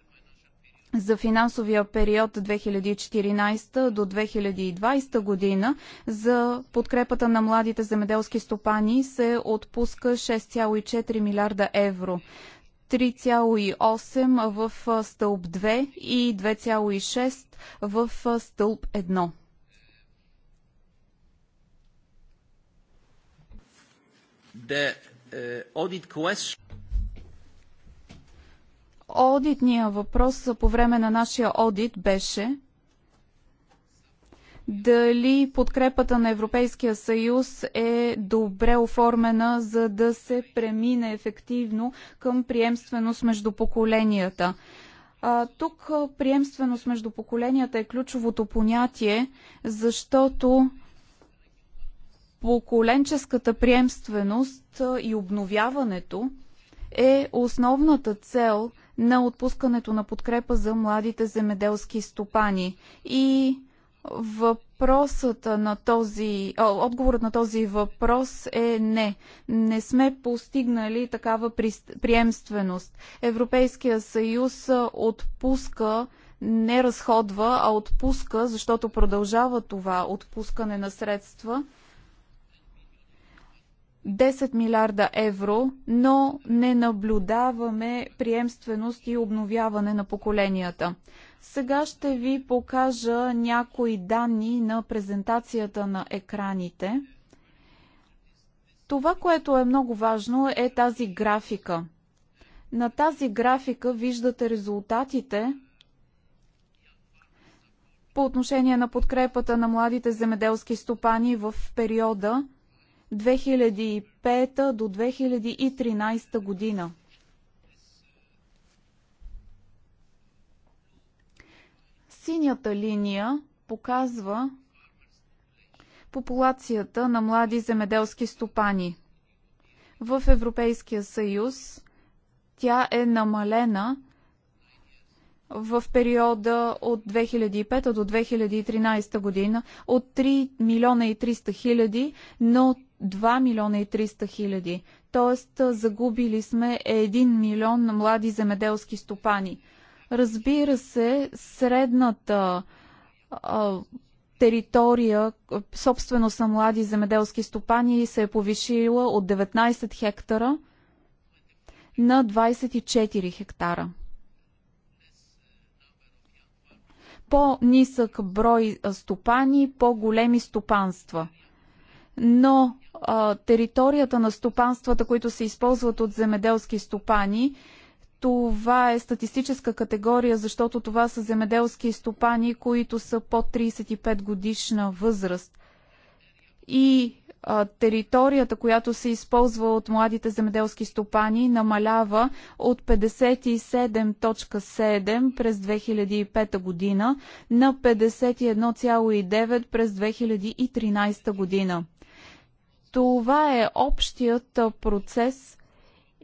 S3: за финансовия период 2014 до 2020 година за подкрепата на младите земеделски стопани се отпуска 6,4 милиарда евро. 3,8 в стълб 2 и 2,6 в стълб 1. The, uh, audit question. Одитният въпрос по време на нашия одит беше дали подкрепата на Европейския съюз е добре оформена, за да се премине ефективно към приемственост между поколенията. А, тук приемственост между поколенията е ключовото понятие, защото поколенческата приемственост и обновяването е основната цел – на отпускането на подкрепа за младите земеделски стопани. И Въпросът на този, о, отговорът на този въпрос е не. Не сме постигнали такава приемственост. Европейския съюз отпуска не разходва, а отпуска, защото продължава това отпускане на средства – 10 милиарда евро, но не наблюдаваме приемственост и обновяване на поколенията. Сега ще ви покажа някои данни на презентацията на екраните. Това, което е много важно, е тази графика. На тази графика виждате резултатите по отношение на подкрепата на младите земеделски стопани в периода 2005 до 2013 година. Синята линия показва популацията на млади земеделски стопани. В Европейския съюз тя е намалена в периода от 2005 до 2013 година от 3 милиона и 300 хиляди, но 2 милиона и 300 хиляди. Тоест, загубили сме 1 милион млади земеделски стопани. Разбира се, средната а, територия, собствено са млади земеделски стопани, се е повишила от 19 хектара на 24 хектара. По-нисък брой стопани, по-големи стопанства – но а, територията на стопанствата, които се използват от земеделски стопани, това е статистическа категория, защото това са земеделски стопани, които са под 35 годишна възраст. И а, територията, която се използва от младите земеделски стопани, намалява от 57.7 през 2005 година на 51.9 през 2013 година. Това е общият процес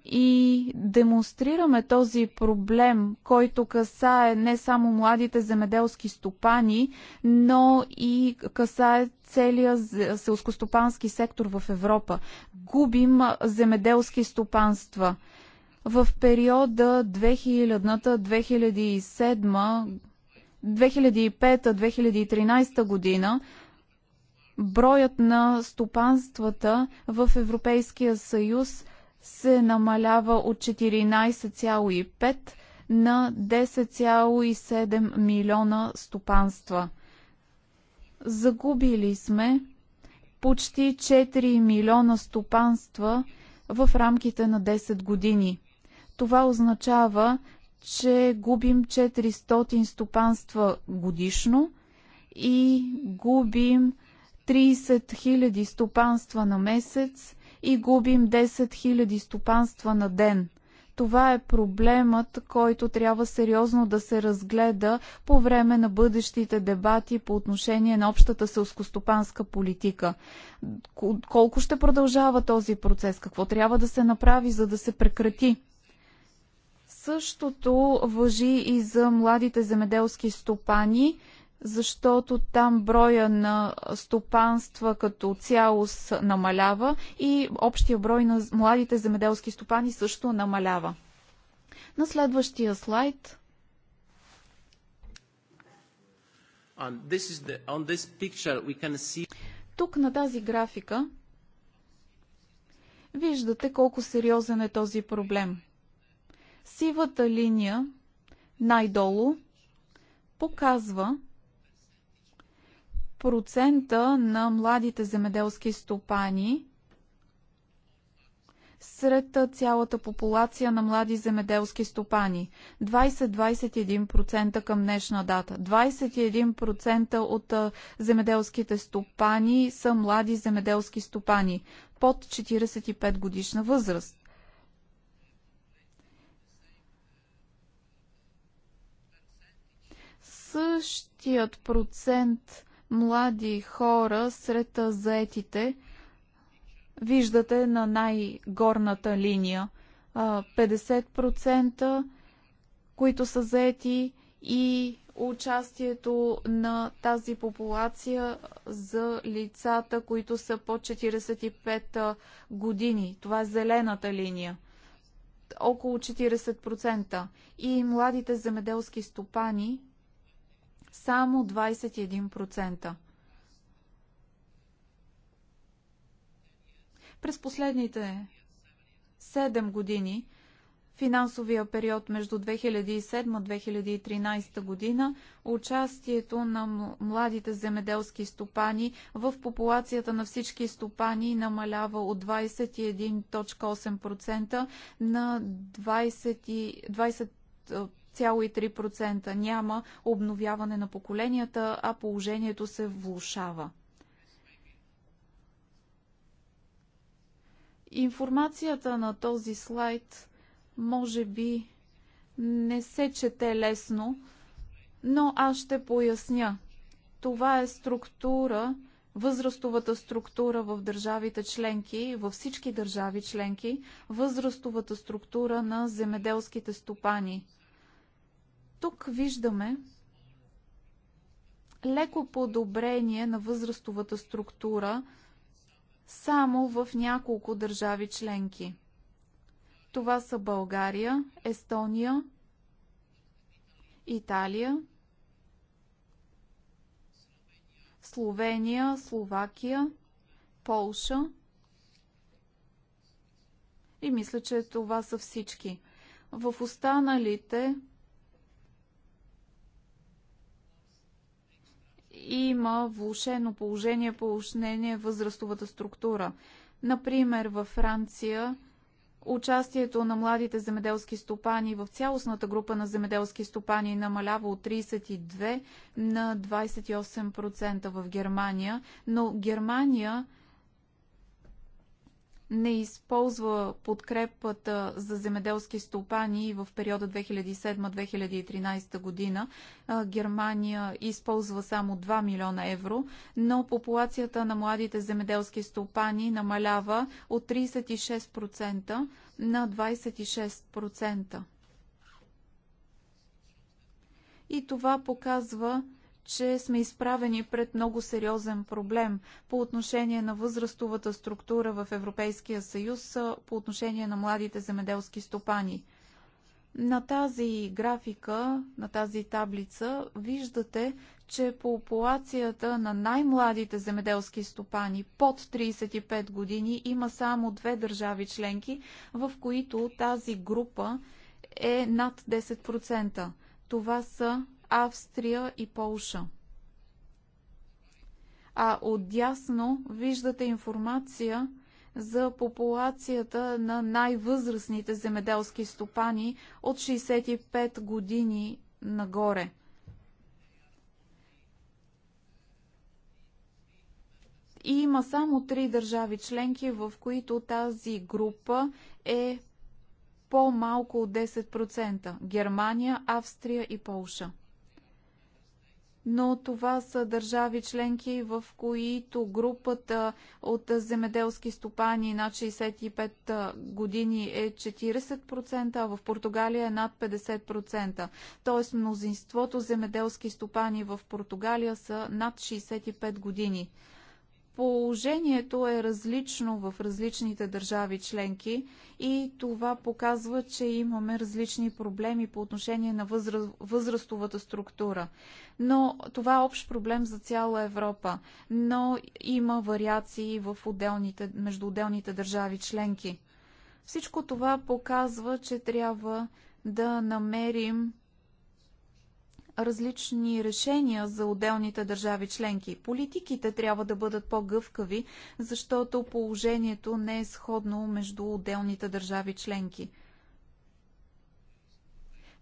S3: и демонстрираме този проблем, който касае не само младите земеделски стопани, но и касае целия селскостопански сектор в Европа. Губим земеделски стопанства. В периода 2000-2007 2005-2013 година броят на стопанствата в Европейския съюз се намалява от 14,5 на 10,7 милиона стопанства. Загубили сме почти 4 милиона стопанства в рамките на 10 години. Това означава, че губим 400 стопанства годишно и губим 30 000 стопанства на месец и губим 10 000 стопанства на ден. Това е проблемът, който трябва сериозно да се разгледа по време на бъдещите дебати по отношение на общата селскостопанска политика. Колко ще продължава този процес? Какво трябва да се направи, за да се прекрати? Същото въжи и за младите земеделски стопани – защото там броя на стопанства като цяло намалява и общия брой на младите земеделски стопани също намалява. На следващия слайд. Тук на тази графика виждате колко сериозен е този проблем. Сивата линия най-долу показва, процента на младите земеделски стопани сред цялата популация на млади земеделски стопани. 20-21% към днешна дата. 21% от земеделските стопани са млади земеделски стопани под 45 годишна възраст. Същият процент млади хора сред заетите виждате на най-горната линия. 50% които са заети и участието на тази популация за лицата, които са по 45 години. Това е зелената линия. Около 40%. И младите земеделски стопани само 21%. През последните 7 години, финансовия период между 2007-2013 година, участието на младите земеделски стопани в популацията на всички стопани намалява от 21.8% на 20, 20 0,3%. Няма обновяване на поколенията, а положението се влушава. Информацията на този слайд може би не се чете лесно, но аз ще поясня. Това е структура, възрастовата структура в държавите членки, във всички държави членки, възрастовата структура на земеделските стопани – тук виждаме леко подобрение на възрастовата структура само в няколко държави членки. Това са България, Естония, Италия, Словения, Словакия, Полша. И мисля, че това са всички. В останалите има влушено положение, на възрастовата структура. Например, във Франция участието на младите земеделски стопани в цялостната група на земеделски стопани намалява от 32 на 28% в Германия, но Германия – не използва подкрепата за земеделски стопани в периода 2007-2013 година. Германия използва само 2 милиона евро, но популацията на младите земеделски стопани намалява от 36% на 26%. И това показва, че сме изправени пред много сериозен проблем по отношение на възрастовата структура в Европейския съюз, по отношение на младите земеделски стопани. На тази графика, на тази таблица, виждате, че популацията на най-младите земеделски стопани под 35 години има само две държави членки, в които тази група е над 10%. Това са Австрия и Полша. А отдясно виждате информация за популацията на най-възрастните земеделски стопани от 65 години нагоре. И има само три държави членки, в които тази група е по-малко от 10% – Германия, Австрия и Полша но това са държави членки, в които групата от земеделски стопани над 65 години е 40%, а в Португалия е над 50%. Тоест мнозинството земеделски стопани в Португалия са над 65 години. Положението е различно в различните държави членки и това показва, че имаме различни проблеми по отношение на възрастовата структура. Но това е общ проблем за цяла Европа, но има вариации в отделните, между отделните държави членки. Всичко това показва, че трябва да намерим различни решения за отделните държави членки. Политиките трябва да бъдат по-гъвкави, защото положението не е сходно между отделните държави членки.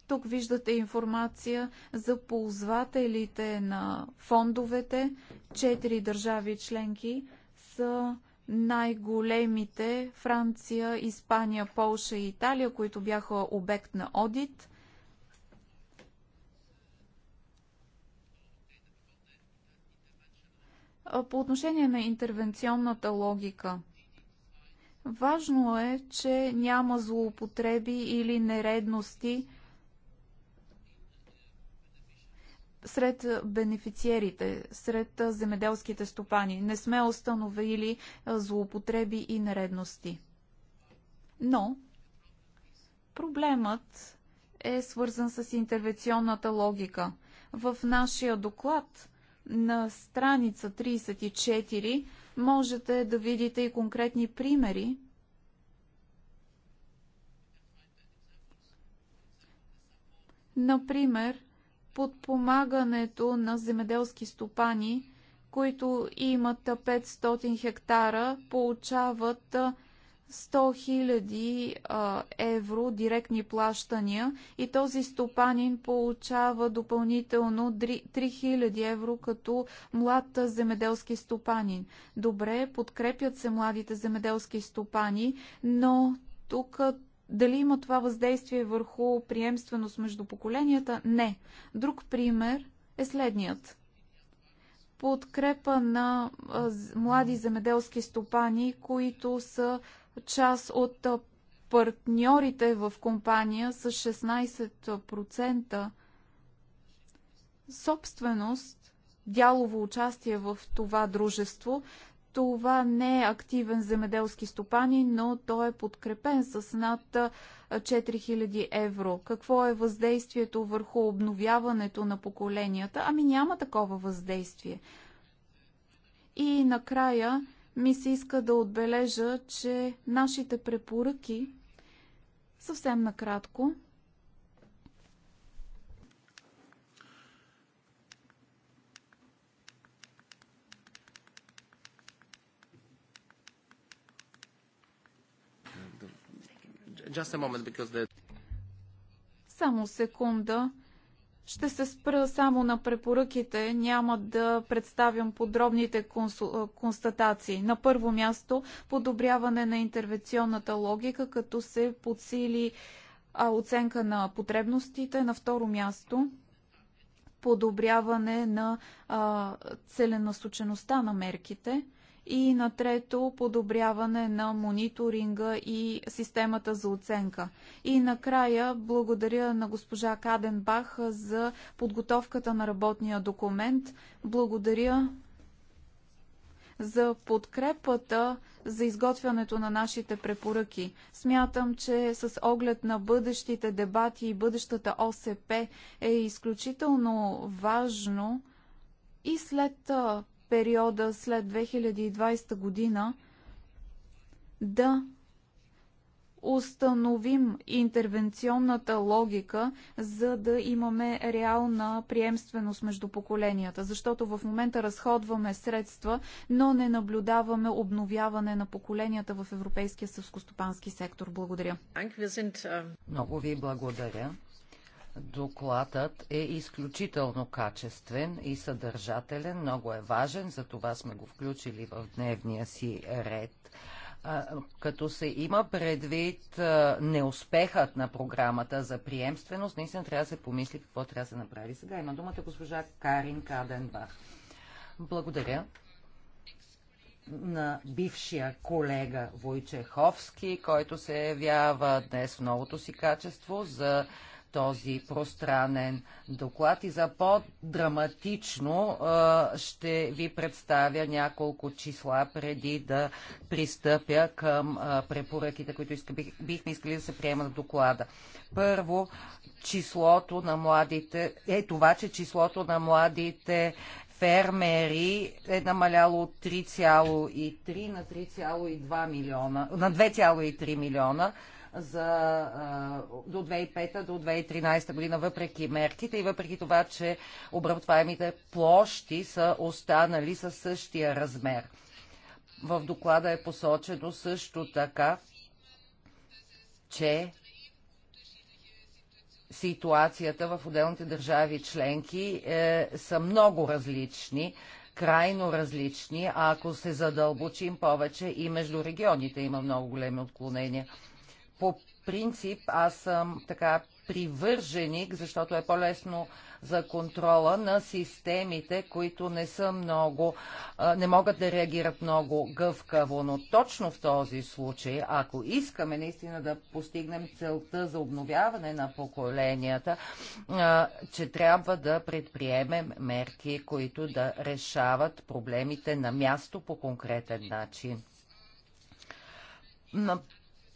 S3: Тук виждате информация за ползвателите на фондовете. Четири държави членки са най-големите Франция, Испания, Полша и Италия, които бяха обект на одит. По отношение на интервенционната логика, важно е, че няма злоупотреби или нередности сред бенефициерите, сред земеделските стопани. Не сме установили злоупотреби и нередности. Но проблемът е свързан с интервенционната логика. В нашия доклад на страница 34 можете да видите и конкретни примери. Например, подпомагането на земеделски стопани, които имат 500 хектара, получават 100 000 евро директни плащания и този стопанин получава допълнително 3 000 евро като млад земеделски стопанин. Добре, подкрепят се младите земеделски стопани, но тук дали има това въздействие върху приемственост между поколенията? Не. Друг пример е следният подкрепа на млади земеделски стопани, които са част от партньорите в компания с 16% собственост, дялово участие в това дружество. Това не е активен земеделски стопани, но той е подкрепен с над 4000 евро. Какво е въздействието върху обновяването на поколенията? Ами няма такова въздействие. И накрая ми се иска да отбележа, че нашите препоръки съвсем накратко
S4: Just a moment, because the...
S3: Само секунда, ще се спра само на препоръките, няма да представям подробните констатации. На първо място, подобряване на интервенционната логика, като се подсили оценка на потребностите. На второ място, подобряване на целенасочеността на мерките. И на трето, подобряване на мониторинга и системата за оценка. И накрая, благодаря на госпожа Каденбах за подготовката на работния документ. Благодаря за подкрепата за изготвянето на нашите препоръки. Смятам, че с оглед на бъдещите дебати и бъдещата ОСП е изключително важно и след периода след 2020 година да установим интервенционната логика, за да имаме реална приемственост между поколенията, защото в момента разходваме средства, но не наблюдаваме обновяване на поколенията в европейския съвскостопански сектор. Благодаря.
S1: Uh, Много ви благодаря. Докладът е изключително качествен и съдържателен, много е важен, за това сме го включили в дневния си ред. като се има предвид неуспехът на програмата за приемственост, наистина трябва да се помисли какво трябва да се направи. Сега има думата госпожа Карин Каденбах. Благодаря на бившия колега Войчеховски, който се явява днес в новото си качество за този пространен доклад и за по-драматично ще ви представя няколко числа преди да пристъпя към препоръките, които бихме искали да се приемат в доклада. Първо, числото на младите, е това, че числото на младите фермери е намаляло от 3,3 на 3,2 милиона, на 2,3 милиона за, а, до 2005 до 2013 година, въпреки мерките и въпреки това, че обработваемите площи са останали със същия размер. В доклада е посочено също така, че ситуацията в отделните държави членки е, са много различни, крайно различни, а ако се задълбочим повече и между регионите има много големи отклонения по принцип аз съм така привърженик, защото е по-лесно за контрола на системите, които не са много, не могат да реагират много гъвкаво. Но точно в този случай, ако искаме наистина да постигнем целта за обновяване на поколенията, че трябва да предприемем мерки, които да решават проблемите на място по конкретен начин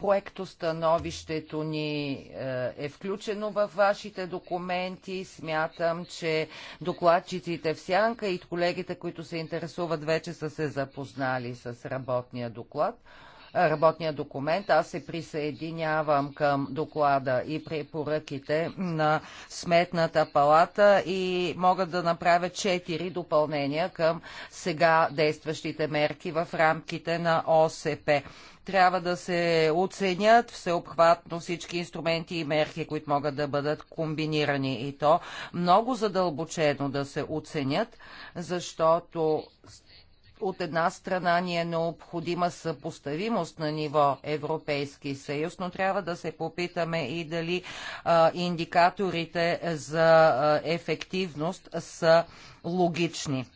S1: Проектостановището ни е, е включено в вашите документи. Смятам, че докладчиците в Сянка и колегите, които се интересуват, вече са се запознали с работния доклад работния документ. Аз се присъединявам към доклада и препоръките на Сметната палата и мога да направя четири допълнения към сега действащите мерки в рамките на ОСП трябва да се оценят всеобхватно всички инструменти и мерки, които могат да бъдат комбинирани и то много задълбочено да се оценят, защото от една страна ни е необходима съпоставимост на ниво Европейски съюз, но трябва да се попитаме и дали а, индикаторите за а, ефективност са логични.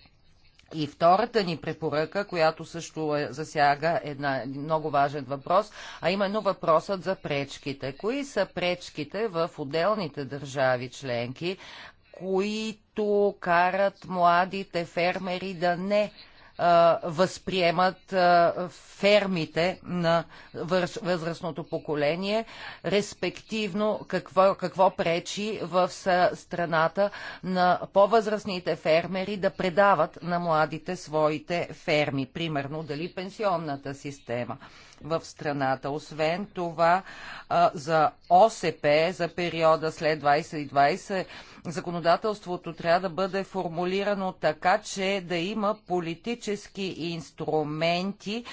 S1: И втората ни препоръка, която също е, засяга една много важен въпрос, а именно въпросът за пречките. Кои са пречките в отделните държави членки, които карат младите фермери да не възприемат фермите на възрастното поколение, респективно какво, какво пречи в страната на по-възрастните фермери да предават на младите своите ферми, примерно дали пенсионната система в страната. Освен това, за ОСП, за периода след 2020, законодателството трябва да бъде формулирано така, че да има политически инструменти,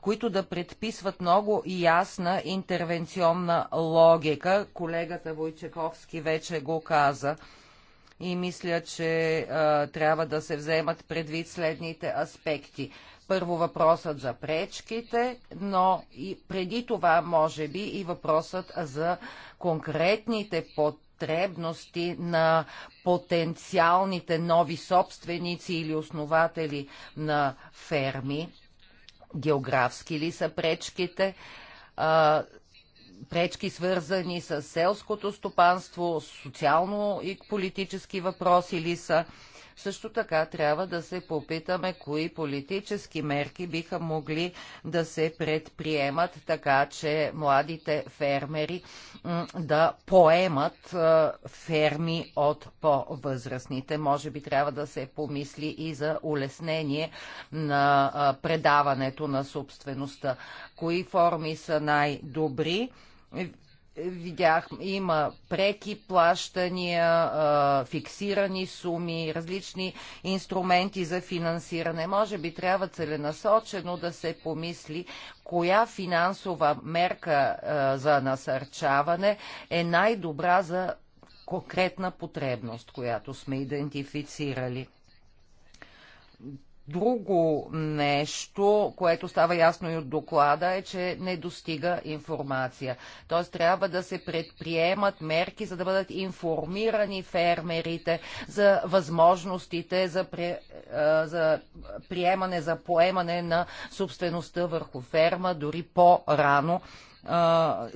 S1: които да предписват много ясна интервенционна логика. Колегата Войчаковски вече го каза и мисля, че а, трябва да се вземат предвид следните аспекти. Първо въпросът за пречките, но и преди това може би и въпросът за конкретните потребности на потенциалните нови собственици или основатели на ферми. Географски ли са пречките? А, пречки, свързани с селското стопанство, социално и политически въпроси ли са? Също така трябва да се попитаме кои политически мерки биха могли да се предприемат така, че младите фермери да поемат ферми от по-възрастните. Може би трябва да се помисли и за улеснение на предаването на собствеността. Кои форми са най-добри? видях, има преки плащания, фиксирани суми, различни инструменти за финансиране. Може би трябва целенасочено да се помисли коя финансова мерка за насърчаване е най-добра за конкретна потребност, която сме идентифицирали. Друго нещо, което става ясно и от доклада е, че не достига информация. Т.е. трябва да се предприемат мерки, за да бъдат информирани фермерите за възможностите за, при, е, за приемане, за поемане на собствеността върху ферма, дори по-рано е,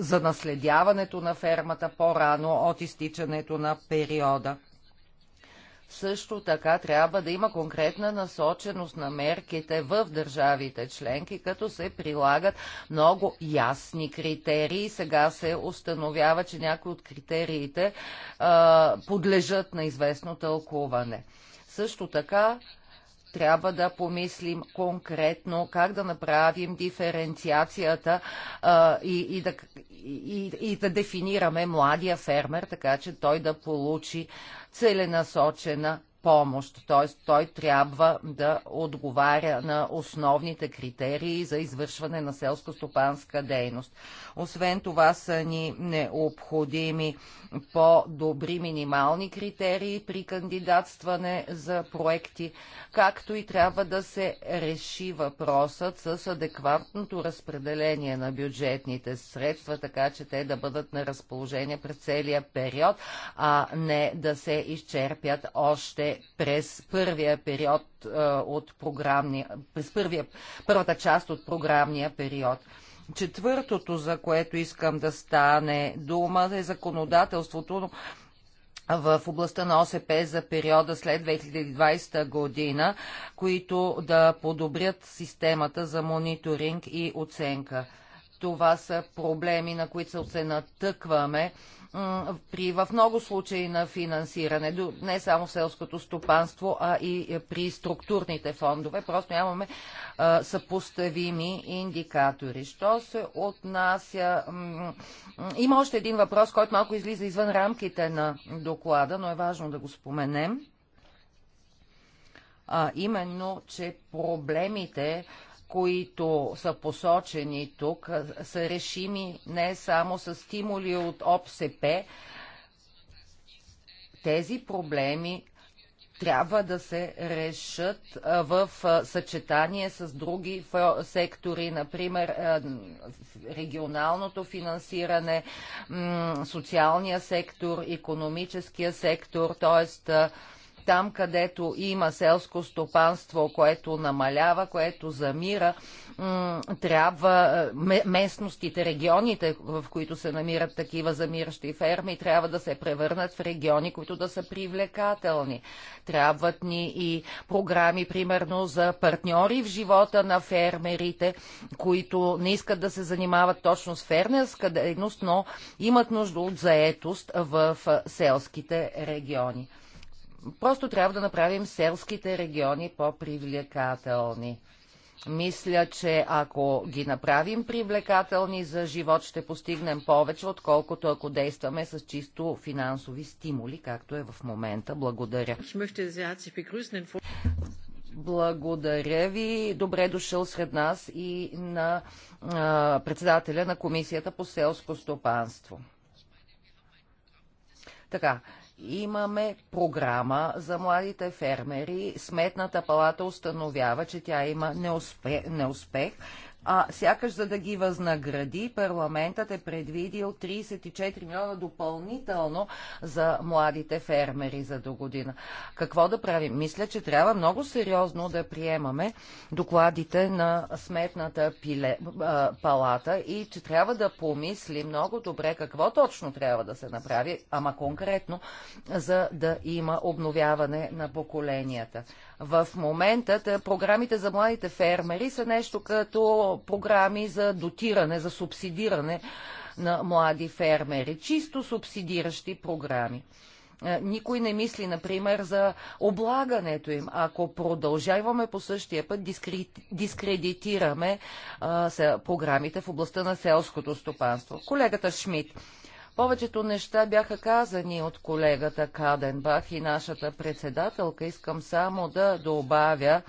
S1: за наследяването на фермата по-рано от изтичането на периода. Също така трябва да има конкретна насоченост на мерките в държавите членки, като се прилагат много ясни критерии. Сега се установява, че някои от критериите а, подлежат на известно тълкуване. Също така трябва да помислим конкретно как да направим диференциацията а, и, и, да, и, и да дефинираме младия фермер, така че той да получи целенасочена помощ, т.е. той трябва да отговаря на основните критерии за извършване на селско-стопанска дейност. Освен това са ни необходими по-добри минимални критерии при кандидатстване за проекти, както и трябва да се реши въпросът с адекватното разпределение на бюджетните средства, така че те да бъдат на разположение през целия период, а не да се изчерпят още през първия период е, от програмния, през първия, първата част от програмния период. Четвъртото, за което искам да стане дума, е законодателството в областта на ОСП за периода след 2020 година, които да подобрят системата за мониторинг и оценка. Това са проблеми, на които се натъкваме при в много случаи на финансиране, не само в селското стопанство, а и е, при структурните фондове. Просто нямаме съпоставими индикатори. Що се отнася... Има още един въпрос, който малко излиза извън рамките на доклада, но е важно да го споменем. А, именно, че проблемите, които са посочени тук, са решими не само с стимули от ОПСП. Тези проблеми трябва да се решат в съчетание с други сектори, например регионалното финансиране, социалния сектор, економическия сектор, т.е там, където има селско стопанство, което намалява, което замира, трябва е, местностите, регионите, в които се намират такива замиращи ферми, трябва да се превърнат в региони, които да са привлекателни. Трябват ни и програми, примерно, за партньори в живота на фермерите, които не искат да се занимават точно с фермерска дейност, но имат нужда от заетост в е, селските региони. Просто трябва да направим селските региони по-привлекателни. Мисля, че ако ги направим привлекателни за живот, ще постигнем повече, отколкото ако действаме с чисто финансови стимули, както е в момента. Благодаря. Благодаря ви. Добре дошъл сред нас и на а, председателя на Комисията по селско стопанство. Така, Имаме програма за младите фермери. Сметната палата установява, че тя има неуспех, неуспех а сякаш за да ги възнагради, парламентът е предвидил 34 милиона допълнително за младите фермери за до година. Какво да правим? Мисля, че трябва много сериозно да приемаме докладите на сметната пиле, а, палата и че трябва да помисли много добре какво точно трябва да се направи, ама конкретно, за да има обновяване на поколенията. В момента е, програмите за младите фермери са нещо като програми за дотиране, за субсидиране на млади фермери. Чисто субсидиращи програми. Е, никой не мисли, например, за облагането им. Ако продължаваме по същия път, дискредитираме а, програмите в областта на селското стопанство. Колегата Шмидт. Повечето неща бяха казани от колегата Каденбах и нашата председателка. Искам само да добавя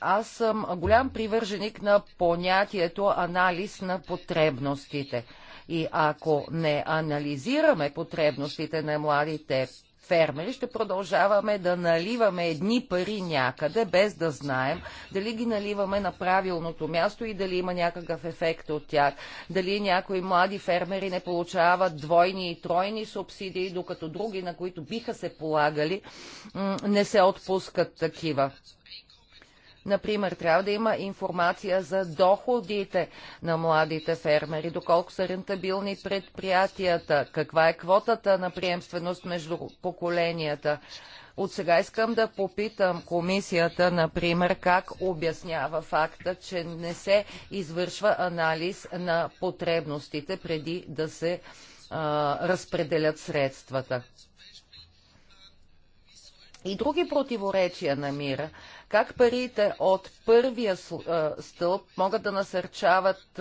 S1: аз съм голям привърженик на понятието анализ на потребностите. И ако не анализираме потребностите на младите фермери, ще продължаваме да наливаме едни пари някъде, без да знаем дали ги наливаме на правилното място и дали има някакъв ефект от тях. Дали някои млади фермери не получават двойни и тройни субсидии, докато други, на които биха се полагали, не се отпускат такива. Например, трябва да има информация за доходите на младите фермери, доколко са рентабилни предприятията, каква е квотата на приемственост между поколенията. От сега искам да попитам комисията, например, как обяснява факта, че не се извършва анализ на потребностите преди да се а, разпределят средствата. И други противоречия намира. Как парите от първия стълб могат да насърчават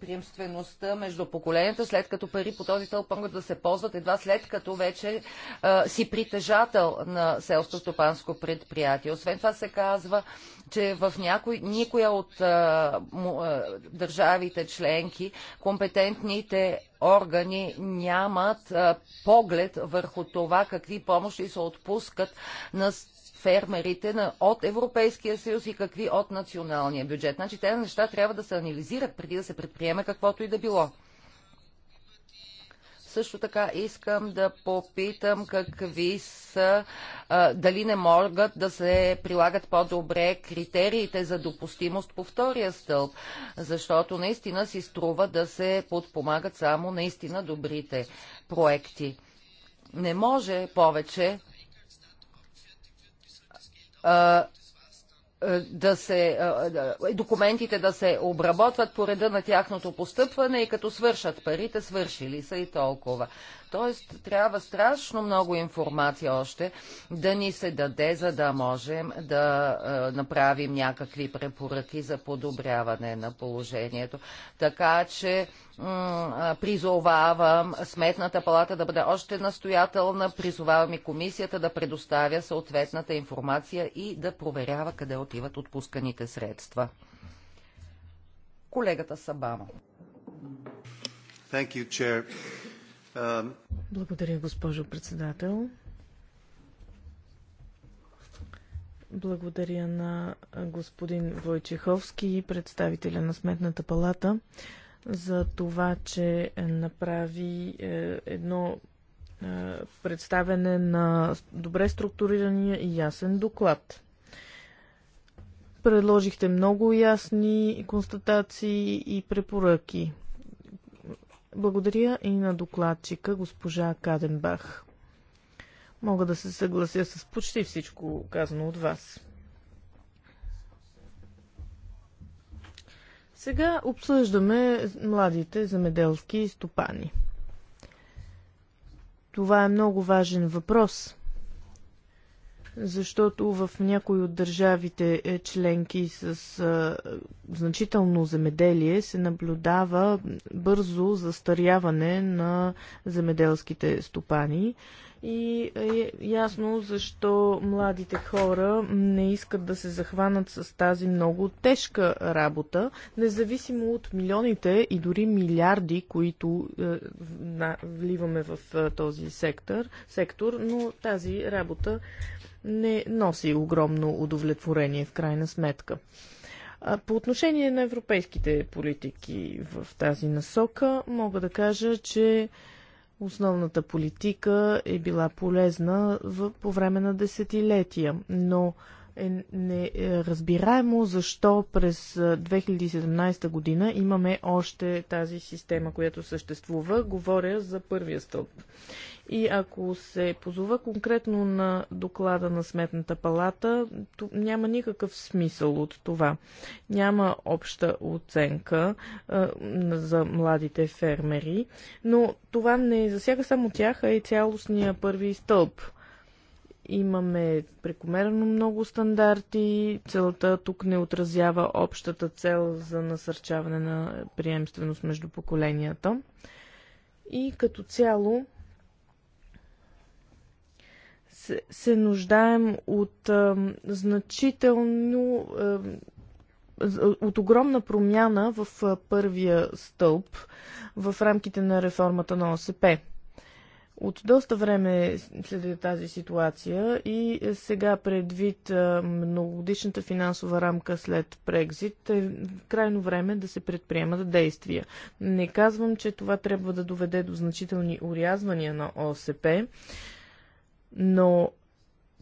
S1: приемствеността между поколенията, след като пари по този стълб могат да се ползват едва след като вече си притежател на селско-стопанско предприятие. Освен това се казва, че в някой, никоя от а, а, държавите членки компетентните органи нямат а, поглед върху това какви помощи се отпускат на фермерите от Европейския съюз и какви от националния бюджет. Значи тези неща трябва да се анализират преди да се предприеме каквото и да било. Също така искам да попитам какви са, а, дали не могат да се прилагат по-добре критериите за допустимост по втория стълб, защото наистина си струва да се подпомагат само наистина добрите проекти. Не може повече да се, документите да се обработват по реда на тяхното постъпване и като свършат парите, свършили са и толкова. Тоест, трябва страшно много информация още да ни се даде, за да можем да е, направим някакви препоръки за подобряване на положението. Така че призовавам Сметната палата да бъде още настоятелна, призовавам и комисията да предоставя съответната информация и да проверява къде отиват отпусканите средства. Колегата Сабама.
S3: Thank you, Chair.
S1: Благодаря,
S2: госпожо председател. Благодаря на господин Войчеховски и представителя на Сметната палата за това, че направи е, едно е, представяне на добре структурирания и ясен доклад. Предложихте много ясни констатации и препоръки. Благодаря и на докладчика госпожа Каденбах. Мога да се съглася с почти всичко казано от вас. Сега обсъждаме младите земеделски стопани. Това е много важен въпрос защото в някои от държавите е, членки с а, значително земеделие се наблюдава бързо застаряване на земеделските стопани. И е ясно защо младите хора не искат да се захванат с тази много тежка работа, независимо от милионите и дори милиарди, които е, вливаме в е, този сектор, сектор, но тази работа не носи огромно удовлетворение в крайна сметка. По отношение на европейските политики в тази насока, мога да кажа, че основната политика е била полезна в, по време на десетилетия, но е неразбираемо е защо през 2017 година имаме още тази система, която съществува. Говоря за първия стълб. И ако се позова конкретно на доклада на Сметната палата, то няма никакъв смисъл от това. Няма обща оценка а, за младите фермери, но това не засяга само тях, а и цялостния първи стълб имаме прекомерно много стандарти. Целта тук не отразява общата цел за насърчаване на приемственост между поколенията. И като цяло се, нуждаем от а, значително. А, от огромна промяна в а, първия стълб в рамките на реформата на ОСП. От доста време след тази ситуация и сега предвид многогодишната финансова рамка след Брекзит е крайно време да се предприемат действия. Не казвам, че това трябва да доведе до значителни урязвания на ОСП, но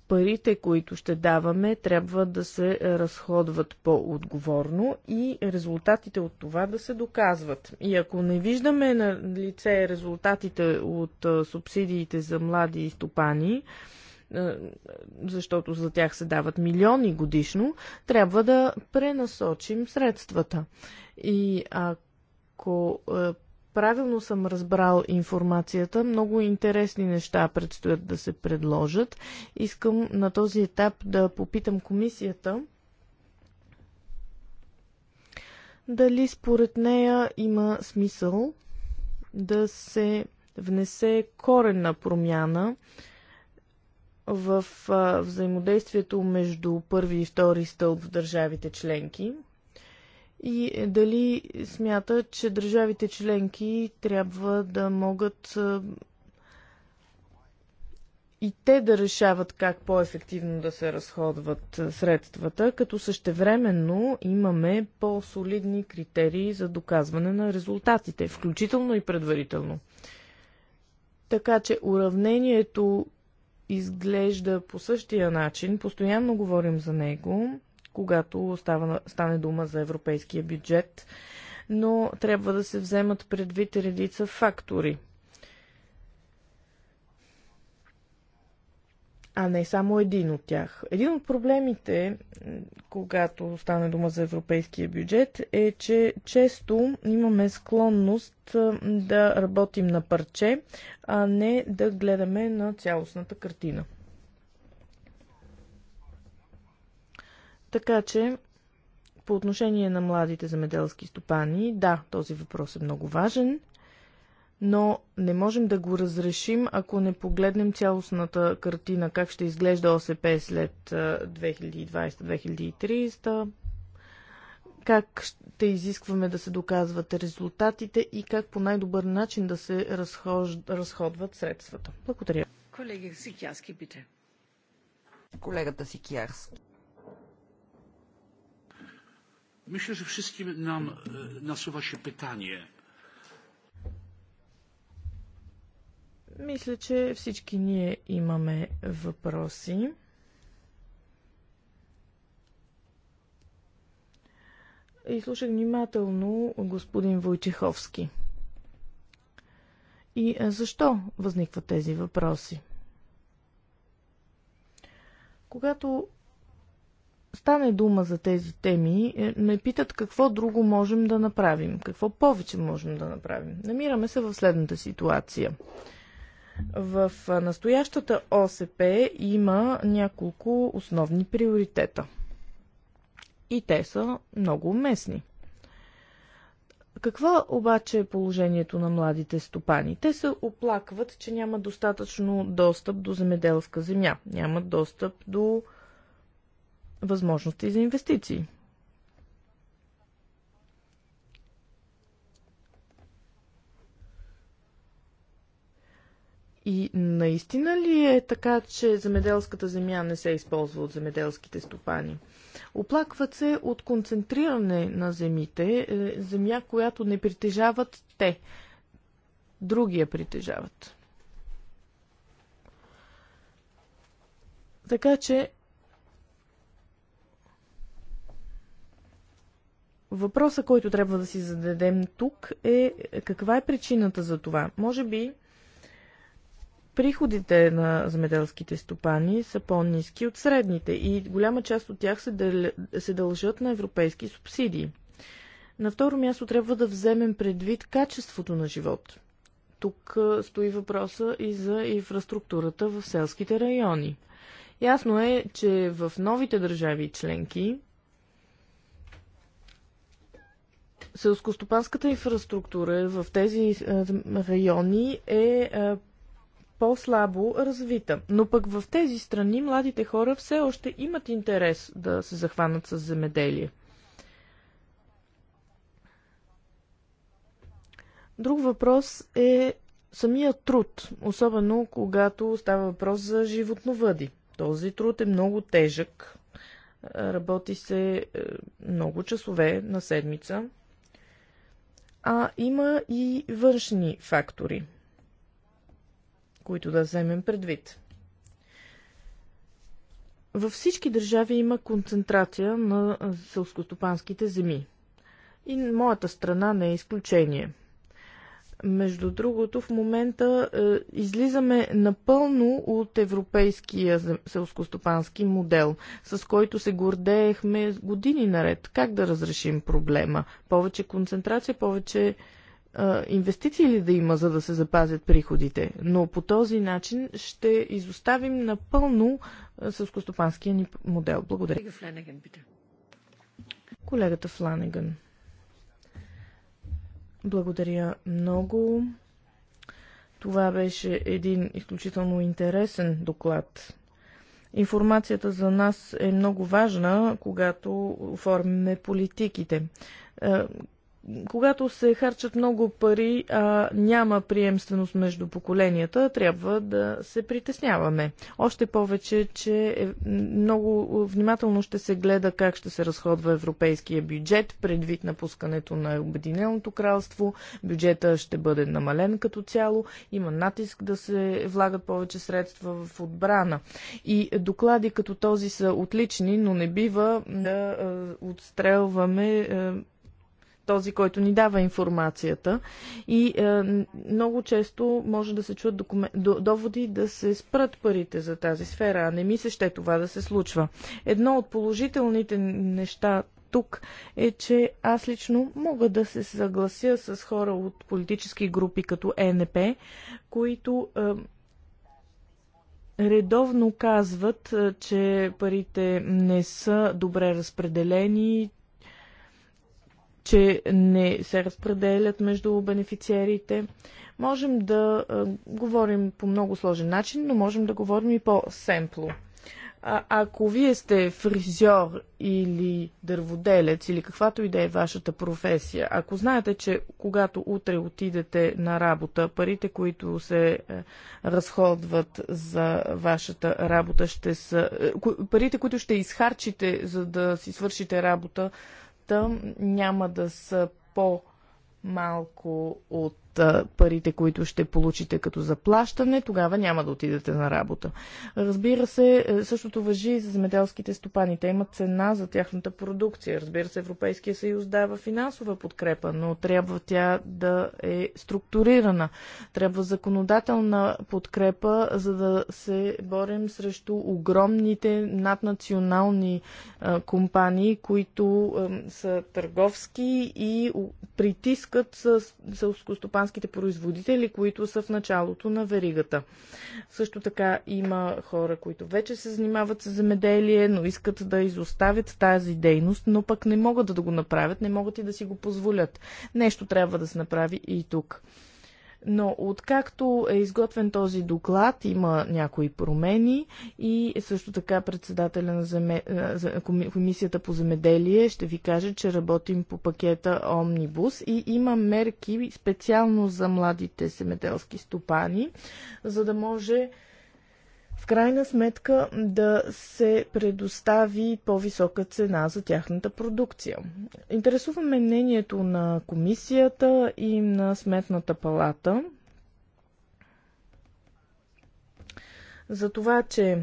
S2: парите, които ще даваме, трябва да се разходват по-отговорно и резултатите от това да се доказват. И ако не виждаме на лице резултатите от субсидиите за млади и стопани, защото за тях се дават милиони годишно, трябва да пренасочим средствата. И ако правилно съм разбрал информацията, много интересни неща предстоят да се предложат. Искам на този етап да попитам комисията дали според нея има смисъл да се внесе коренна промяна в взаимодействието между първи и втори стълб в държавите членки – и дали смята, че държавите членки трябва да могат и те да решават как по-ефективно да се разходват средствата, като същевременно имаме по-солидни критерии за доказване на резултатите, включително и предварително. Така че уравнението изглежда по същия начин, постоянно говорим за него, когато става, стане дума за европейския бюджет, но трябва да се вземат предвид редица фактори. а не само един от тях. Един от проблемите, когато стане дума за европейския бюджет, е, че често имаме склонност да работим на парче, а не да гледаме на цялостната картина. Така че, по отношение на младите земеделски стопани, да, този въпрос е много важен, но не можем да го разрешим, ако не погледнем цялостната картина, как ще изглежда ОСП след 2020-2030, как ще изискваме да се доказват резултатите и как по най-добър начин да се разходват средствата. Благодаря. Колеги Сикярски, пите.
S4: Колегата Сикярски. Myślę, że wszystkim nam e, nasuwa się pytanie.
S2: Мисля, че всички ние имаме въпроси. И слушах внимателно господин Войчеховски. И защо възникват тези въпроси? Когато стане дума за тези теми, е, ме питат какво друго можем да направим, какво повече можем да направим. Намираме се в следната ситуация. В настоящата ОСП има няколко основни приоритета. И те са много уместни. Какво обаче е положението на младите стопани? Те се оплакват, че няма достатъчно достъп до земеделска земя, Няма достъп до възможности за инвестиции. И наистина ли е така, че земеделската земя не се използва от земеделските стопани? Оплакват се от концентриране на земите, е, земя, която не притежават те. Другия притежават. Така че Въпросът, който трябва да си зададем тук е каква е причината за това. Може би приходите на земеделските стопани са по-низки от средните и голяма част от тях се, дъл... се дължат на европейски субсидии. На второ място трябва да вземем предвид качеството на живот. Тук стои въпроса и за инфраструктурата в селските райони. Ясно е, че в новите държави членки Селскостопанската инфраструктура в тези е, райони е, е по-слабо развита. Но пък в тези страни младите хора все още имат интерес да се захванат с земеделие. Друг въпрос е самия труд, особено когато става въпрос за животновъди. Този труд е много тежък. Работи се е, много часове на седмица а има и външни фактори, които да вземем предвид. Във всички държави има концентрация на селскостопанските земи. И моята страна не е изключение – между другото, в момента е, излизаме напълно от европейския селскостопански модел, с който се гордеехме години наред. Как да разрешим проблема? Повече концентрация, повече е, инвестиции ли да има, за да се запазят приходите, но по този начин ще изоставим напълно е, селскостопанския ни модел. Благодаря. Колегата Фланеган. Благодаря много. Това беше един изключително интересен доклад. Информацията за нас е много важна, когато оформяме политиките. Е, когато се харчат много пари, а няма приемственост между поколенията, трябва да се притесняваме. Още повече, че е, много внимателно ще се гледа как ще се разходва европейския бюджет, предвид напускането на Обединеното кралство. Бюджета ще бъде намален като цяло. Има натиск да се влагат повече средства в отбрана. И доклади като този са отлични, но не бива да отстрелваме този, който ни дава информацията. И е, много често може да се чуят докумен... доводи да се спрат парите за тази сфера, а не ми се ще това да се случва. Едно от положителните неща тук е, че аз лично мога да се съглася с хора от политически групи като ЕНП, които е, редовно казват, е, че парите не са добре разпределени, че не се разпределят между бенефициерите. Можем да а, говорим по много сложен начин, но можем да говорим и по-семпло. А, ако вие сте фризьор или дърводелец или каквато и да е вашата професия, ако знаете, че когато утре отидете на работа, парите, които се е, разходват за вашата работа, ще са. Е, парите, които ще изхарчите, за да си свършите работа, няма да са по-малко от парите, които ще получите като заплащане, тогава няма да отидете на работа. Разбира се, е, същото въжи и за земеделските стопани. Те имат цена за тяхната продукция. Разбира се, Европейския съюз дава финансова подкрепа, но трябва тя да е структурирана. Трябва законодателна подкрепа, за да се борим срещу огромните наднационални е, компании, които са търговски и притискат с селскостопанските стопанските производители, които са в началото на веригата. Също така има хора, които вече се занимават с земеделие, но искат да изоставят тази дейност, но пък не могат да го направят, не могат и да си го позволят. Нещо трябва да се направи и тук. Но откакто е изготвен този доклад, има някои промени и също така председателя на земе... Е, Комисията по земеделие ще ви каже, че работим по пакета Омнибус и има мерки специално за младите земеделски стопани, за да може в крайна сметка да се предостави по-висока цена за тяхната продукция. Интересуваме мнението на комисията и на сметната палата за това, че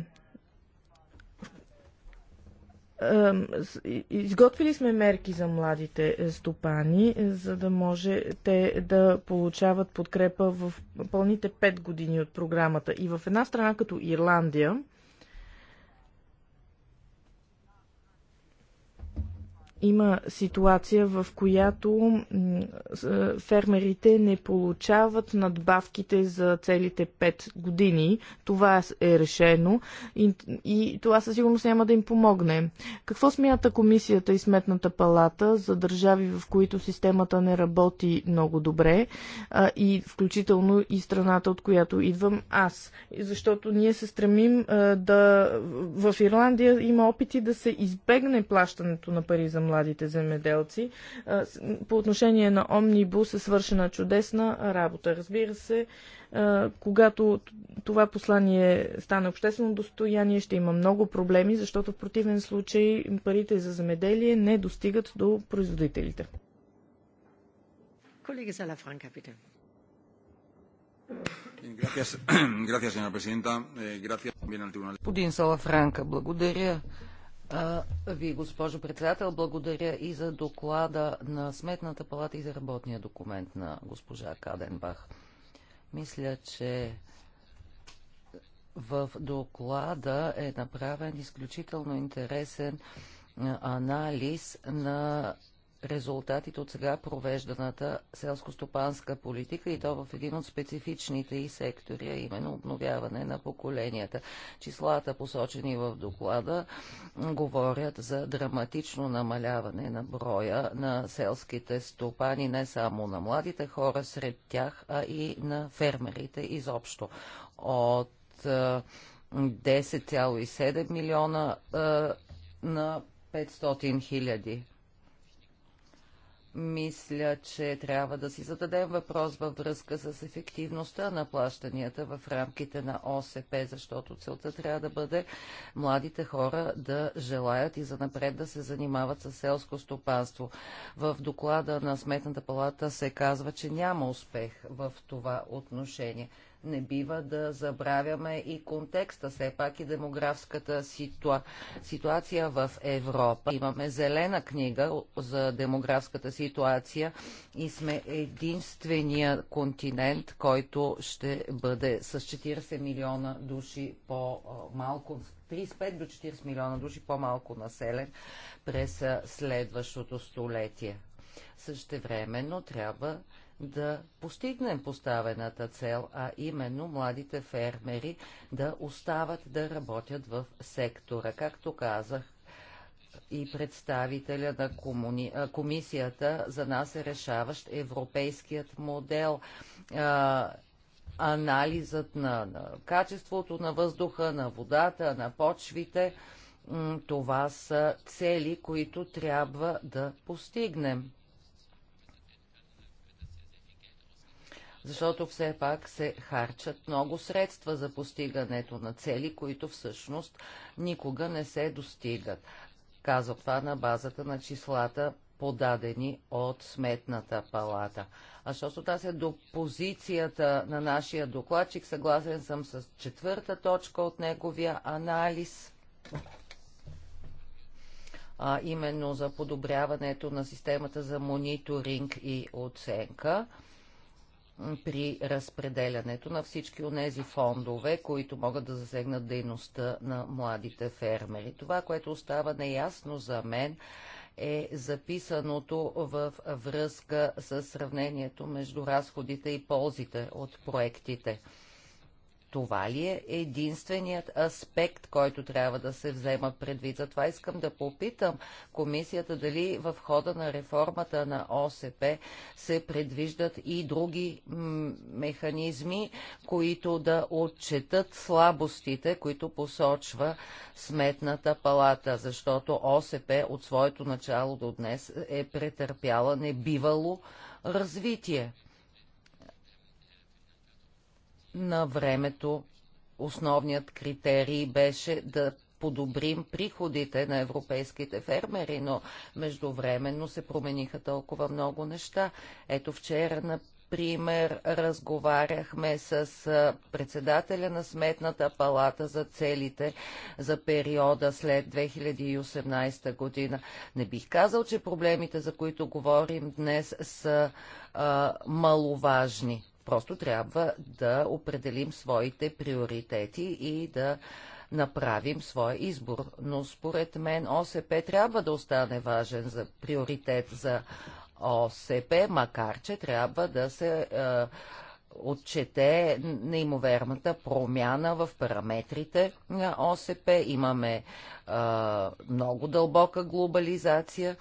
S2: Изготвили сме мерки за младите е, стопани, е, за да може те да получават подкрепа в пълните 5 години от програмата. И в една страна като Ирландия, има ситуация, в която фермерите не получават надбавките за целите 5 години. Това е решено и, и това със сигурност няма да им помогне. Какво смята комисията и сметната палата за държави, в които системата не работи много добре а, и включително и страната, от която идвам аз? Защото ние се стремим а, да. В Ирландия има опити да се избегне плащането на пари за младите земеделци. По отношение на Омнибус е свършена чудесна работа. Разбира се, когато това послание стане обществено достояние, ще има много проблеми, защото в противен случай парите за земеделие не достигат до производителите.
S1: Колеги Франка, питам. [CLEARS THROAT] Eh, Господин Салафранка, благодаря ви, госпожо председател. Благодаря и за доклада на Сметната палата и за работния документ на госпожа Каденбах. Мисля, че в доклада е направен изключително интересен анализ на резултатите от сега провежданата селско-стопанска политика и то в един от специфичните и сектори, а именно обновяване на поколенията. Числата, посочени в доклада, говорят за драматично намаляване на броя на селските стопани, не само на младите хора сред тях, а и на фермерите изобщо. От 10,7 е, милиона е, на 500 хиляди мисля, че трябва да си зададем въпрос във връзка с ефективността на плащанията в рамките на ОСП, защото целта трябва да бъде младите хора да желаят и занапред да се занимават с селско стопанство. В доклада на Сметната палата се казва, че няма успех в това отношение не бива да забравяме и контекста, все пак и демографската ситуа... ситуация в Европа. Имаме зелена книга за демографската ситуация и сме единствения континент, който ще бъде с 40 милиона души по-малко 35 до 40 милиона души по-малко населен през следващото столетие. Същевременно трябва да постигнем поставената цел, а именно младите фермери да остават да работят в сектора. Както казах, и представителя на комуни... комисията за нас е решаващ европейският модел. А, анализът на, на качеството на въздуха, на водата, на почвите. Това са цели, които трябва да постигнем. защото все пак се харчат много средства за постигането на цели, които всъщност никога не се достигат. Казва това на базата на числата подадени от Сметната палата. А що се отнася до позицията на нашия докладчик, съгласен съм с четвърта точка от неговия анализ, а именно за подобряването на системата за мониторинг и оценка при разпределянето на всички онези фондове, които могат да засегнат дейността на младите фермери. Това, което остава неясно за мен, е записаното в връзка с сравнението между разходите и ползите от проектите. Това ли е единственият аспект, който трябва да се взема предвид? Затова искам да попитам комисията дали в хода на реформата на ОСП се предвиждат и други механизми, които да отчетат слабостите, които посочва Сметната палата, защото ОСП от своето начало до днес е претърпяла небивало развитие на времето основният критерий беше да подобрим приходите на европейските фермери, но междувременно се промениха толкова много неща. Ето вчера, например, разговаряхме с председателя на Сметната палата за целите за периода след 2018 година. Не бих казал, че проблемите, за които говорим днес, са а, маловажни. Просто трябва да определим своите приоритети и да направим своя избор. Но според мен ОСП трябва да остане важен за приоритет за ОСП, макар че трябва да се е, отчете неимоверната промяна в параметрите на ОСП. Имаме е, много дълбока глобализация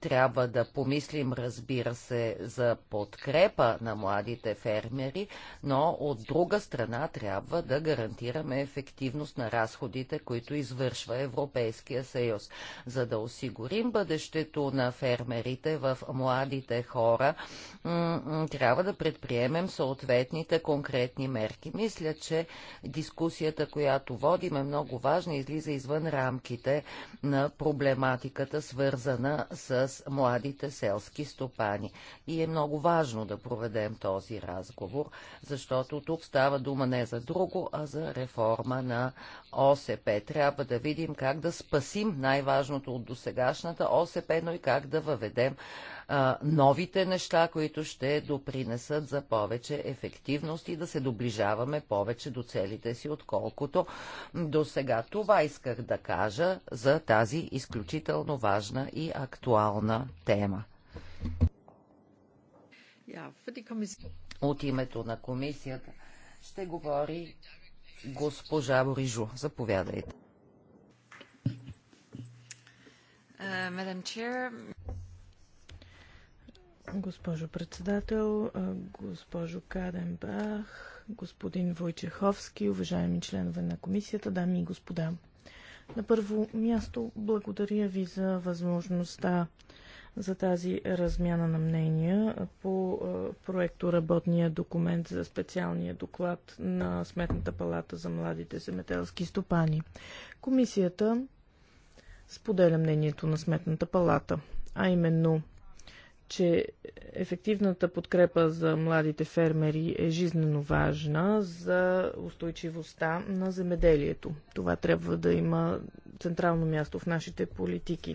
S1: трябва да помислим, разбира се, за подкрепа на младите фермери, но от друга страна трябва да гарантираме ефективност на разходите, които извършва Европейския съюз. За да осигурим бъдещето на фермерите в младите хора, трябва да предприемем съответните конкретни мерки. Мисля, че дискусията, която водим е много важна и излиза извън рамките на проблематиката, свързана с с младите селски стопани. И е много важно да проведем този разговор, защото тук става дума не за друго, а за реформа на ОСП. Трябва да видим как да спасим най-важното от досегашната ОСП, но и как да въведем а, новите неща, които ще допринесат за повече ефективност и да се доближаваме повече до целите си, отколкото до сега. Това исках да кажа за тази изключително важна и актуална тема. От името на комисията ще говори госпожа Борижо. Заповядайте. Е, Госпожо председател,
S2: госпожо Каденбах, господин Войчеховски, уважаеми членове на комисията, дами и господа. На първо място благодаря ви за възможността за тази размяна на мнения по проекто работния документ за специалния доклад на Сметната палата за младите земеделски стопани. Комисията споделя мнението на Сметната палата, а именно – че ефективната подкрепа за младите фермери е жизненно важна за устойчивостта на земеделието. Това трябва да има централно място в нашите политики.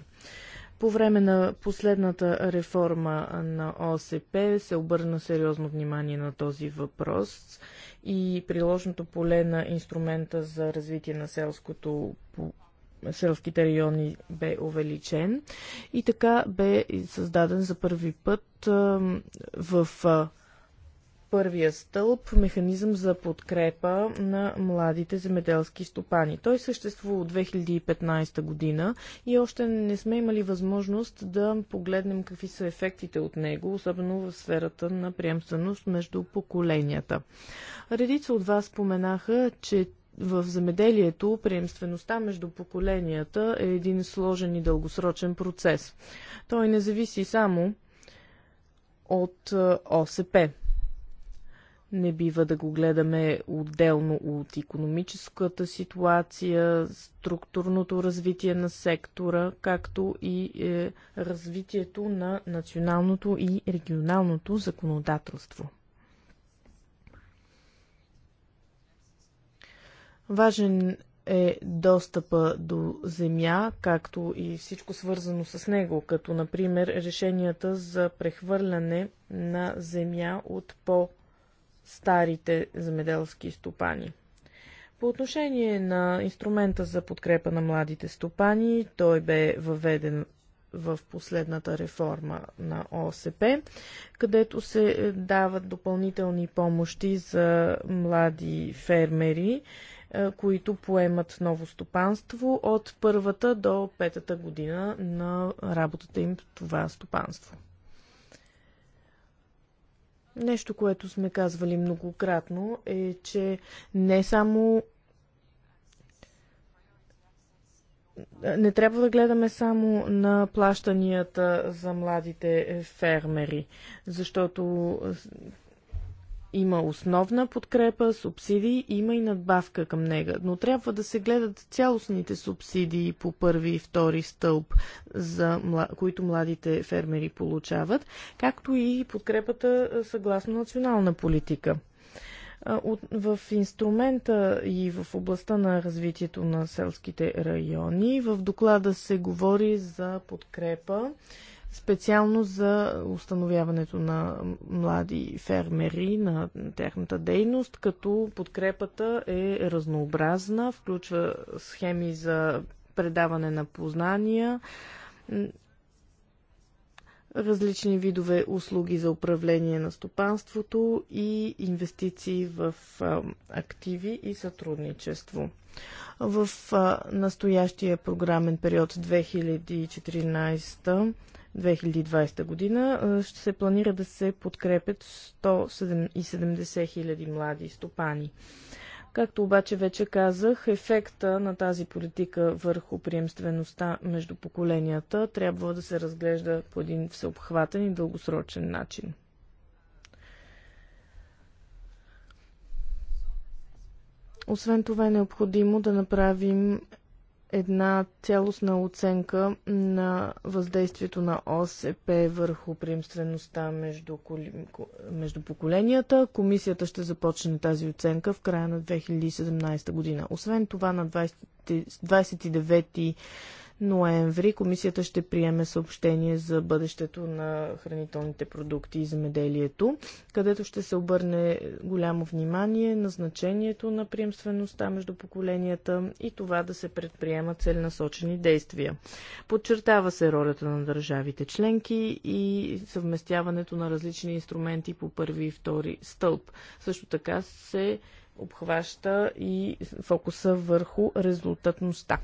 S2: По време на последната реформа на ОСП се обърна сериозно внимание на този въпрос и приложното поле на инструмента за развитие на селското селските райони бе увеличен и така бе създаден за първи път в първия стълб механизъм за подкрепа на младите земеделски стопани. Той съществува от 2015 година и още не сме имали възможност да погледнем какви са ефектите от него, особено в сферата на приемственост между поколенията. Редица от вас споменаха, че в земеделието приемствеността между поколенията е един сложен и дългосрочен процес. Той не зависи само от е, ОСП. Не бива да го гледаме отделно от економическата ситуация, структурното развитие на сектора, както и е, развитието на националното и регионалното законодателство. Важен е достъпа до земя, както и всичко свързано с него, като например решенията за прехвърляне на земя от по-старите земеделски стопани. По отношение на инструмента за подкрепа на младите стопани, той бе въведен в последната реформа на ОСП, където се дават допълнителни помощи за млади фермери е, които поемат ново стопанство от първата до петата година на работата им в това стопанство. Нещо, което сме казвали многократно е, че не само не трябва да гледаме само на плащанията за младите фермери, защото има основна подкрепа, субсидии, има и надбавка към нега, но трябва да се гледат цялостните субсидии по първи и втори стълб, за, които младите фермери получават, както и подкрепата съгласно национална политика. В инструмента и в областта на развитието на селските райони в доклада се говори за подкрепа специално за установяването на млади фермери, на тяхната дейност, като подкрепата е разнообразна, включва схеми за предаване на познания, различни видове услуги за управление на стопанството и инвестиции в активи и сътрудничество. В настоящия програмен период 2014 2020 година ще се планира да се подкрепят 170 хиляди млади стопани. Както обаче вече казах, ефекта на тази политика върху приемствеността между поколенията трябва да се разглежда по един всеобхватен и дългосрочен начин. Освен това е необходимо да направим една цялостна оценка на въздействието на ОСП върху приемствеността между, коли... между поколенията. Комисията ще започне тази оценка в края на 2017 година. Освен това, на 20... 29 ноември комисията ще приеме съобщение за бъдещето на хранителните продукти и земеделието, където ще се обърне голямо внимание на значението на приемствеността между поколенията и това да се предприемат целенасочени действия. Подчертава се ролята на държавите членки и съвместяването на различни инструменти по първи и втори стълб. Също така се обхваща и фокуса върху резултатността.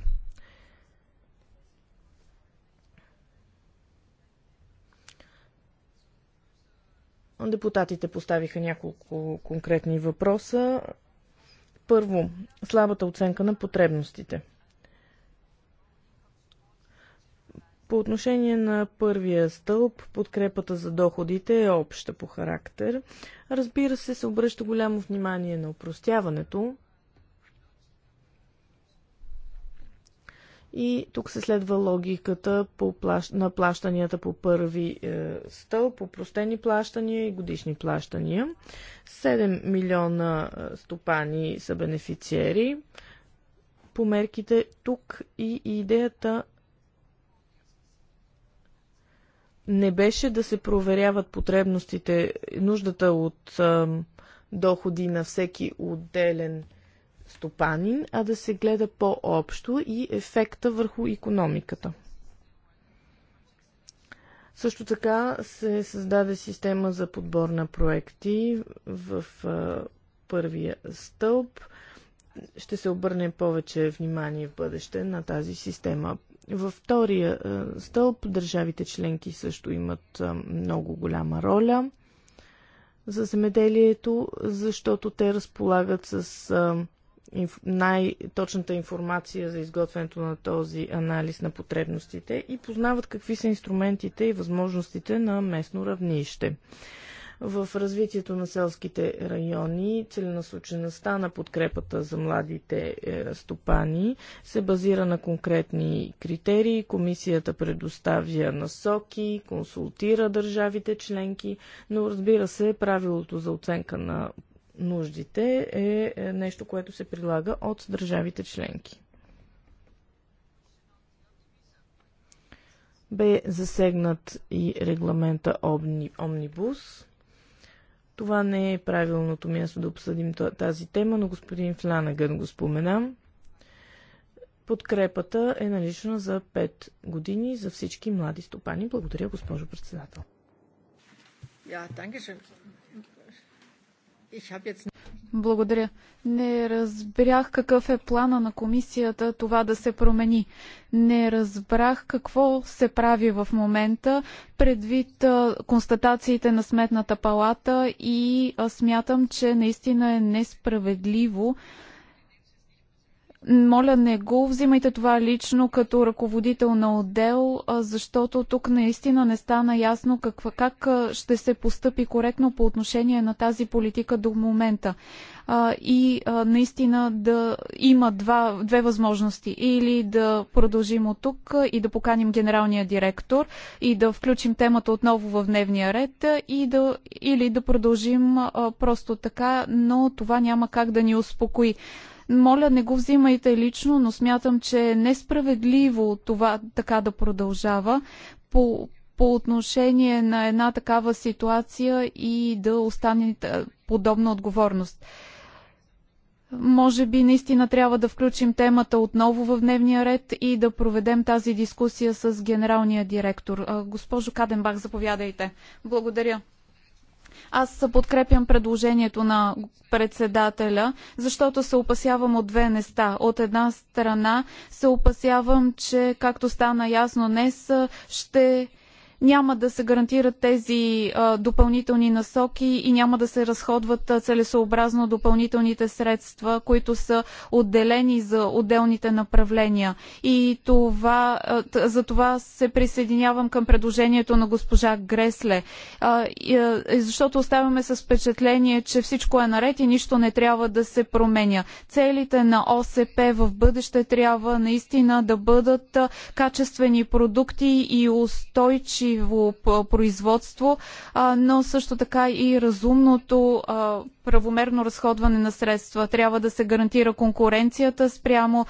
S2: Депутатите поставиха няколко конкретни въпроса. Първо, слабата оценка на потребностите. По отношение на първия стълб, подкрепата за доходите е обща по характер. Разбира се, се обръща голямо внимание на упростяването, И тук се следва логиката по плащ... на плащанията по първи е, стълб, по простени плащания и годишни плащания. 7 милиона е, стопани са бенефициери по мерките тук и идеята не беше да се проверяват потребностите, нуждата от е, доходи на всеки отделен стопанин, а да се гледа по-общо и ефекта върху економиката. Също така се създаде система за подбор на проекти в първия стълб. Ще се обърне повече внимание в бъдеще на тази система. Във втория стълб държавите членки също имат много голяма роля за земеделието, защото те разполагат с инф... най-точната информация за изготвянето на този анализ на потребностите и познават какви са инструментите и възможностите на местно равнище. В развитието на селските райони целенасочеността на подкрепата за младите е, стопани се базира на конкретни критерии. Комисията предоставя насоки, консултира държавите членки, но разбира се, правилото за оценка на нуждите е, е нещо, което се прилага от държавите членки. Бе засегнат и регламента Омнибус. Това не е правилното място да обсъдим тази тема, но господин Фланаган го споменам. Подкрепата е налична за 5 години за всички млади стопани. Благодаря, госпожо председател. Yeah,
S3: благодаря. Не разбрах какъв е плана на комисията това да се промени. Не разбрах какво се прави в момента предвид констатациите на Сметната палата и смятам, че наистина е несправедливо моля, не го взимайте това лично като ръководител на отдел, защото тук наистина не стана ясно каква, как ще се постъпи коректно по отношение на тази политика до момента. И наистина да има два, две възможности. Или да продължим от тук и да поканим генералния директор и да включим темата отново в дневния ред, и да, или да продължим просто така, но това няма как да ни успокои. Моля, не го взимайте лично, но смятам, че е несправедливо това така да продължава. По, по отношение на една такава ситуация и да остане подобна отговорност. Може би наистина трябва да включим темата отново в дневния ред и да проведем тази дискусия с генералния директор. Госпожо Каденбах, заповядайте. Благодаря. Аз подкрепям предложението на председателя, защото се опасявам от две неща. От една страна се опасявам, че, както стана ясно днес, ще няма да се гарантират тези а, допълнителни насоки и няма да се разходват а, целесообразно допълнителните средства, които са отделени за отделните направления. И това, а, за това се присъединявам към предложението на госпожа Гресле, и, защото оставяме с впечатление, че всичко е наред и нищо не трябва да се променя. Целите на ОСП в бъдеще трябва наистина да бъдат качествени продукти и устойчиви устойчиво производство, но също така и разумното правомерно разходване на средства. Трябва да се гарантира конкуренцията спрямо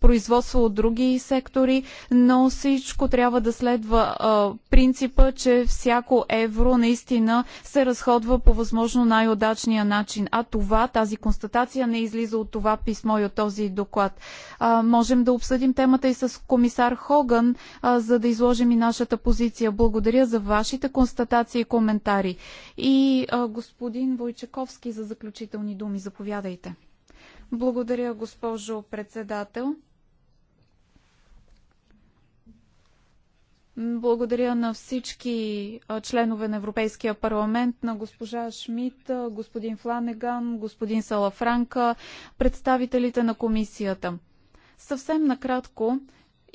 S3: производство от други сектори, но всичко трябва да следва а, принципа, че всяко евро наистина се разходва по възможно най-удачния начин. А това, тази констатация не излиза от това писмо и от този доклад. А, можем да обсъдим темата и с комисар Хоган, а, за да изложим и нашата позиция. Благодаря за вашите констатации и коментари. И господин Войчаковски за заключителни думи. Заповядайте. Благодаря, госпожо председател. Благодаря на всички членове на Европейския парламент, на госпожа Шмидт, господин Фланеган, господин Салафранка, представителите на комисията. Съвсем накратко,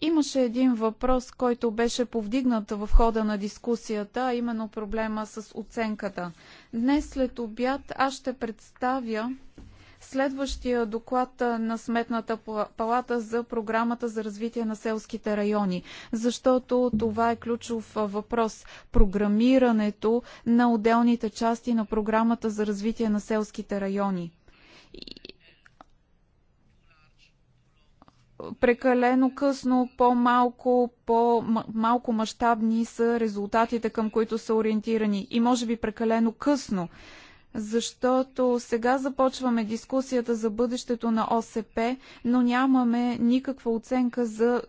S3: имаше един въпрос, който беше повдигнат в хода на дискусията, а именно проблема с оценката. Днес след обяд аз ще представя Следващия доклад на Сметната палата за програмата за развитие на селските райони, защото това е ключов въпрос. Програмирането на отделните части на програмата за развитие на селските райони. прекалено късно, по-малко, по-малко мащабни са резултатите, към които са ориентирани. И може би прекалено късно защото сега започваме дискусията за бъдещето на ОСП, но нямаме никаква оценка за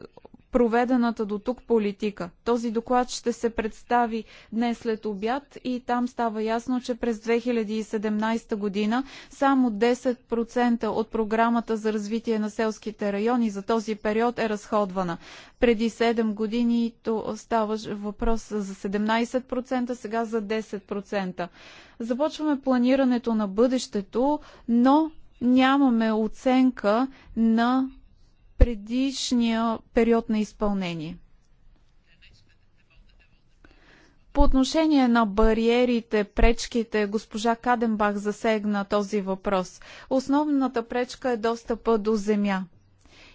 S3: проведената до тук политика. Този доклад ще се представи днес след обяд и там става ясно, че през 2017 година само 10% от програмата за развитие на селските райони за този период е разходвана. Преди 7 години то става въпрос за 17%, сега за 10%. Започваме планирането на бъдещето, но нямаме оценка на предишния период на изпълнение. По отношение на бариерите, пречките, госпожа Каденбах засегна този въпрос. Основната пречка е достъпа до земя.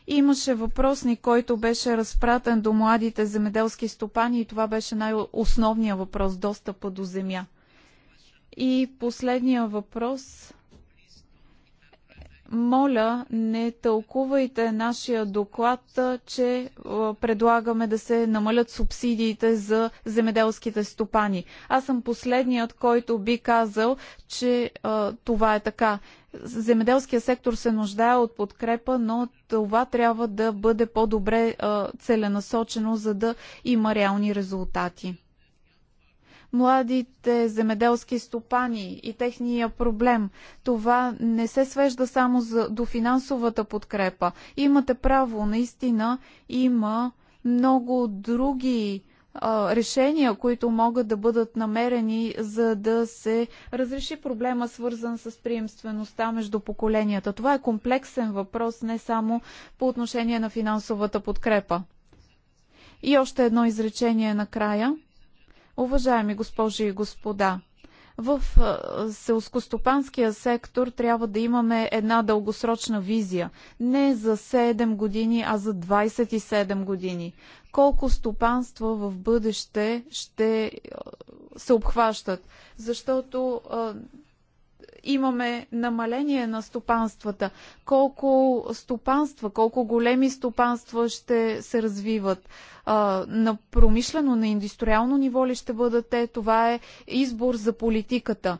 S3: Имаше въпросник, който беше разпратен до младите земеделски стопани и това беше най-основният въпрос – достъпа до земя. И последния въпрос моля, не тълкувайте нашия доклад, че предлагаме да се намалят субсидиите за земеделските стопани. Аз съм последният, който би казал, че а, това е така. Земеделския сектор се нуждае от подкрепа, но това трябва да бъде по-добре целенасочено, за да има реални резултати младите земеделски стопани и техния проблем. Това не се свежда само за, до финансовата подкрепа. Имате право, наистина има много други а, решения, които могат да бъдат намерени, за да се разреши проблема, свързан с приемствеността между поколенията. Това е комплексен въпрос, не само по отношение на финансовата подкрепа. И още едно изречение накрая. Уважаеми госпожи и господа, в селскостопанския сектор трябва да имаме една дългосрочна визия. Не за 7 години, а за 27 години. Колко стопанства в бъдеще ще се обхващат? Защото имаме намаление на стопанствата. Колко стопанства, колко големи стопанства ще се развиват? А, на промишлено, на индустриално ниво ли ще бъдат те? Това е избор за политиката.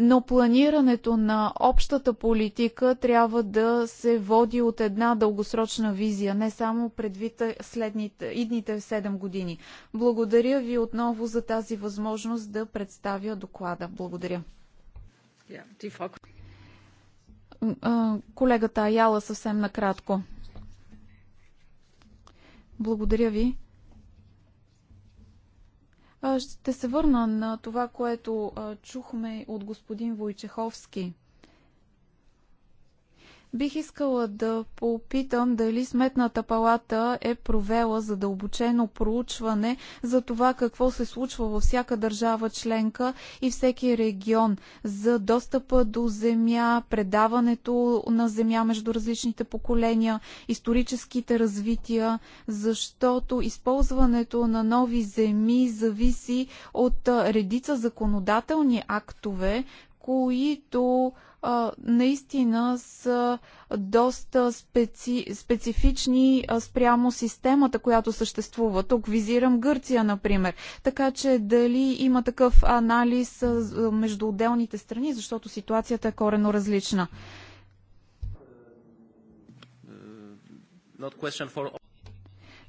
S3: Но планирането на общата политика трябва да се води от една дългосрочна визия, не само предвид следните, идните 7 години. Благодаря ви отново за тази възможност да представя доклада. Благодаря. Колегата Аяла съвсем накратко. Благодаря ви. Ще се върна на това, което чухме от господин Войчеховски – Бих искала да попитам дали Сметната палата е провела задълбочено проучване за това какво се случва във всяка държава членка и всеки регион за достъпа до земя, предаването на земя между различните поколения, историческите развития, защото използването на нови земи зависи от редица законодателни актове, които наистина са доста специ... специфични спрямо системата, която съществува. Тук визирам Гърция, например. Така че дали има такъв анализ между отделните страни, защото ситуацията е корено различна.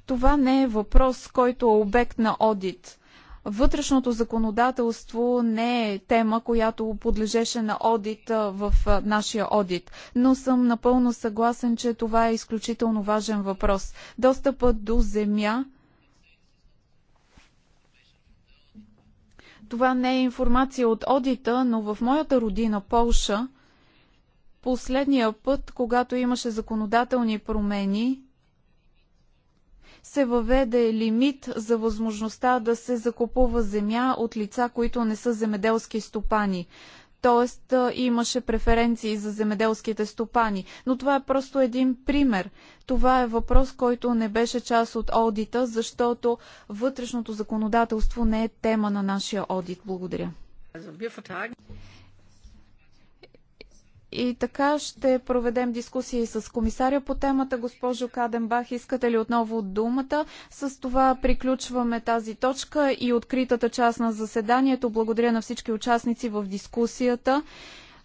S3: Това не е въпрос, който е обект на одит вътрешното законодателство не е тема, която подлежеше на одит в нашия одит, но съм напълно съгласен, че това е изключително важен въпрос. Достъпът до земя Това не е информация от одита, но в моята родина, Полша, последния път, когато имаше законодателни промени, се въведе лимит за възможността да се закупува земя от лица, които не са земеделски стопани. Тоест имаше преференции за земеделските стопани. Но това е просто един пример. Това е въпрос, който не беше част от одита, защото вътрешното законодателство не е тема на нашия одит. Благодаря. И така ще проведем дискусии с комисаря по темата. Госпожо Каденбах, искате ли отново от думата? С това приключваме тази точка и откритата част на заседанието. Благодаря на всички участници в дискусията.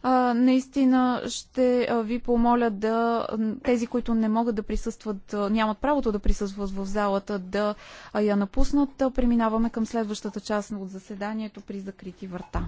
S3: А, наистина ще ви помоля да тези, които не могат да присъстват, нямат правото да присъстват в залата, да я напуснат.
S1: Преминаваме към следващата част от заседанието при закрити врата.